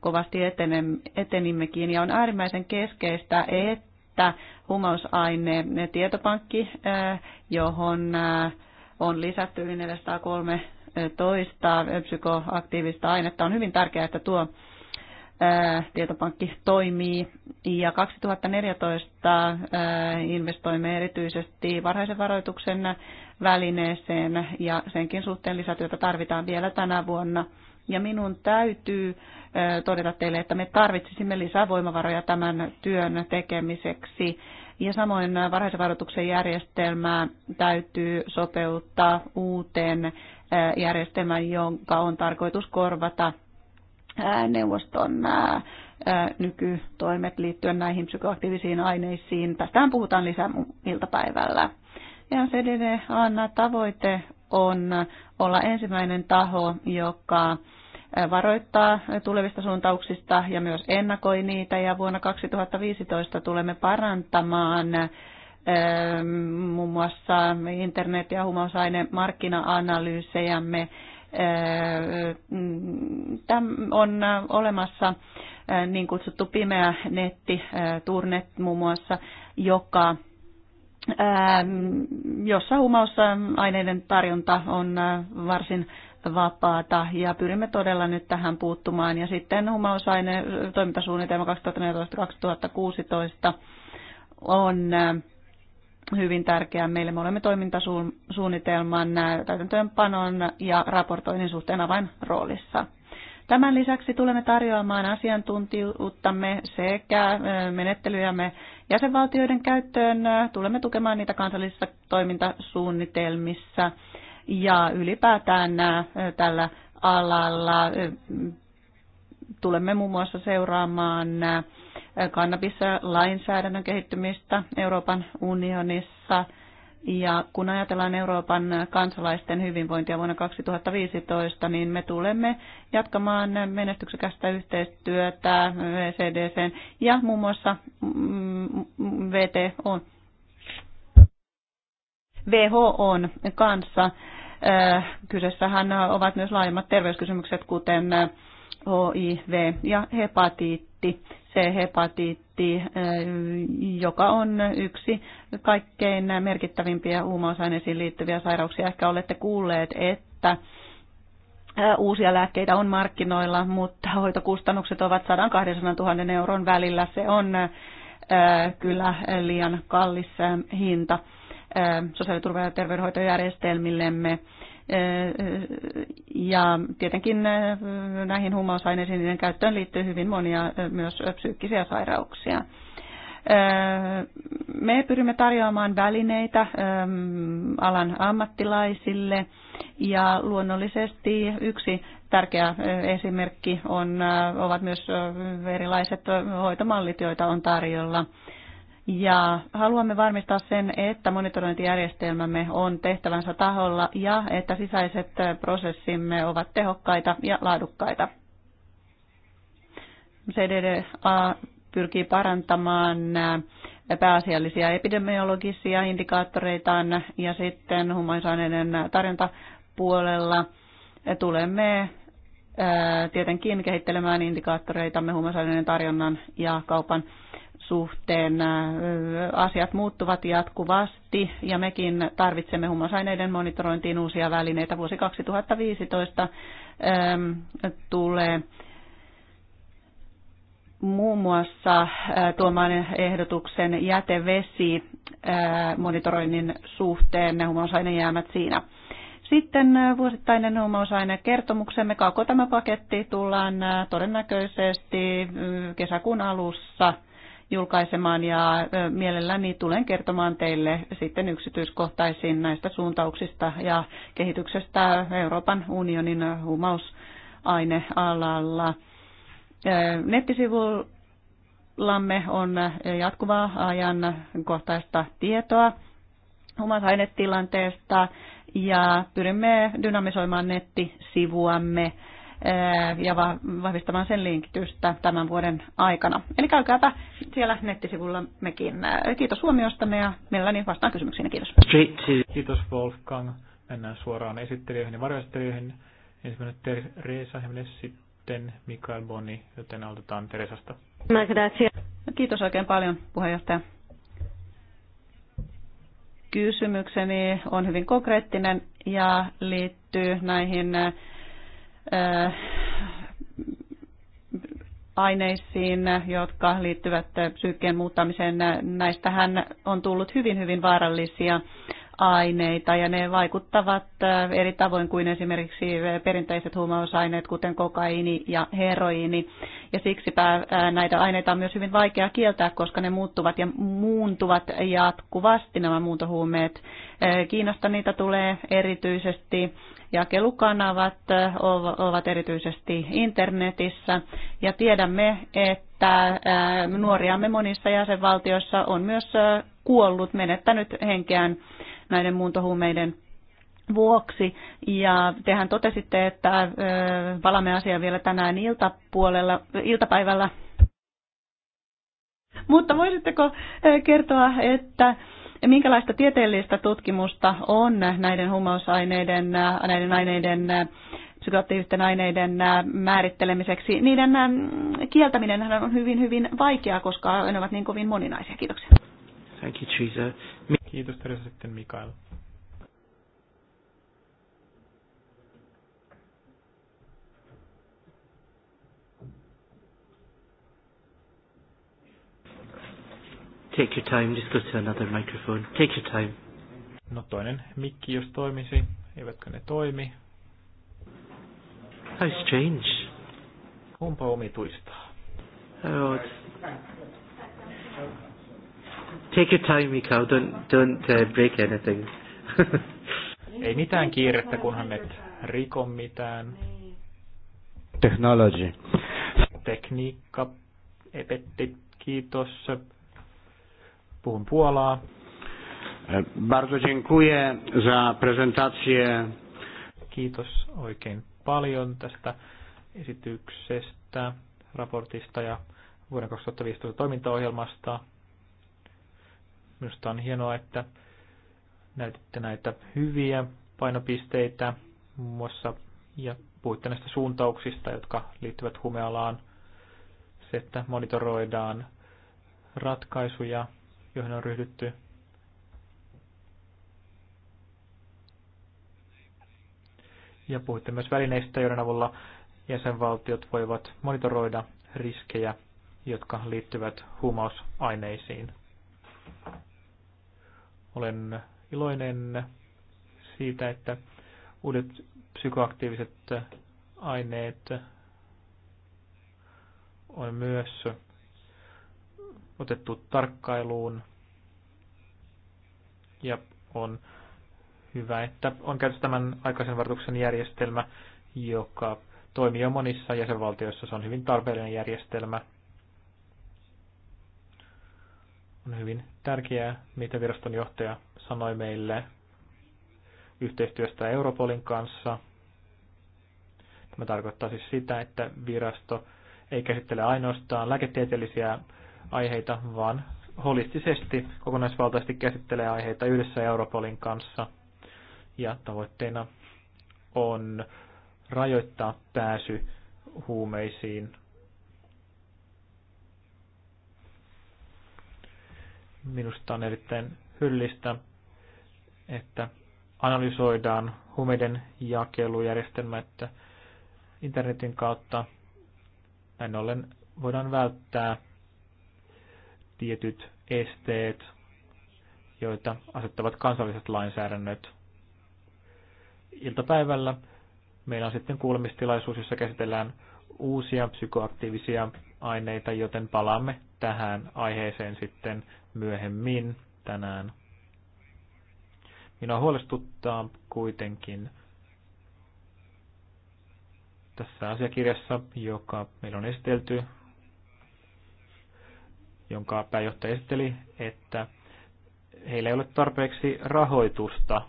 kovasti etenimmekin ja on äärimmäisen keskeistä, että huumausaine tietopankki, johon on lisätty yli 413 psykoaktiivista ainetta. On hyvin tärkeää, että tuo tietopankki toimii. Ja 2014 investoimme erityisesti varhaisen varoituksen välineeseen ja senkin suhteen lisätyötä tarvitaan vielä tänä vuonna. Ja minun täytyy todeta teille, että me tarvitsisimme lisää voimavaroja tämän työn tekemiseksi. Ja samoin varhaisen varoituksen järjestelmää täytyy sopeuttaa uuteen järjestelmään, jonka on tarkoitus korvata neuvoston nykytoimet liittyen näihin psykoaktiivisiin aineisiin. Tästähän puhutaan lisää iltapäivällä. Ja anna tavoite on olla ensimmäinen taho, joka varoittaa tulevista suuntauksista ja myös ennakoi niitä. Ja vuonna 2015 tulemme parantamaan muun muassa internet- ja huumausainemarkkina-analyysejämme. Tämä on olemassa niin kutsuttu pimeä netti, turnet muun muassa, joka jossa huumausaineiden tarjonta on varsin vapaata ja pyrimme todella nyt tähän puuttumaan. Ja sitten humausaine toimintasuunnitelma 2014-2016 on äh, hyvin tärkeää meille. Me olemme toimintasuunnitelman äh, täytäntöönpanon ja raportoinnin suhteen avain roolissa. Tämän lisäksi tulemme tarjoamaan asiantuntijuuttamme sekä äh, menettelyjämme jäsenvaltioiden käyttöön. Tulemme tukemaan niitä kansallisissa toimintasuunnitelmissa ja ylipäätään äh, tällä alalla äh, tulemme muun muassa seuraamaan äh, kannabislainsäädännön kehittymistä Euroopan unionissa. Ja kun ajatellaan Euroopan kansalaisten hyvinvointia vuonna 2015, niin me tulemme jatkamaan menestyksekästä yhteistyötä CDC ja muun muassa mm, mm, mm, VTO WHOn kanssa. Äh, kyseessähän ovat myös laajemmat terveyskysymykset, kuten HIV äh, ja hepatiitti. C-hepatiitti, äh, joka on yksi kaikkein merkittävimpiä huumausaineisiin liittyviä sairauksia. Ehkä olette kuulleet, että uusia lääkkeitä on markkinoilla, mutta hoitokustannukset ovat 100 000 euron välillä. Se on kyllä liian kallis hinta sosiaaliturva- ja terveydenhoitojärjestelmillemme. Ja tietenkin näihin huumausaineisiin niiden käyttöön liittyy hyvin monia myös psyykkisiä sairauksia. Me pyrimme tarjoamaan välineitä alan ammattilaisille ja luonnollisesti yksi tärkeä esimerkki on, ovat myös erilaiset hoitomallit, joita on tarjolla. Ja haluamme varmistaa sen, että monitorointijärjestelmämme on tehtävänsä taholla ja että sisäiset prosessimme ovat tehokkaita ja laadukkaita. CDDA pyrkii parantamaan pääasiallisia epidemiologisia indikaattoreita ja sitten humaisaineiden tarjontapuolella tulemme tietenkin kehittelemään indikaattoreitamme humaisaineiden tarjonnan ja kaupan suhteen asiat muuttuvat jatkuvasti ja mekin tarvitsemme huumausaineiden monitorointiin uusia välineitä. Vuosi 2015 tulee muun muassa tuomaan ehdotuksen jätevesi monitoroinnin suhteen ne jäämät siinä. Sitten vuosittainen huumausainekertomuksemme, kako tämä paketti tullaan todennäköisesti kesäkuun alussa – julkaisemaan ja mielelläni tulen kertomaan teille sitten yksityiskohtaisiin näistä suuntauksista ja kehityksestä Euroopan unionin huumausainealalla. Nettisivullamme on jatkuvaa ajan kohtaista tietoa huumausainetilanteesta ja pyrimme dynamisoimaan nettisivuamme ja vahvistamaan sen linkitystä tämän vuoden aikana. Eli käykääpä siellä nettisivulla mekin. Kiitos huomiostamme ja mielelläni vastaan kysymyksiin. Kiitos. Kiitos Wolfgang. Mennään suoraan esittelijöihin ja varjoesittelijöihin. Ensimmäinen Teresa Hemnes, sitten Mikael Boni, joten autetaan Teresasta. No, kiitos oikein paljon puheenjohtaja. Kysymykseni on hyvin konkreettinen ja liittyy näihin aineisiin, jotka liittyvät psyykkien muuttamiseen. Näistähän on tullut hyvin, hyvin vaarallisia aineita ja ne vaikuttavat eri tavoin kuin esimerkiksi perinteiset huumausaineet, kuten kokaiini ja heroiini. Ja siksipä näitä aineita on myös hyvin vaikea kieltää, koska ne muuttuvat ja muuntuvat jatkuvasti nämä muuntohuumeet. Kiinasta niitä tulee erityisesti jakelukanavat ovat erityisesti internetissä ja tiedämme, että nuoriamme monissa jäsenvaltioissa on myös kuollut, menettänyt henkeään näiden muuntohuumeiden vuoksi. Ja tehän totesitte, että palamme asiaan vielä tänään iltapuolella, iltapäivällä. Mutta voisitteko kertoa, että Minkälaista tieteellistä tutkimusta on näiden huumausaineiden, näiden aineiden psykoaktiivisten aineiden määrittelemiseksi. Niiden ähm, kieltäminen on hyvin, hyvin vaikeaa, koska ne ovat niin kovin moninaisia. Kiitoksia. Thank you, Teresa. Kiitos Teresa sitten Mikael. Take your time, just go to another microphone. Take your time. No toinen mikki, jos toimisi. Eivätkö ne toimi? How strange. Kumpa omituista. Oh, Take your time, Mikau. Don't, don't uh, break anything. [LAUGHS] Ei mitään kiirettä, kunhan et riko mitään. Technology. Tekniikka. Epetti, kiitos. Puhun Puolaa. E, bardzo dziękuję za prezentację. Kiitos oikein paljon tästä esityksestä, raportista ja vuoden 2015 toimintaohjelmasta. Minusta on hienoa, että näytitte näitä hyviä painopisteitä muun muassa ja puhuitte näistä suuntauksista, jotka liittyvät humealaan. Se, että monitoroidaan ratkaisuja joihin on ryhdytty. Ja puhutte myös välineistä, joiden avulla jäsenvaltiot voivat monitoroida riskejä, jotka liittyvät huumausaineisiin. Olen iloinen siitä, että uudet psykoaktiiviset aineet on myös otettu tarkkailuun ja on hyvä, että on käytössä tämän aikaisen varoituksen järjestelmä, joka toimii jo monissa jäsenvaltioissa. Se on hyvin tarpeellinen järjestelmä. On hyvin tärkeää, mitä viraston johtaja sanoi meille yhteistyöstä Europolin kanssa. Tämä tarkoittaa siis sitä, että virasto ei käsittele ainoastaan lääketieteellisiä aiheita, vaan holistisesti, kokonaisvaltaisesti käsittelee aiheita yhdessä Europolin kanssa. Ja tavoitteena on rajoittaa pääsy huumeisiin. Minusta on erittäin hyllistä, että analysoidaan huumeiden jakelujärjestelmä, että internetin kautta näin ollen voidaan välttää tietyt esteet, joita asettavat kansalliset lainsäädännöt. Iltapäivällä meillä on sitten kuulemistilaisuus, jossa käsitellään uusia psykoaktiivisia aineita, joten palaamme tähän aiheeseen sitten myöhemmin tänään. Minua huolestuttaa kuitenkin tässä asiakirjassa, joka meillä on esitelty jonka pääjohtaja esitteli, että heillä ei ole tarpeeksi rahoitusta.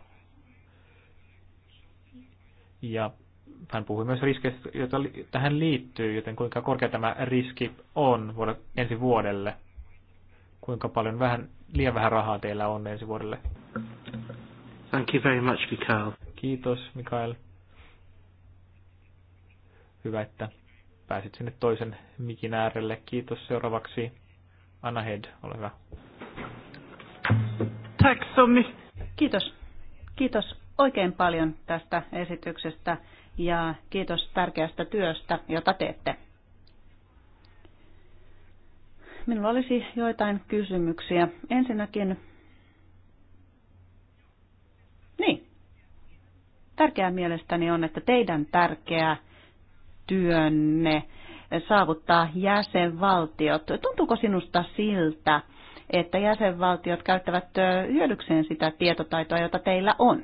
Ja hän puhui myös riskeistä, joita tähän liittyy, joten kuinka korkea tämä riski on ensi vuodelle? Kuinka paljon vähän, liian vähän rahaa teillä on ensi vuodelle? Thank you very much, Mikael. Kiitos, Mikael. Hyvä, että pääsit sinne toisen mikin äärelle. Kiitos seuraavaksi Anna Head, ole hyvä. Tack så Kiitos. Kiitos oikein paljon tästä esityksestä ja kiitos tärkeästä työstä, jota teette. Minulla olisi joitain kysymyksiä. Ensinnäkin, niin, tärkeää mielestäni on, että teidän tärkeä työnne saavuttaa jäsenvaltiot. Tuntuuko sinusta siltä, että jäsenvaltiot käyttävät hyödykseen sitä tietotaitoa, jota teillä on?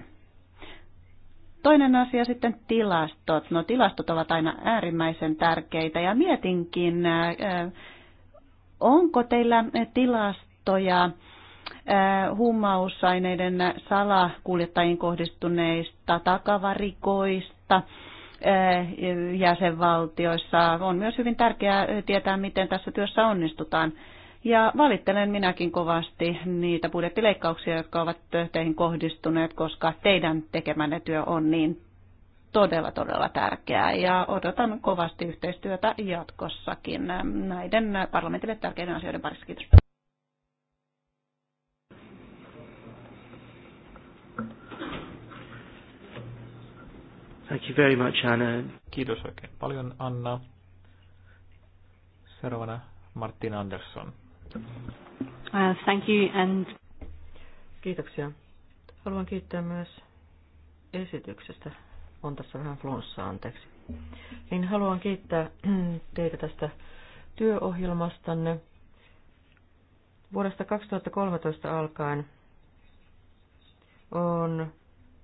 Toinen asia sitten tilastot. No tilastot ovat aina äärimmäisen tärkeitä ja mietinkin, onko teillä tilastoja huumausaineiden salakuljettajien kohdistuneista takavarikoista, Eh, jäsenvaltioissa. On myös hyvin tärkeää eh, tietää, miten tässä työssä onnistutaan. Ja valittelen minäkin kovasti niitä budjettileikkauksia, jotka ovat teihin kohdistuneet, koska teidän tekemänne työ on niin todella, todella tärkeää. Ja odotan kovasti yhteistyötä jatkossakin näiden parlamentille tärkeiden asioiden parissa. Kiitos. Thank you very much, Anna. Kiitos oikein paljon, Anna. Seuraavana Martin Andersson. Uh, thank you and... Kiitoksia. Haluan kiittää myös esityksestä. On tässä vähän flunssa, anteeksi. Niin haluan kiittää [CLEARS THROAT] teitä tästä työohjelmastanne. Vuodesta 2013 alkaen on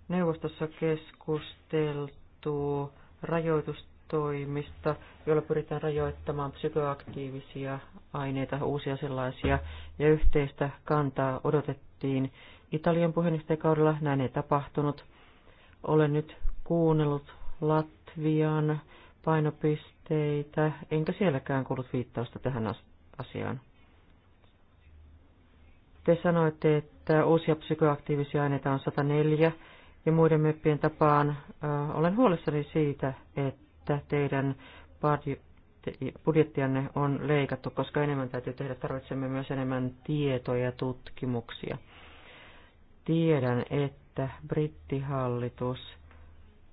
Neuvostossa keskusteltu rajoitustoimista, joilla pyritään rajoittamaan psykoaktiivisia aineita, uusia sellaisia, ja yhteistä kantaa odotettiin Italian puheenjohtajakaudella. Näin ei tapahtunut. Olen nyt kuunnellut Latvian painopisteitä, enkä sielläkään kuullut viittausta tähän asiaan. Te sanoitte, että uusia psykoaktiivisia aineita on 104 ja muiden meppien tapaan olen huolissani siitä, että teidän budjettianne on leikattu, koska enemmän täytyy tehdä. Tarvitsemme myös enemmän tietoja ja tutkimuksia. Tiedän, että brittihallitus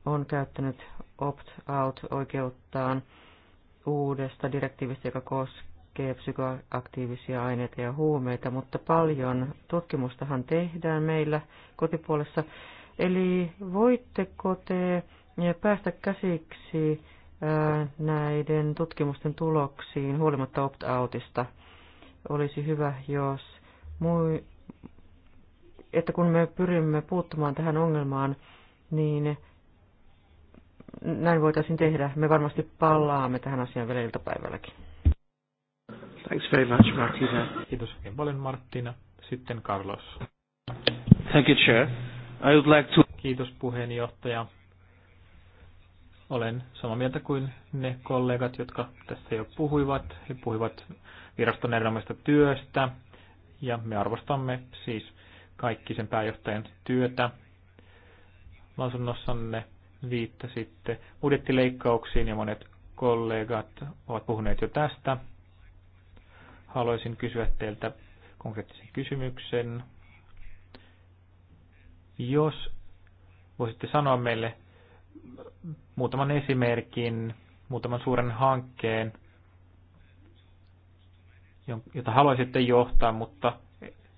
on käyttänyt opt-out-oikeuttaan uudesta direktiivistä, joka koskee psykoaktiivisia aineita ja huumeita, mutta paljon tutkimustahan tehdään meillä kotipuolessa Eli voitteko te eh, päästä käsiksi eh, näiden tutkimusten tuloksiin huolimatta opt-outista? Olisi hyvä, jos mui, että kun me pyrimme puuttumaan tähän ongelmaan, niin näin voitaisiin tehdä. Me varmasti palaamme tähän asiaan vielä iltapäivälläkin. Thanks very much, Martina. Kiitos oikein paljon, Martina. Sitten Carlos. Thank you, Chair. I would like to... Kiitos puheenjohtaja. Olen samaa mieltä kuin ne kollegat, jotka tässä jo puhuivat. He puhuivat viraston erinomaisesta työstä ja me arvostamme siis kaikki sen pääjohtajan työtä. Lausunnossanne viittasitte budjettileikkauksiin ja monet kollegat ovat puhuneet jo tästä. Haluaisin kysyä teiltä konkreettisen kysymyksen jos voisitte sanoa meille muutaman esimerkin, muutaman suuren hankkeen, jota haluaisitte johtaa, mutta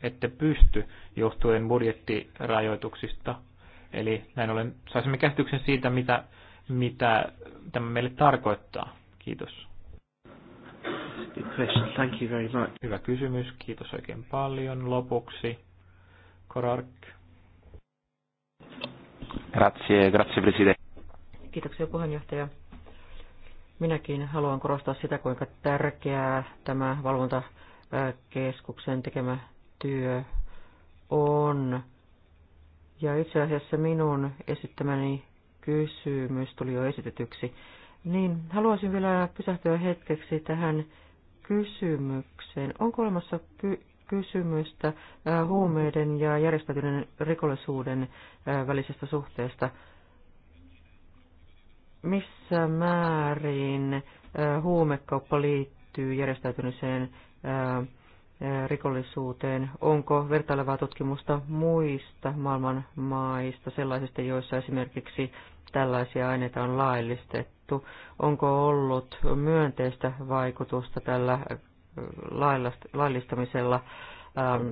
ette pysty johtuen budjettirajoituksista. Eli näin ollen saisimme käsityksen siitä, mitä, mitä tämä meille tarkoittaa. Kiitos. Thank you very much. Hyvä kysymys. Kiitos oikein paljon. Lopuksi Korark. Grazie, grazie presidente. Kiitoksia puheenjohtaja. Minäkin haluan korostaa sitä, kuinka tärkeää tämä valvontakeskuksen tekemä työ on. Ja itse asiassa minun esittämäni kysymys tuli jo esitetyksi. Niin, haluaisin vielä pysähtyä hetkeksi tähän kysymykseen. Onko olemassa kysymystä huumeiden ja järjestäytyneen rikollisuuden välisestä suhteesta. Missä määrin huumekauppa liittyy järjestäytyneeseen rikollisuuteen? Onko vertailevaa tutkimusta muista maailman maista, sellaisista, joissa esimerkiksi tällaisia aineita on laillistettu? Onko ollut myönteistä vaikutusta tällä laillistamisella, ähm,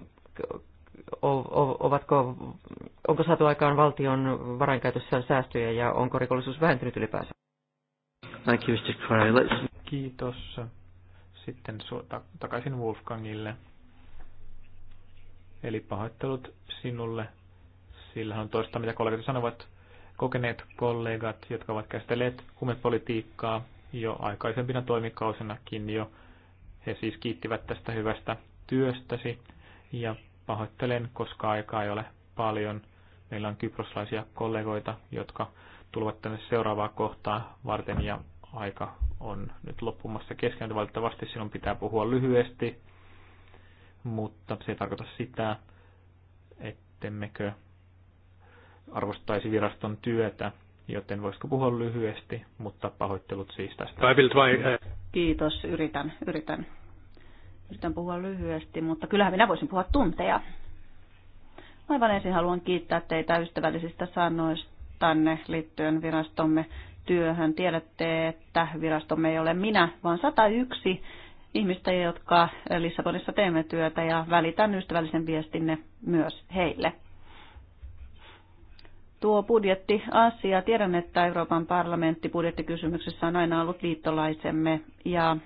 ovatko, onko saatu aikaan valtion varainkäytössä säästöjä ja onko rikollisuus vähentynyt ylipäänsä? Thank you, Mr. Let's... Kiitos. Sitten takaisin Wolfgangille. Eli pahoittelut sinulle. sillä on toista, mitä kollegat sanovat. Kokeneet kollegat, jotka ovat käsitelleet huumepolitiikkaa jo aikaisempina toimikausinakin jo he siis kiittivät tästä hyvästä työstäsi ja pahoittelen, koska aikaa ei ole paljon. Meillä on kyproslaisia kollegoita, jotka tulevat tänne seuraavaa kohtaa varten ja aika on nyt loppumassa kesken. Valitettavasti silloin pitää puhua lyhyesti, mutta se ei tarkoita sitä, ettemmekö arvostaisi viraston työtä joten voisiko puhua lyhyesti, mutta pahoittelut siis tästä. Uh, Kiitos, yritän, yritän. Yritän puhua lyhyesti, mutta kyllähän minä voisin puhua tunteja. Aivan ensin haluan kiittää teitä ystävällisistä sanoistanne liittyen virastomme työhön. Tiedätte, että virastomme ei ole minä, vaan 101 ihmistä, jotka Lissabonissa teemme työtä ja välitän ystävällisen viestinne myös heille tuo budjettiasia. Tiedän, että Euroopan parlamentti budjettikysymyksessä on aina ollut liittolaisemme ja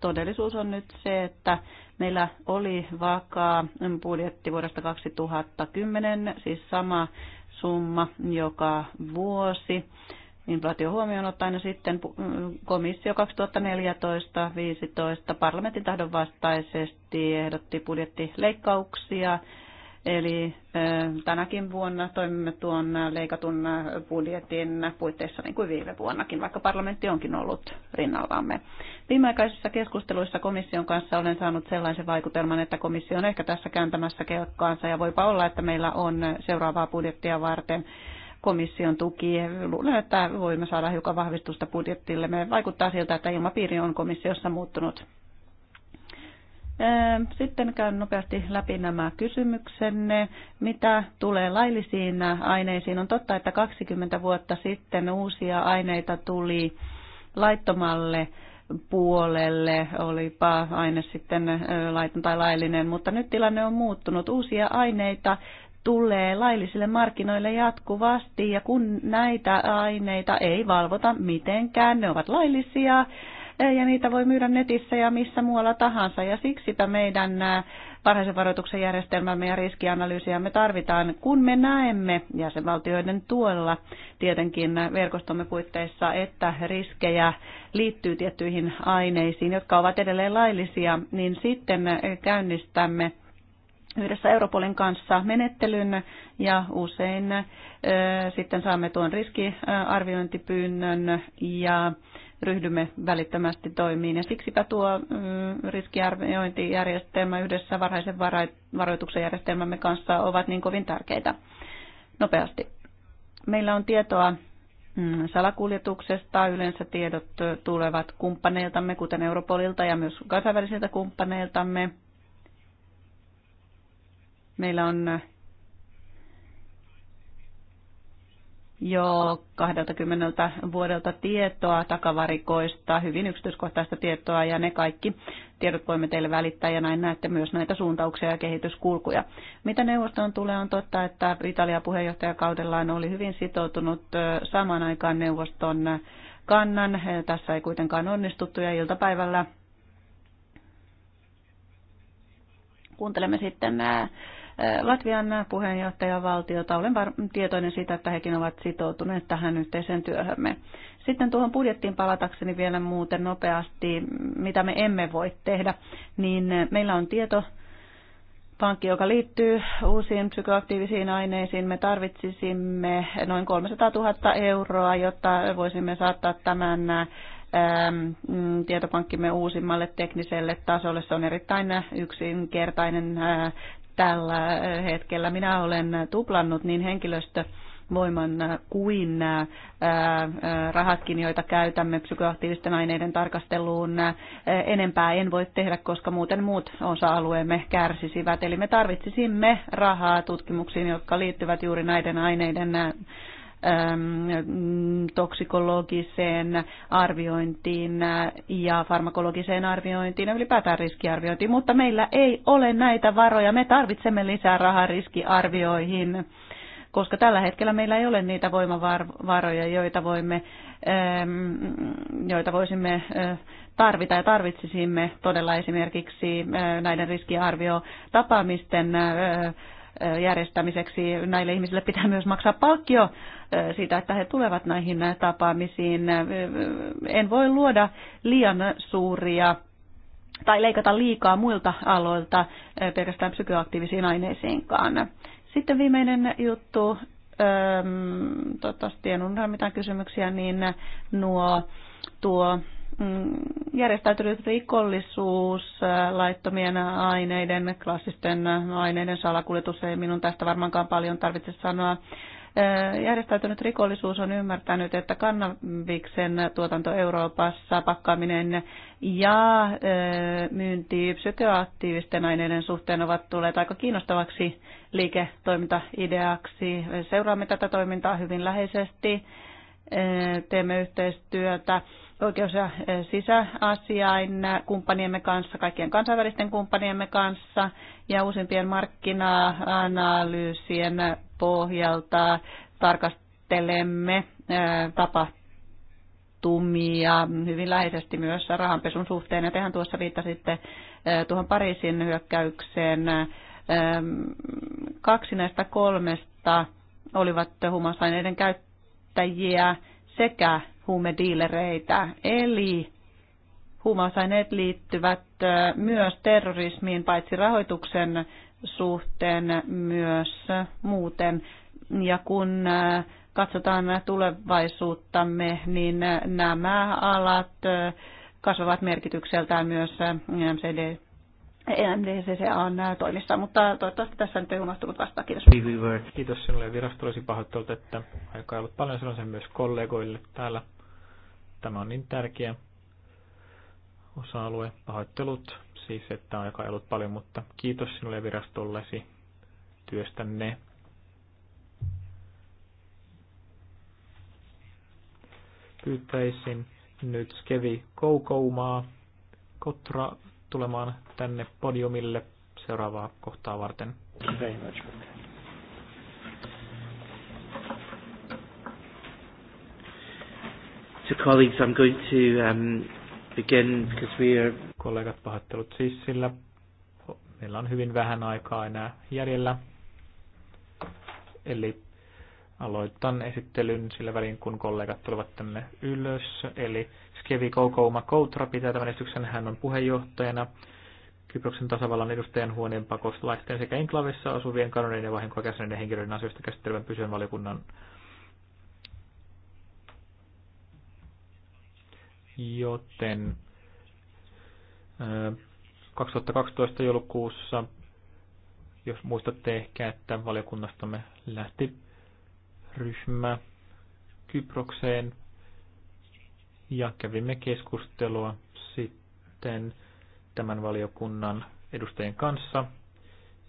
todellisuus on nyt se, että meillä oli vakaa budjetti vuodesta 2010, siis sama summa joka vuosi. Inflaatio huomioon ottaen sitten komissio 2014-2015 parlamentin tahdon vastaisesti ehdotti budjettileikkauksia Eli tänäkin vuonna toimimme tuon leikatun budjetin puitteissa niin kuin viime vuonnakin, vaikka parlamentti onkin ollut rinnallamme. Viimeaikaisissa keskusteluissa komission kanssa olen saanut sellaisen vaikutelman, että komissio on ehkä tässä kääntämässä kelkkaansa ja voipa olla, että meillä on seuraavaa budjettia varten komission tuki. Luulen, että voimme saada hiukan vahvistusta budjettille. Me vaikuttaa siltä, että ilmapiiri on komissiossa muuttunut sitten käyn nopeasti läpi nämä kysymyksenne. Mitä tulee laillisiin aineisiin? On totta, että 20 vuotta sitten uusia aineita tuli laittomalle puolelle, olipa aine sitten laiton tai laillinen, mutta nyt tilanne on muuttunut. Uusia aineita tulee laillisille markkinoille jatkuvasti ja kun näitä aineita ei valvota mitenkään, ne ovat laillisia, Äh, ja niitä voi myydä netissä ja missä muualla tahansa. Ja siksipä meidän äh, varhaisen varoituksen järjestelmämme ja riskianalyysiä me tarvitaan, kun me näemme jäsenvaltioiden tuolla tietenkin verkostomme puitteissa, että riskejä liittyy tiettyihin aineisiin, jotka ovat edelleen laillisia, niin sitten äh, käynnistämme yhdessä Europolin kanssa menettelyn ja usein ö, sitten saamme tuon riskiarviointipyynnön ja ryhdymme välittömästi toimiin. Ja siksipä tuo mm, riskiarviointijärjestelmä yhdessä varhaisen varoituksen järjestelmämme kanssa ovat niin kovin tärkeitä nopeasti. Meillä on tietoa mm, salakuljetuksesta. Yleensä tiedot tulevat kumppaneiltamme, kuten Europolilta ja myös kansainvälisiltä kumppaneiltamme. Meillä on jo 20 vuodelta tietoa takavarikoista, hyvin yksityiskohtaista tietoa ja ne kaikki tiedot voimme teille välittää ja näin näette myös näitä suuntauksia ja kehityskulkuja. Mitä neuvostoon tulee, on totta, että Italia puheenjohtajakaudellaan oli hyvin sitoutunut samaan aikaan neuvoston kannan. Tässä ei kuitenkaan onnistuttu ja iltapäivällä kuuntelemme sitten nämä Latvian puheenjohtajavaltiota. Olen tietoinen siitä, että hekin ovat sitoutuneet tähän yhteiseen työhömme. Sitten tuohon budjettiin palatakseni vielä muuten nopeasti, mitä me emme voi tehdä, niin meillä on tieto pankki, joka liittyy uusiin psykoaktiivisiin aineisiin. Me tarvitsisimme noin 300 000 euroa, jotta voisimme saattaa tämän ähm, tietopankkimme uusimmalle tekniselle tasolle. Se on erittäin yksinkertainen äh, tällä hetkellä. Minä olen tuplannut niin henkilöstö voiman kuin rahatkin, joita käytämme psykoaktiivisten aineiden tarkasteluun. Enempää en voi tehdä, koska muuten muut osa-alueemme kärsisivät. Eli me tarvitsisimme rahaa tutkimuksiin, jotka liittyvät juuri näiden aineiden Ähm, toksikologiseen arviointiin ja farmakologiseen arviointiin ja ylipäätään riskiarviointiin, mutta meillä ei ole näitä varoja. Me tarvitsemme lisää rahaa riskiarvioihin, koska tällä hetkellä meillä ei ole niitä voimavaroja, joita, voimme, ähm, joita voisimme äh, tarvita ja tarvitsisimme todella esimerkiksi äh, näiden riskiarviotapaamisten tapaamisten äh, järjestämiseksi. Näille ihmisille pitää myös maksaa palkkio siitä, että he tulevat näihin tapaamisiin. En voi luoda liian suuria tai leikata liikaa muilta aloilta pelkästään psykoaktiivisiin aineisiinkaan. Sitten viimeinen juttu, toivottavasti en unohda mitään kysymyksiä, niin nuo tuo Mm, järjestäytynyt rikollisuus äh, laittomien aineiden, klassisten aineiden salakuljetus, ei minun tästä varmaankaan paljon tarvitse sanoa. Äh, järjestäytynyt rikollisuus on ymmärtänyt, että kannabiksen tuotanto Euroopassa, pakkaaminen ja äh, myynti psykoaktiivisten aineiden suhteen ovat tulleet aika kiinnostavaksi liiketoimintaideaksi. Seuraamme tätä toimintaa hyvin läheisesti, teemme yhteistyötä oikeus- ja eh, sisäasiain kumppaniemme kanssa, kaikkien kansainvälisten kumppaniemme kanssa ja uusimpien markkina-analyysien pohjalta tarkastelemme eh, tapahtumia hyvin läheisesti myös rahanpesun suhteen. Ja tehän tuossa viittasitte eh, tuohon Pariisin hyökkäykseen. Kaksi näistä kolmesta olivat huumausaineiden käyttäjiä sekä huumediilereitä. Eli huumausaineet liittyvät myös terrorismiin, paitsi rahoituksen suhteen myös muuten. Ja kun katsotaan tulevaisuuttamme, niin nämä alat kasvavat merkitykseltään myös MCD, on toimissa, mutta toivottavasti tässä nyt ei unohtunut vastaan. Kiitos. Kiitos sinulle ja virasto pahoittelut, että aika ollut paljon, sanon sen myös kollegoille täällä Tämä on niin tärkeä osa-alue. Pahoittelut siis, että on aika ollut paljon, mutta kiitos sinulle virastollesi työstänne. Pyytäisin nyt Skevi Koukoumaa Kotra tulemaan tänne podiumille seuraavaa kohtaa varten. Thank you very much. So colleagues, I'm going to um, begin because we are... Kollegat, pahoittelut siis sillä. Meillä on hyvin vähän aikaa enää jäljellä. Eli aloitan esittelyn sillä välin, kun kollegat tulevat tänne ylös. Eli Skevi Koukouma Koutra pitää tämän esityksen. Hän on puheenjohtajana Kyproksen tasavallan edustajan huoneen pakostolaisten sekä enklavissa asuvien kanoneiden ja vahinkoa käsineiden henkilöiden asioista käsittelevän pysyvän valiokunnan joten 2012 äh, joulukuussa, jos muistatte ehkä, että valiokunnastamme lähti ryhmä Kyprokseen ja kävimme keskustelua sitten tämän valiokunnan edustajien kanssa.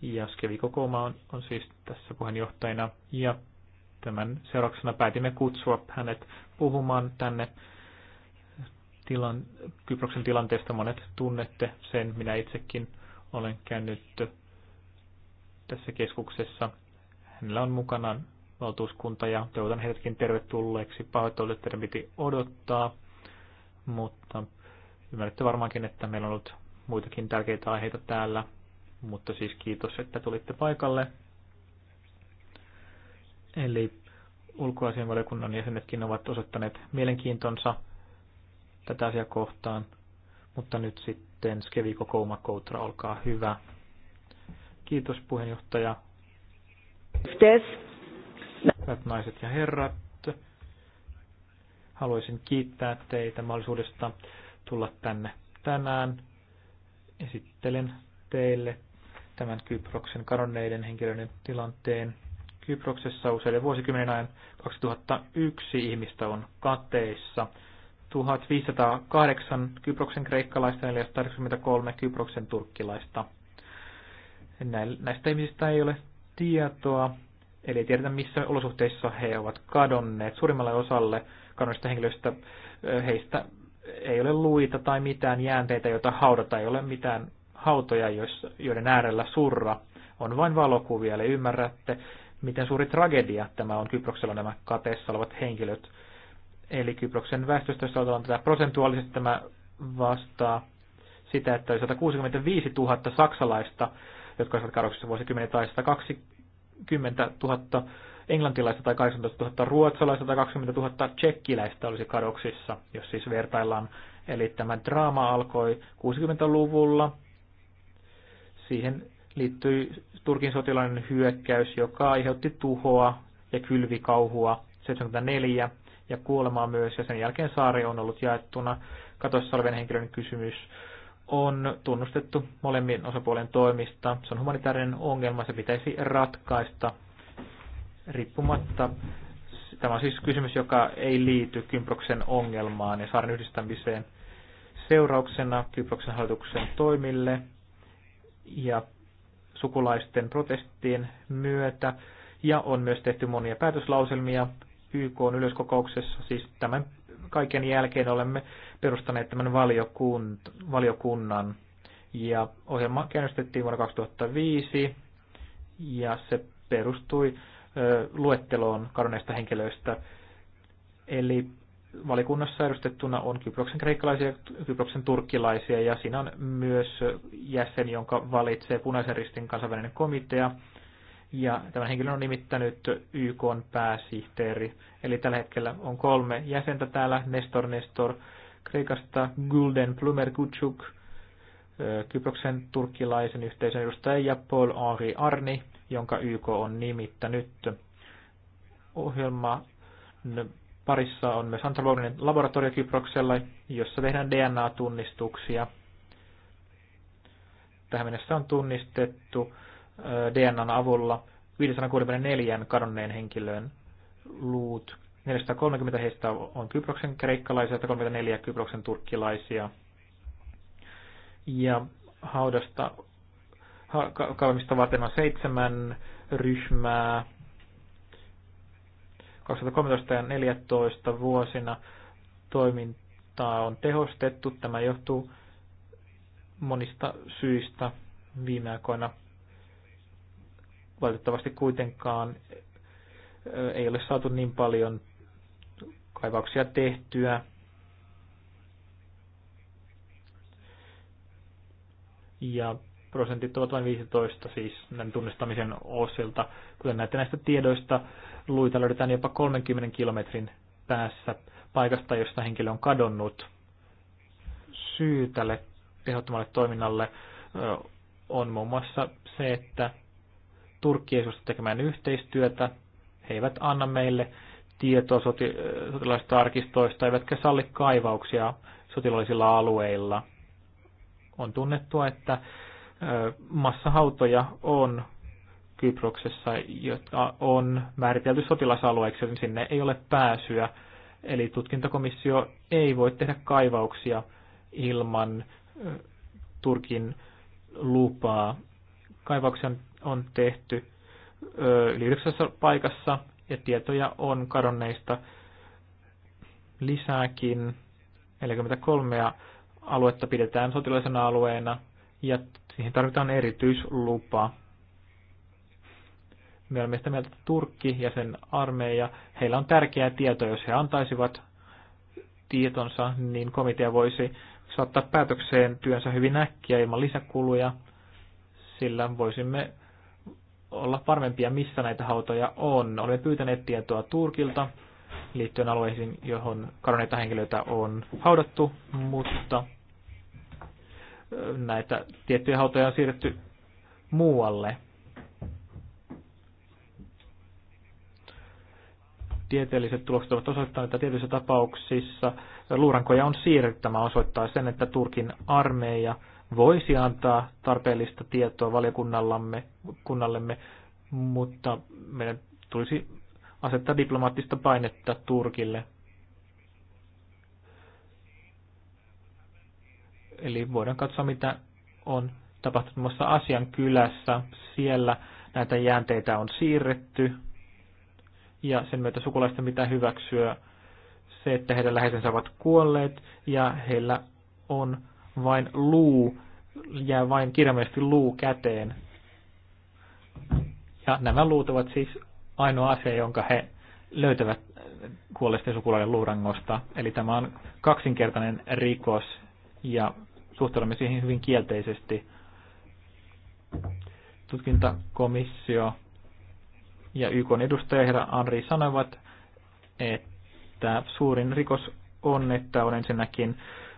Ja Skevi Kokooma on, on siis tässä puheenjohtajana ja tämän seurauksena päätimme kutsua hänet puhumaan tänne tilan, Kyproksen tilanteesta monet tunnette sen. Minä itsekin olen käynyt tässä keskuksessa. Hänellä on mukanaan valtuuskunta ja toivotan heidätkin tervetulleeksi. Pahoittelut, että teidän piti odottaa, mutta ymmärrätte varmaankin, että meillä on ollut muitakin tärkeitä aiheita täällä. Mutta siis kiitos, että tulitte paikalle. Eli ulkoasianvaliokunnan jäsenetkin ovat osoittaneet mielenkiintonsa tätä asiaa kohtaan. Mutta nyt sitten Skeviko Koumakoutra, olkaa hyvä. Kiitos puheenjohtaja. Kiitos. Hyvät naiset ja herrat, haluaisin kiittää teitä mahdollisuudesta tulla tänne tänään. Esittelen teille tämän Kyproksen kadonneiden henkilöiden tilanteen. Kyproksessa useiden vuosikymmenen ajan 2001 ihmistä on kateissa 1508 Kyproksen kreikkalaista ja 483 Kyproksen turkkilaista. Näistä ihmisistä ei ole tietoa, eli ei tiedetä missä olosuhteissa he ovat kadonneet. Suurimmalle osalle kadonneista henkilöistä heistä ei ole luita tai mitään jäänteitä, joita haudata, ei ole mitään hautoja, joiden äärellä surra. On vain valokuvia, eli ymmärrätte, miten suuri tragedia tämä on Kyproksella nämä kateessa olevat henkilöt Eli Kyproksen väestöstä, jos otetaan tätä prosentuaalisesti, tämä vastaa sitä, että 165 000 saksalaista, jotka olivat kadoksissa vuosikymmenet, tai 120 000 englantilaista tai 18 000 ruotsalaista tai 20 000 tsekkiläistä olisi kadoksissa, jos siis vertaillaan. Eli tämä draama alkoi 60-luvulla. Siihen liittyi Turkin sotilainen hyökkäys, joka aiheutti tuhoa ja kylvikauhua 74 ja kuolemaa myös, ja sen jälkeen saari on ollut jaettuna. Katossa olevien henkilön kysymys on tunnustettu molemmin osapuolen toimista. Se on humanitaarinen ongelma, se pitäisi ratkaista riippumatta. Tämä on siis kysymys, joka ei liity Kymproksen ongelmaan ja saaren yhdistämiseen seurauksena Kyproksen hallituksen toimille ja sukulaisten protestien myötä. Ja on myös tehty monia päätöslauselmia YK on yleiskokouksessa, siis tämän kaiken jälkeen olemme perustaneet tämän valiokunnan. Ja ohjelma käynnistettiin vuonna 2005 ja se perustui luetteloon kadonneista henkilöistä. Eli valikunnassa edustettuna on Kyproksen kreikkalaisia ja Kyproksen turkkilaisia ja siinä on myös jäsen, jonka valitsee Punaisen ristin kansainvälinen komitea ja tämän henkilön on nimittänyt YK pääsihteeri. Eli tällä hetkellä on kolme jäsentä täällä, Nestor Nestor Kreikasta, Gulden Plumer Kutsuk, Kyproksen turkkilaisen yhteisön edustaja ja Paul Henri Arni, jonka YK on nimittänyt. Ohjelma parissa on myös antropologinen laboratorio Kyproksella, jossa tehdään DNA-tunnistuksia. Tähän mennessä on tunnistettu DNAn avulla 564 kadonneen henkilön luut. 430 heistä on Kyproksen kreikkalaisia, 134 Kyproksen turkkilaisia. Ja haudasta ha, varten on seitsemän ryhmää. 2013 ja 2014 vuosina toimintaa on tehostettu. Tämä johtuu monista syistä viime aikoina valitettavasti kuitenkaan ei ole saatu niin paljon kaivauksia tehtyä. Ja prosentit ovat vain 15 siis näiden tunnistamisen osilta. Kuten näette näistä tiedoista, luita löydetään jopa 30 kilometrin päässä paikasta, josta henkilö on kadonnut. Syy tälle tehottomalle toiminnalle on muun muassa se, että Turkki ei suostu tekemään yhteistyötä, he eivät anna meille tietoa soti- sotilaista arkistoista, eivätkä salli kaivauksia sotilaallisilla alueilla. On tunnettua, että massahautoja on Kyproksessa, jotka on määritelty sotilasalueeksi, niin sinne ei ole pääsyä. Eli tutkintakomissio ei voi tehdä kaivauksia ilman Turkin lupaa. Kaivauksia on on tehty yli yhdeksässä paikassa ja tietoja on kadonneista lisääkin. 43 aluetta pidetään sotilaisena alueena ja siihen tarvitaan erityislupa. Me olemme sitä mieltä, että Turkki ja sen armeija, heillä on tärkeää tietoa, jos he antaisivat tietonsa, niin komitea voisi saattaa päätökseen työnsä hyvin äkkiä ilman lisäkuluja, sillä voisimme olla varmempia, missä näitä hautoja on. Olemme pyytäneet tietoa Turkilta liittyen alueisiin, johon karoneita henkilöitä on haudattu, mutta näitä tiettyjä hautoja on siirretty muualle. Tieteelliset tulokset ovat osoittaneet, että tietyissä tapauksissa luurankoja on siirretty. Tämä osoittaa sen, että Turkin armeija voisi antaa tarpeellista tietoa valiokunnallamme, mutta meidän tulisi asettaa diplomaattista painetta Turkille. Eli voidaan katsoa, mitä on tapahtumassa Asian kylässä. Siellä näitä jäänteitä on siirretty ja sen myötä sukulaisten mitä hyväksyä se, että heidän läheisensä ovat kuolleet ja heillä on vain luu, jää vain kirjaimellisesti luu käteen. Ja nämä luut ovat siis ainoa asia, jonka he löytävät kuolleisten sukulaiden luurangosta. Eli tämä on kaksinkertainen rikos ja suhtaudumme siihen hyvin kielteisesti. Tutkintakomissio ja YK edustaja herra Anri sanoivat, että suurin rikos on, että on ensinnäkin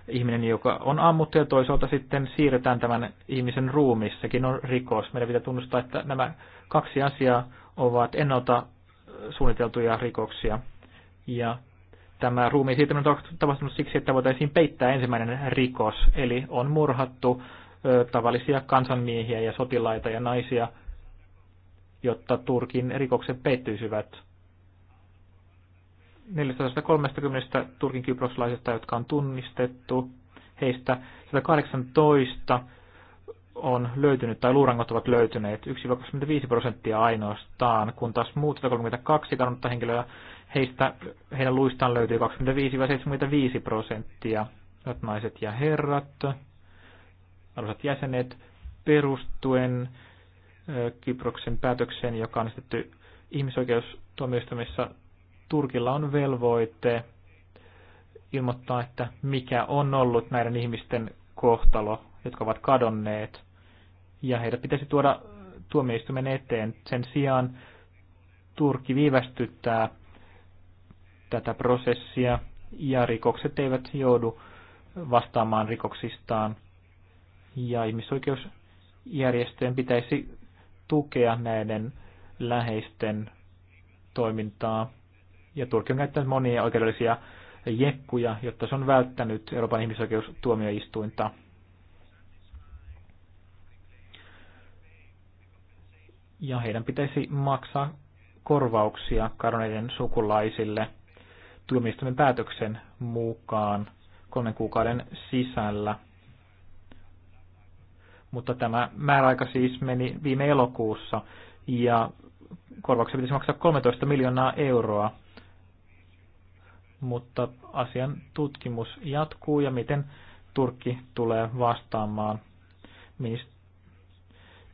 ihminen, joka on ammuttu ja toisaalta sitten siirretään tämän ihmisen ruumissakin on rikos. Meidän pitää tunnustaa, että nämä kaksi asiaa ovat ennalta suunniteltuja rikoksia. Ja tämä ruumiin siirtäminen on tapahtunut siksi, että voitaisiin peittää ensimmäinen rikos, eli on murhattu ö, tavallisia kansanmiehiä ja sotilaita ja naisia, jotta Turkin rikokset peittyisivät 430 turkin kyproslaisesta, jotka on tunnistettu, heistä 118 on löytynyt tai luurangot ovat löytyneet 1-25 prosenttia ainoastaan, kun taas muut 132 kadonnutta henkilöä, heistä, heidän luistaan löytyy 25-75 prosenttia. Hyvät naiset ja herrat, arvoisat jäsenet, perustuen Kyproksen päätökseen, joka on esitetty ihmisoikeustuomioistuimessa Turkilla on velvoite ilmoittaa, että mikä on ollut näiden ihmisten kohtalo, jotka ovat kadonneet, ja heidät pitäisi tuoda tuomioistuimen eteen. Sen sijaan Turkki viivästyttää tätä prosessia, ja rikokset eivät joudu vastaamaan rikoksistaan. Ja ihmisoikeusjärjestöjen pitäisi tukea näiden läheisten toimintaa ja Turkki on käyttänyt monia oikeudellisia jekkuja, jotta se on välttänyt Euroopan ihmisoikeustuomioistuinta. Ja heidän pitäisi maksaa korvauksia kadonneiden sukulaisille tuomioistuimen päätöksen mukaan kolmen kuukauden sisällä. Mutta tämä määräaika siis meni viime elokuussa ja korvauksia pitäisi maksaa 13 miljoonaa euroa mutta asian tutkimus jatkuu ja miten Turkki tulee vastaamaan.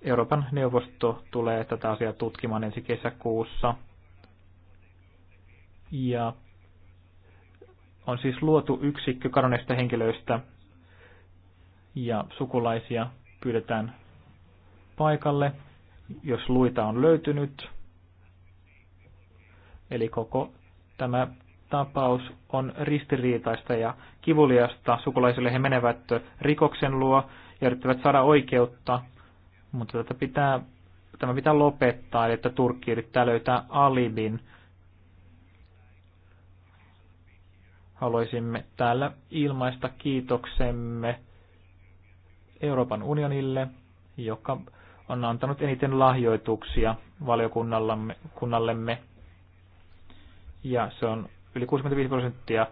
Euroopan neuvosto tulee tätä asiaa tutkimaan ensi kesäkuussa. Ja on siis luotu yksikkö kadonneista henkilöistä ja sukulaisia pyydetään paikalle, jos luita on löytynyt. Eli koko tämä tapaus on ristiriitaista ja kivuliasta. Sukulaisille he menevät rikoksen luo ja yrittävät saada oikeutta, mutta tätä pitää, tämä pitää lopettaa, eli että Turkki yrittää löytää alibin. Haluaisimme täällä ilmaista kiitoksemme Euroopan unionille, joka on antanut eniten lahjoituksia valiokunnallemme. Ja se on yli 65 prosenttia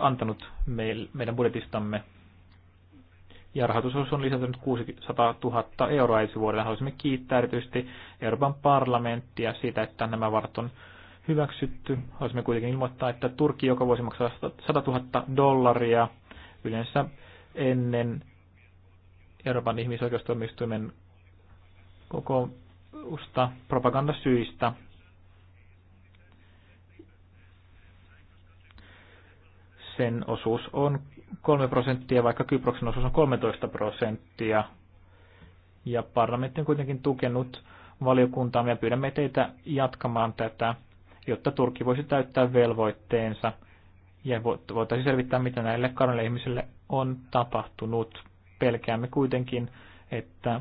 antanut meidän budjetistamme. Ja rahoitusosuus on lisääntynyt 600 000 euroa ensi vuodelle. Haluaisimme kiittää erityisesti Euroopan parlamenttia siitä, että nämä varat on hyväksytty. Haluaisimme kuitenkin ilmoittaa, että Turkki joka vuosi maksaa 100 000 dollaria yleensä ennen Euroopan ihmisoikeustoimistuimen kokousta propagandasyistä sen osuus on 3 prosenttia, vaikka Kyproksen osuus on 13 prosenttia. Ja parlamentti on kuitenkin tukenut valiokuntaamme ja pyydämme teitä jatkamaan tätä, jotta Turkki voisi täyttää velvoitteensa ja voitaisiin selvittää, mitä näille kahdelle ihmisille on tapahtunut. Pelkäämme kuitenkin, että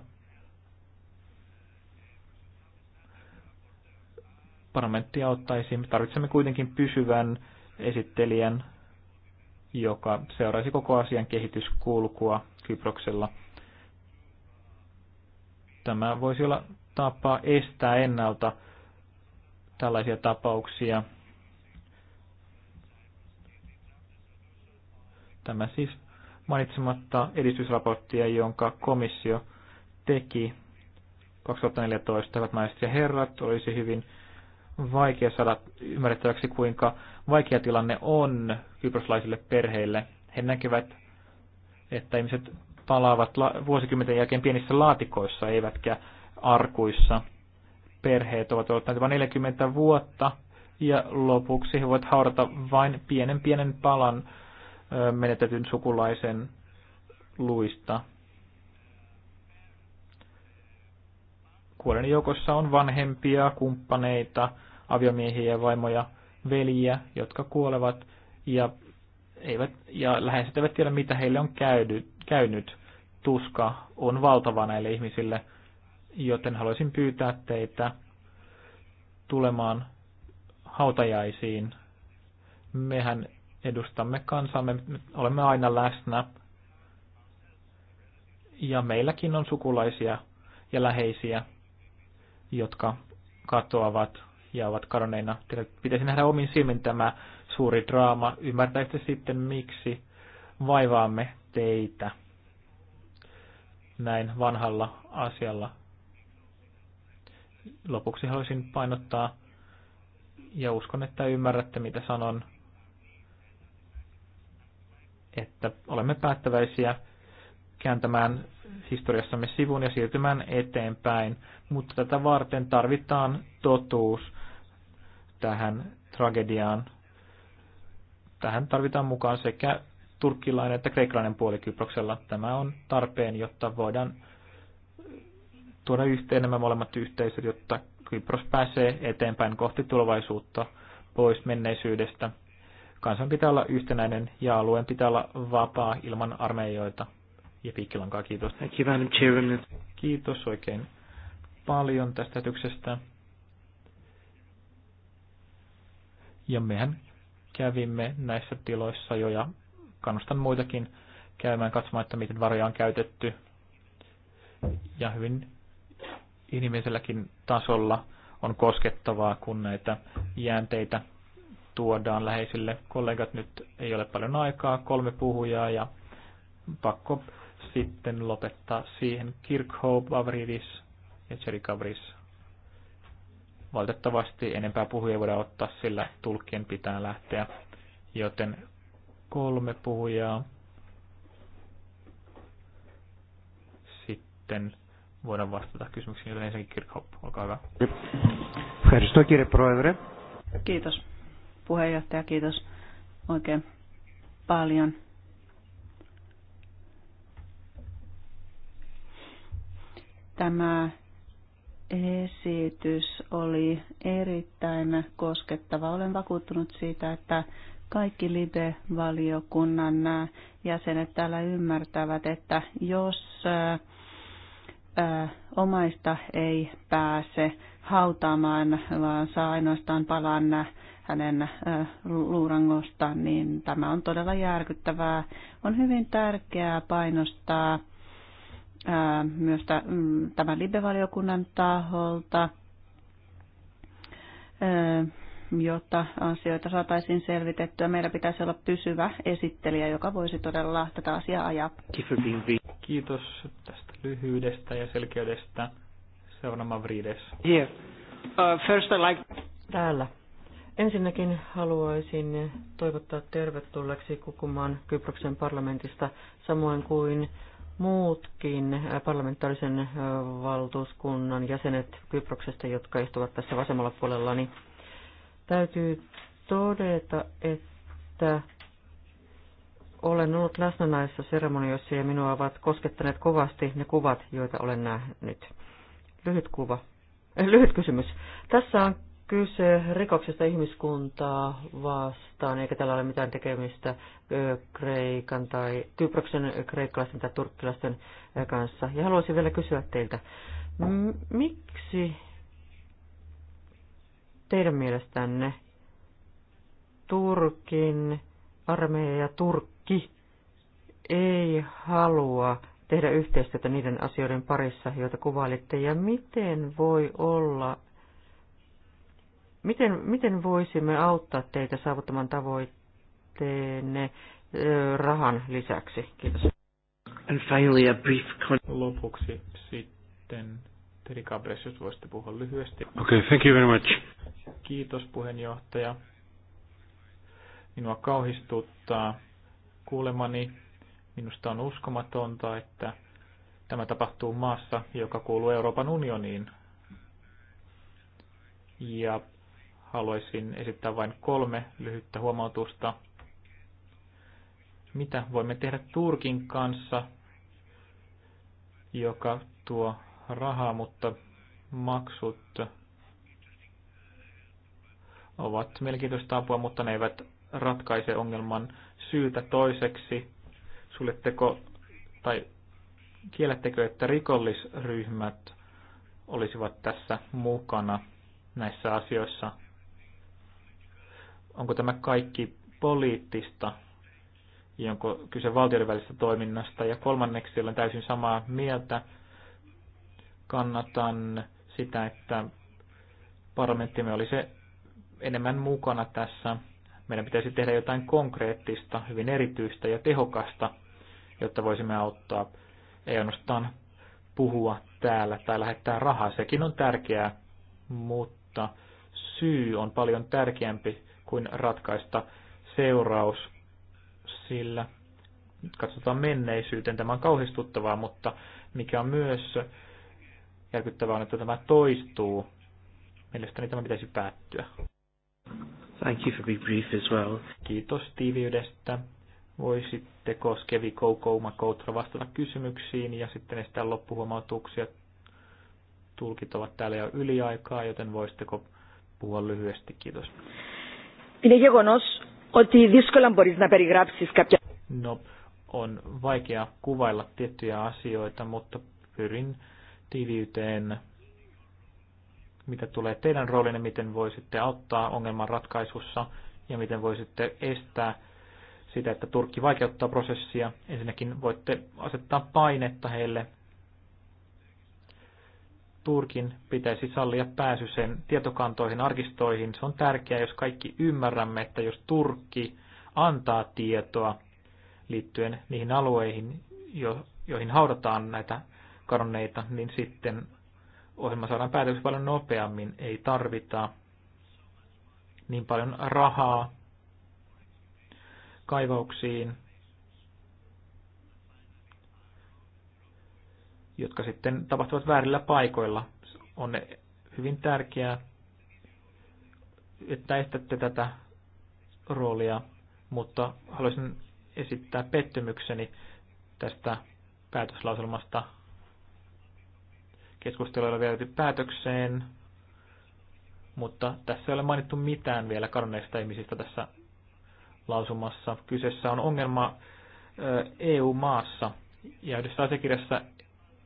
parlamenttia ottaisiin. Me tarvitsemme kuitenkin pysyvän esittelijän joka seuraisi koko asian kehityskulkua Kyproksella. Tämä voisi olla tapa estää ennalta tällaisia tapauksia. Tämä siis mainitsematta edistysraporttia, jonka komissio teki 2014. Hyvät naiset ja herrat, olisi hyvin vaikea saada ymmärrettäväksi, kuinka vaikea tilanne on kyproslaisille perheille. He näkevät, että ihmiset palaavat vuosikymmenten jälkeen pienissä laatikoissa, eivätkä arkuissa. Perheet ovat olleet vain 40 vuotta, ja lopuksi he voivat haudata vain pienen pienen palan menetetyn sukulaisen luista. kuolen joukossa on vanhempia, kumppaneita, aviomiehiä, vaimoja, veljiä, jotka kuolevat ja, eivät, ja läheiset eivät tiedä, mitä heille on käydy, käynyt. Tuska on valtava näille ihmisille, joten haluaisin pyytää teitä tulemaan hautajaisiin. Mehän edustamme kansamme, me olemme aina läsnä. Ja meilläkin on sukulaisia ja läheisiä, jotka katoavat ja ovat kadonneina. Pitäisi nähdä omin silmin tämä suuri draama. Ymmärtäisitte sitten, miksi vaivaamme teitä näin vanhalla asialla. Lopuksi haluaisin painottaa, ja uskon, että ymmärrätte, mitä sanon, että olemme päättäväisiä kääntämään historiassamme sivun ja siirtymään eteenpäin, mutta tätä varten tarvitaan totuus tähän tragediaan. Tähän tarvitaan mukaan sekä turkkilainen että kreikkalainen puoli Kyproksella. Tämä on tarpeen, jotta voidaan tuoda yhteen nämä molemmat yhteisöt, jotta Kypros pääsee eteenpäin kohti tulevaisuutta pois menneisyydestä. Kansan pitää olla yhtenäinen ja alueen pitää olla vapaa ilman armeijoita ja piikkilankaa kiitos. Kiitos oikein paljon tästä tyksestä. Ja mehän kävimme näissä tiloissa jo ja kannustan muitakin käymään katsomaan, että miten varoja on käytetty. Ja hyvin inhimilliselläkin tasolla on koskettavaa, kun näitä jäänteitä tuodaan läheisille. Kollegat nyt ei ole paljon aikaa, kolme puhujaa ja pakko sitten lopettaa siihen Kirkhope, Avridis ja Jerry Kavris. Valitettavasti enempää puhujia voidaan ottaa, sillä tulkien pitää lähteä, joten kolme puhujaa. Sitten voidaan vastata kysymyksiin, joten ensinnäkin Kirkhope, olkaa hyvä. Kiitos puheenjohtaja, kiitos oikein paljon Tämä esitys oli erittäin koskettava. Olen vakuuttunut siitä, että kaikki LIBE-valiokunnan jäsenet täällä ymmärtävät, että jos omaista ei pääse hautaamaan, vaan saa ainoastaan palan hänen luurangostaan, niin tämä on todella järkyttävää. On hyvin tärkeää painostaa myös mm, tämän libevaliokunnan taholta, jotta asioita saataisiin selvitettyä. Meillä pitäisi olla pysyvä esittelijä, joka voisi todella tätä asiaa ajaa. Kiitos tästä lyhyydestä ja selkeydestä. Seuraava Mavrides. Yeah. Uh, first I like... Täällä. Ensinnäkin haluaisin toivottaa tervetulleeksi Kukumaan Kyproksen parlamentista, samoin kuin muutkin parlamentaarisen valtuuskunnan jäsenet Kyproksesta, jotka istuvat tässä vasemmalla puolella, niin täytyy todeta, että olen ollut läsnä näissä seremonioissa ja minua ovat koskettaneet kovasti ne kuvat, joita olen nähnyt. Lyhyt kuva. [LAUGHS] lyhyt kysymys. Tässä on kyse rikoksesta ihmiskuntaa vastaan, eikä tällä ole mitään tekemistä Kreikan tai Kyproksen kreikkalaisten tai turkkilaisten kanssa. Ja haluaisin vielä kysyä teiltä, miksi teidän mielestänne Turkin armeija ja Turkki ei halua tehdä yhteistyötä niiden asioiden parissa, joita kuvailitte, ja miten voi olla Miten, miten voisimme auttaa teitä saavuttamaan tavoitteenne rahan lisäksi? Kiitos. And finally a brief Lopuksi sitten Teri Cabres, jos voisitte puhua lyhyesti. Okay, thank you very much. Kiitos puheenjohtaja. Minua kauhistuttaa kuulemani. Minusta on uskomatonta, että tämä tapahtuu maassa, joka kuuluu Euroopan unioniin. Ja haluaisin esittää vain kolme lyhyttä huomautusta. Mitä voimme tehdä Turkin kanssa, joka tuo rahaa, mutta maksut ovat mielenkiintoista apua, mutta ne eivät ratkaise ongelman syytä toiseksi. Suljetteko tai kiellättekö, että rikollisryhmät olisivat tässä mukana näissä asioissa? onko tämä kaikki poliittista ja onko kyse valtioiden välisestä toiminnasta. Ja kolmanneksi olen täysin samaa mieltä. Kannatan sitä, että parlamenttimme oli se enemmän mukana tässä. Meidän pitäisi tehdä jotain konkreettista, hyvin erityistä ja tehokasta, jotta voisimme auttaa. Ei ainoastaan puhua täällä tai lähettää rahaa, sekin on tärkeää, mutta syy on paljon tärkeämpi kuin ratkaista seuraus sillä. Nyt katsotaan menneisyyteen. Tämä on kauhistuttavaa, mutta mikä on myös järkyttävää on, että tämä toistuu. Mielestäni tämä pitäisi päättyä. Thank you for being brief as well. Kiitos tiiviydestä. Voisitte koskevi Koukouma Koutra vastata kysymyksiin ja sitten estää loppuhuomautuksia. Tulkit ovat täällä jo yliaikaa, joten voisitteko puhua lyhyesti. Kiitos. Είναι γεγονός ότι δύσκολα μπορείς να περιγράψεις κάποια... No, on vaikea kuvailla tiettyjä asioita, mutta pyrin tiiviyteen, mitä tulee teidän roolinne, miten voisitte auttaa ongelman ratkaisussa ja miten voisitte estää sitä, että Turkki vaikeuttaa prosessia. Ensinnäkin voitte asettaa painetta heille Turkin pitäisi sallia pääsy sen tietokantoihin, arkistoihin. Se on tärkeää, jos kaikki ymmärrämme, että jos Turkki antaa tietoa liittyen niihin alueihin, jo, joihin haudataan näitä kadonneita, niin sitten ohjelma saadaan päätöksi paljon nopeammin. Ei tarvita niin paljon rahaa kaivauksiin jotka sitten tapahtuvat väärillä paikoilla. On hyvin tärkeää, että estätte tätä roolia, mutta haluaisin esittää pettymykseni tästä päätöslauselmasta. Keskustelu ei vielä päätökseen, mutta tässä ei ole mainittu mitään vielä karneista ihmisistä tässä lausumassa. Kyseessä on ongelma EU-maassa, ja yhdessä asiakirjassa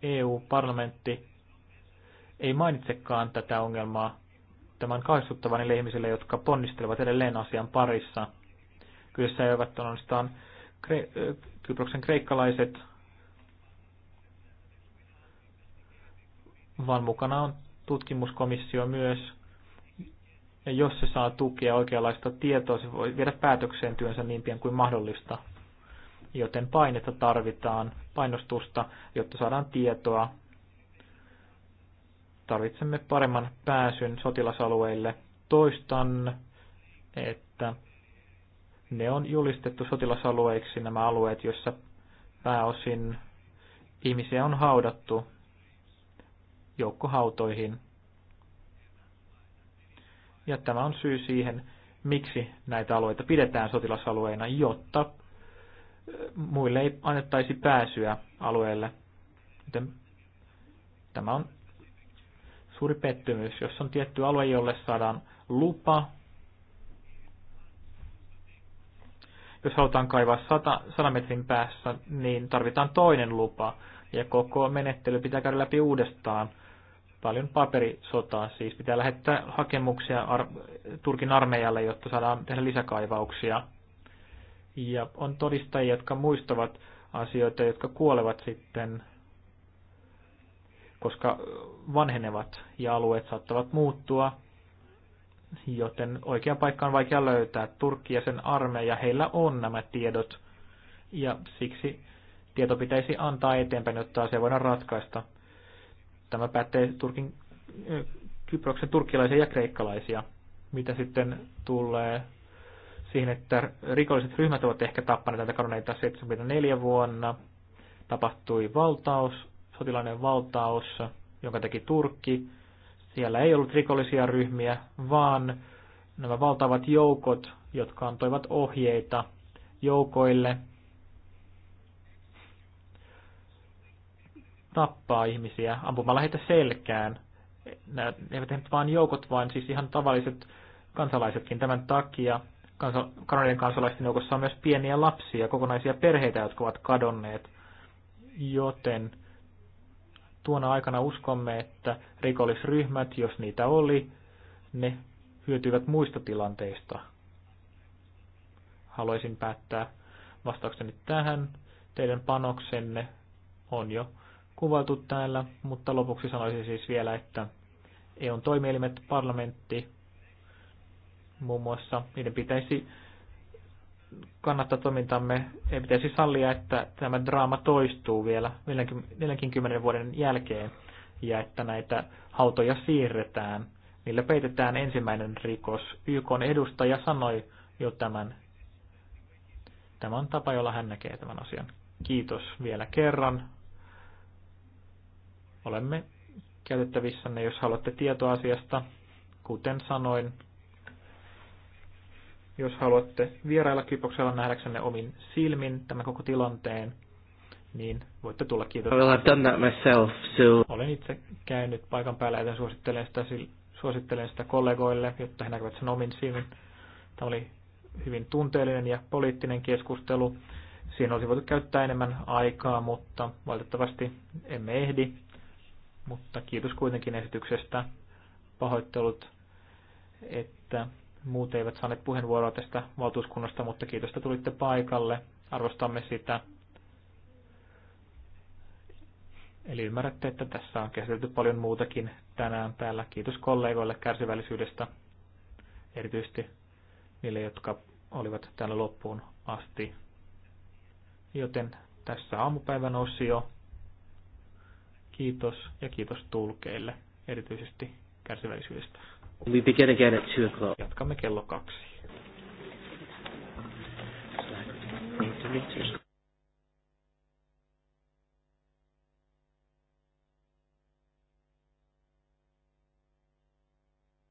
EU-parlamentti ei mainitsekaan tätä ongelmaa. tämän kaistuttavan ihmisille, jotka ponnistelevat edelleen asian parissa. Kyseessä eivät on ainoastaan Kre- Kyproksen kreikkalaiset, vaan mukana on tutkimuskomissio myös. Ja jos se saa tukea oikeanlaista tietoa, se voi viedä päätökseen työnsä niin pian kuin mahdollista joten painetta tarvitaan, painostusta, jotta saadaan tietoa. Tarvitsemme paremman pääsyn sotilasalueille. Toistan, että ne on julistettu sotilasalueiksi nämä alueet, joissa pääosin ihmisiä on haudattu joukkohautoihin. Ja tämä on syy siihen, miksi näitä alueita pidetään sotilasalueina, jotta muille ei annettaisi pääsyä alueelle. Joten tämä on suuri pettymys. Jos on tietty alue, jolle saadaan lupa, jos halutaan kaivaa 100, 100 metrin päässä, niin tarvitaan toinen lupa ja koko menettely pitää käydä läpi uudestaan. Paljon paperisotaa, siis pitää lähettää hakemuksia ar- Turkin armeijalle, jotta saadaan tehdä lisäkaivauksia. Ja on todistajia, jotka muistavat asioita, jotka kuolevat sitten, koska vanhenevat ja alueet saattavat muuttua, joten oikea paikka on vaikea löytää. Turkki ja sen armeija, heillä on nämä tiedot, ja siksi tieto pitäisi antaa eteenpäin, jotta asia voidaan ratkaista. Tämä pätee Turkin, Kyproksen turkkilaisia ja kreikkalaisia. Mitä sitten tulee siihen, että rikolliset ryhmät ovat ehkä tappaneet näitä kadonneita 74 vuonna. Tapahtui valtaus, sotilainen valtaus, jonka teki Turkki. Siellä ei ollut rikollisia ryhmiä, vaan nämä valtavat joukot, jotka antoivat ohjeita joukoille tappaa ihmisiä ampumalla heitä selkään. ne eivät vain joukot, vaan siis ihan tavalliset kansalaisetkin tämän takia kansa- Kanadian kansalaisten joukossa on myös pieniä lapsia, kokonaisia perheitä, jotka ovat kadonneet. Joten tuona aikana uskomme, että rikollisryhmät, jos niitä oli, ne hyötyivät muista tilanteista. Haluaisin päättää vastaukseni tähän. Teidän panoksenne on jo kuvailtu täällä, mutta lopuksi sanoisin siis vielä, että EUn toimielimet, parlamentti, muun muassa. Niiden pitäisi kannattaa toimintamme. Ei pitäisi sallia, että tämä draama toistuu vielä 40 vuoden jälkeen ja että näitä hautoja siirretään. Niillä peitetään ensimmäinen rikos. YKn edustaja sanoi jo tämän. Tämä on tapa, jolla hän näkee tämän asian. Kiitos vielä kerran. Olemme käytettävissänne, jos haluatte tietoa asiasta. Kuten sanoin, jos haluatte vierailla Kyproksella nähdäksenne omin silmin tämän koko tilanteen, niin voitte tulla kiitos. Well, I've done that myself, so... Olen itse käynyt paikan päällä, joten suosittelen sitä, suosittelen sitä kollegoille, jotta he näkevät sen omin silmin. Tämä oli hyvin tunteellinen ja poliittinen keskustelu. Siihen olisi voitu käyttää enemmän aikaa, mutta valitettavasti emme ehdi. Mutta kiitos kuitenkin esityksestä. Pahoittelut, että Muut eivät saaneet puheenvuoroa tästä valtuuskunnasta, mutta kiitos, että tulitte paikalle. Arvostamme sitä. Eli ymmärrätte, että tässä on käsitelty paljon muutakin tänään täällä. Kiitos kollegoille kärsivällisyydestä, erityisesti niille, jotka olivat täällä loppuun asti. Joten tässä aamupäivän osio. Kiitos ja kiitos tulkeille erityisesti kärsivällisyydestä. We begin again at two o'clock. Jatkamme kello kaksi.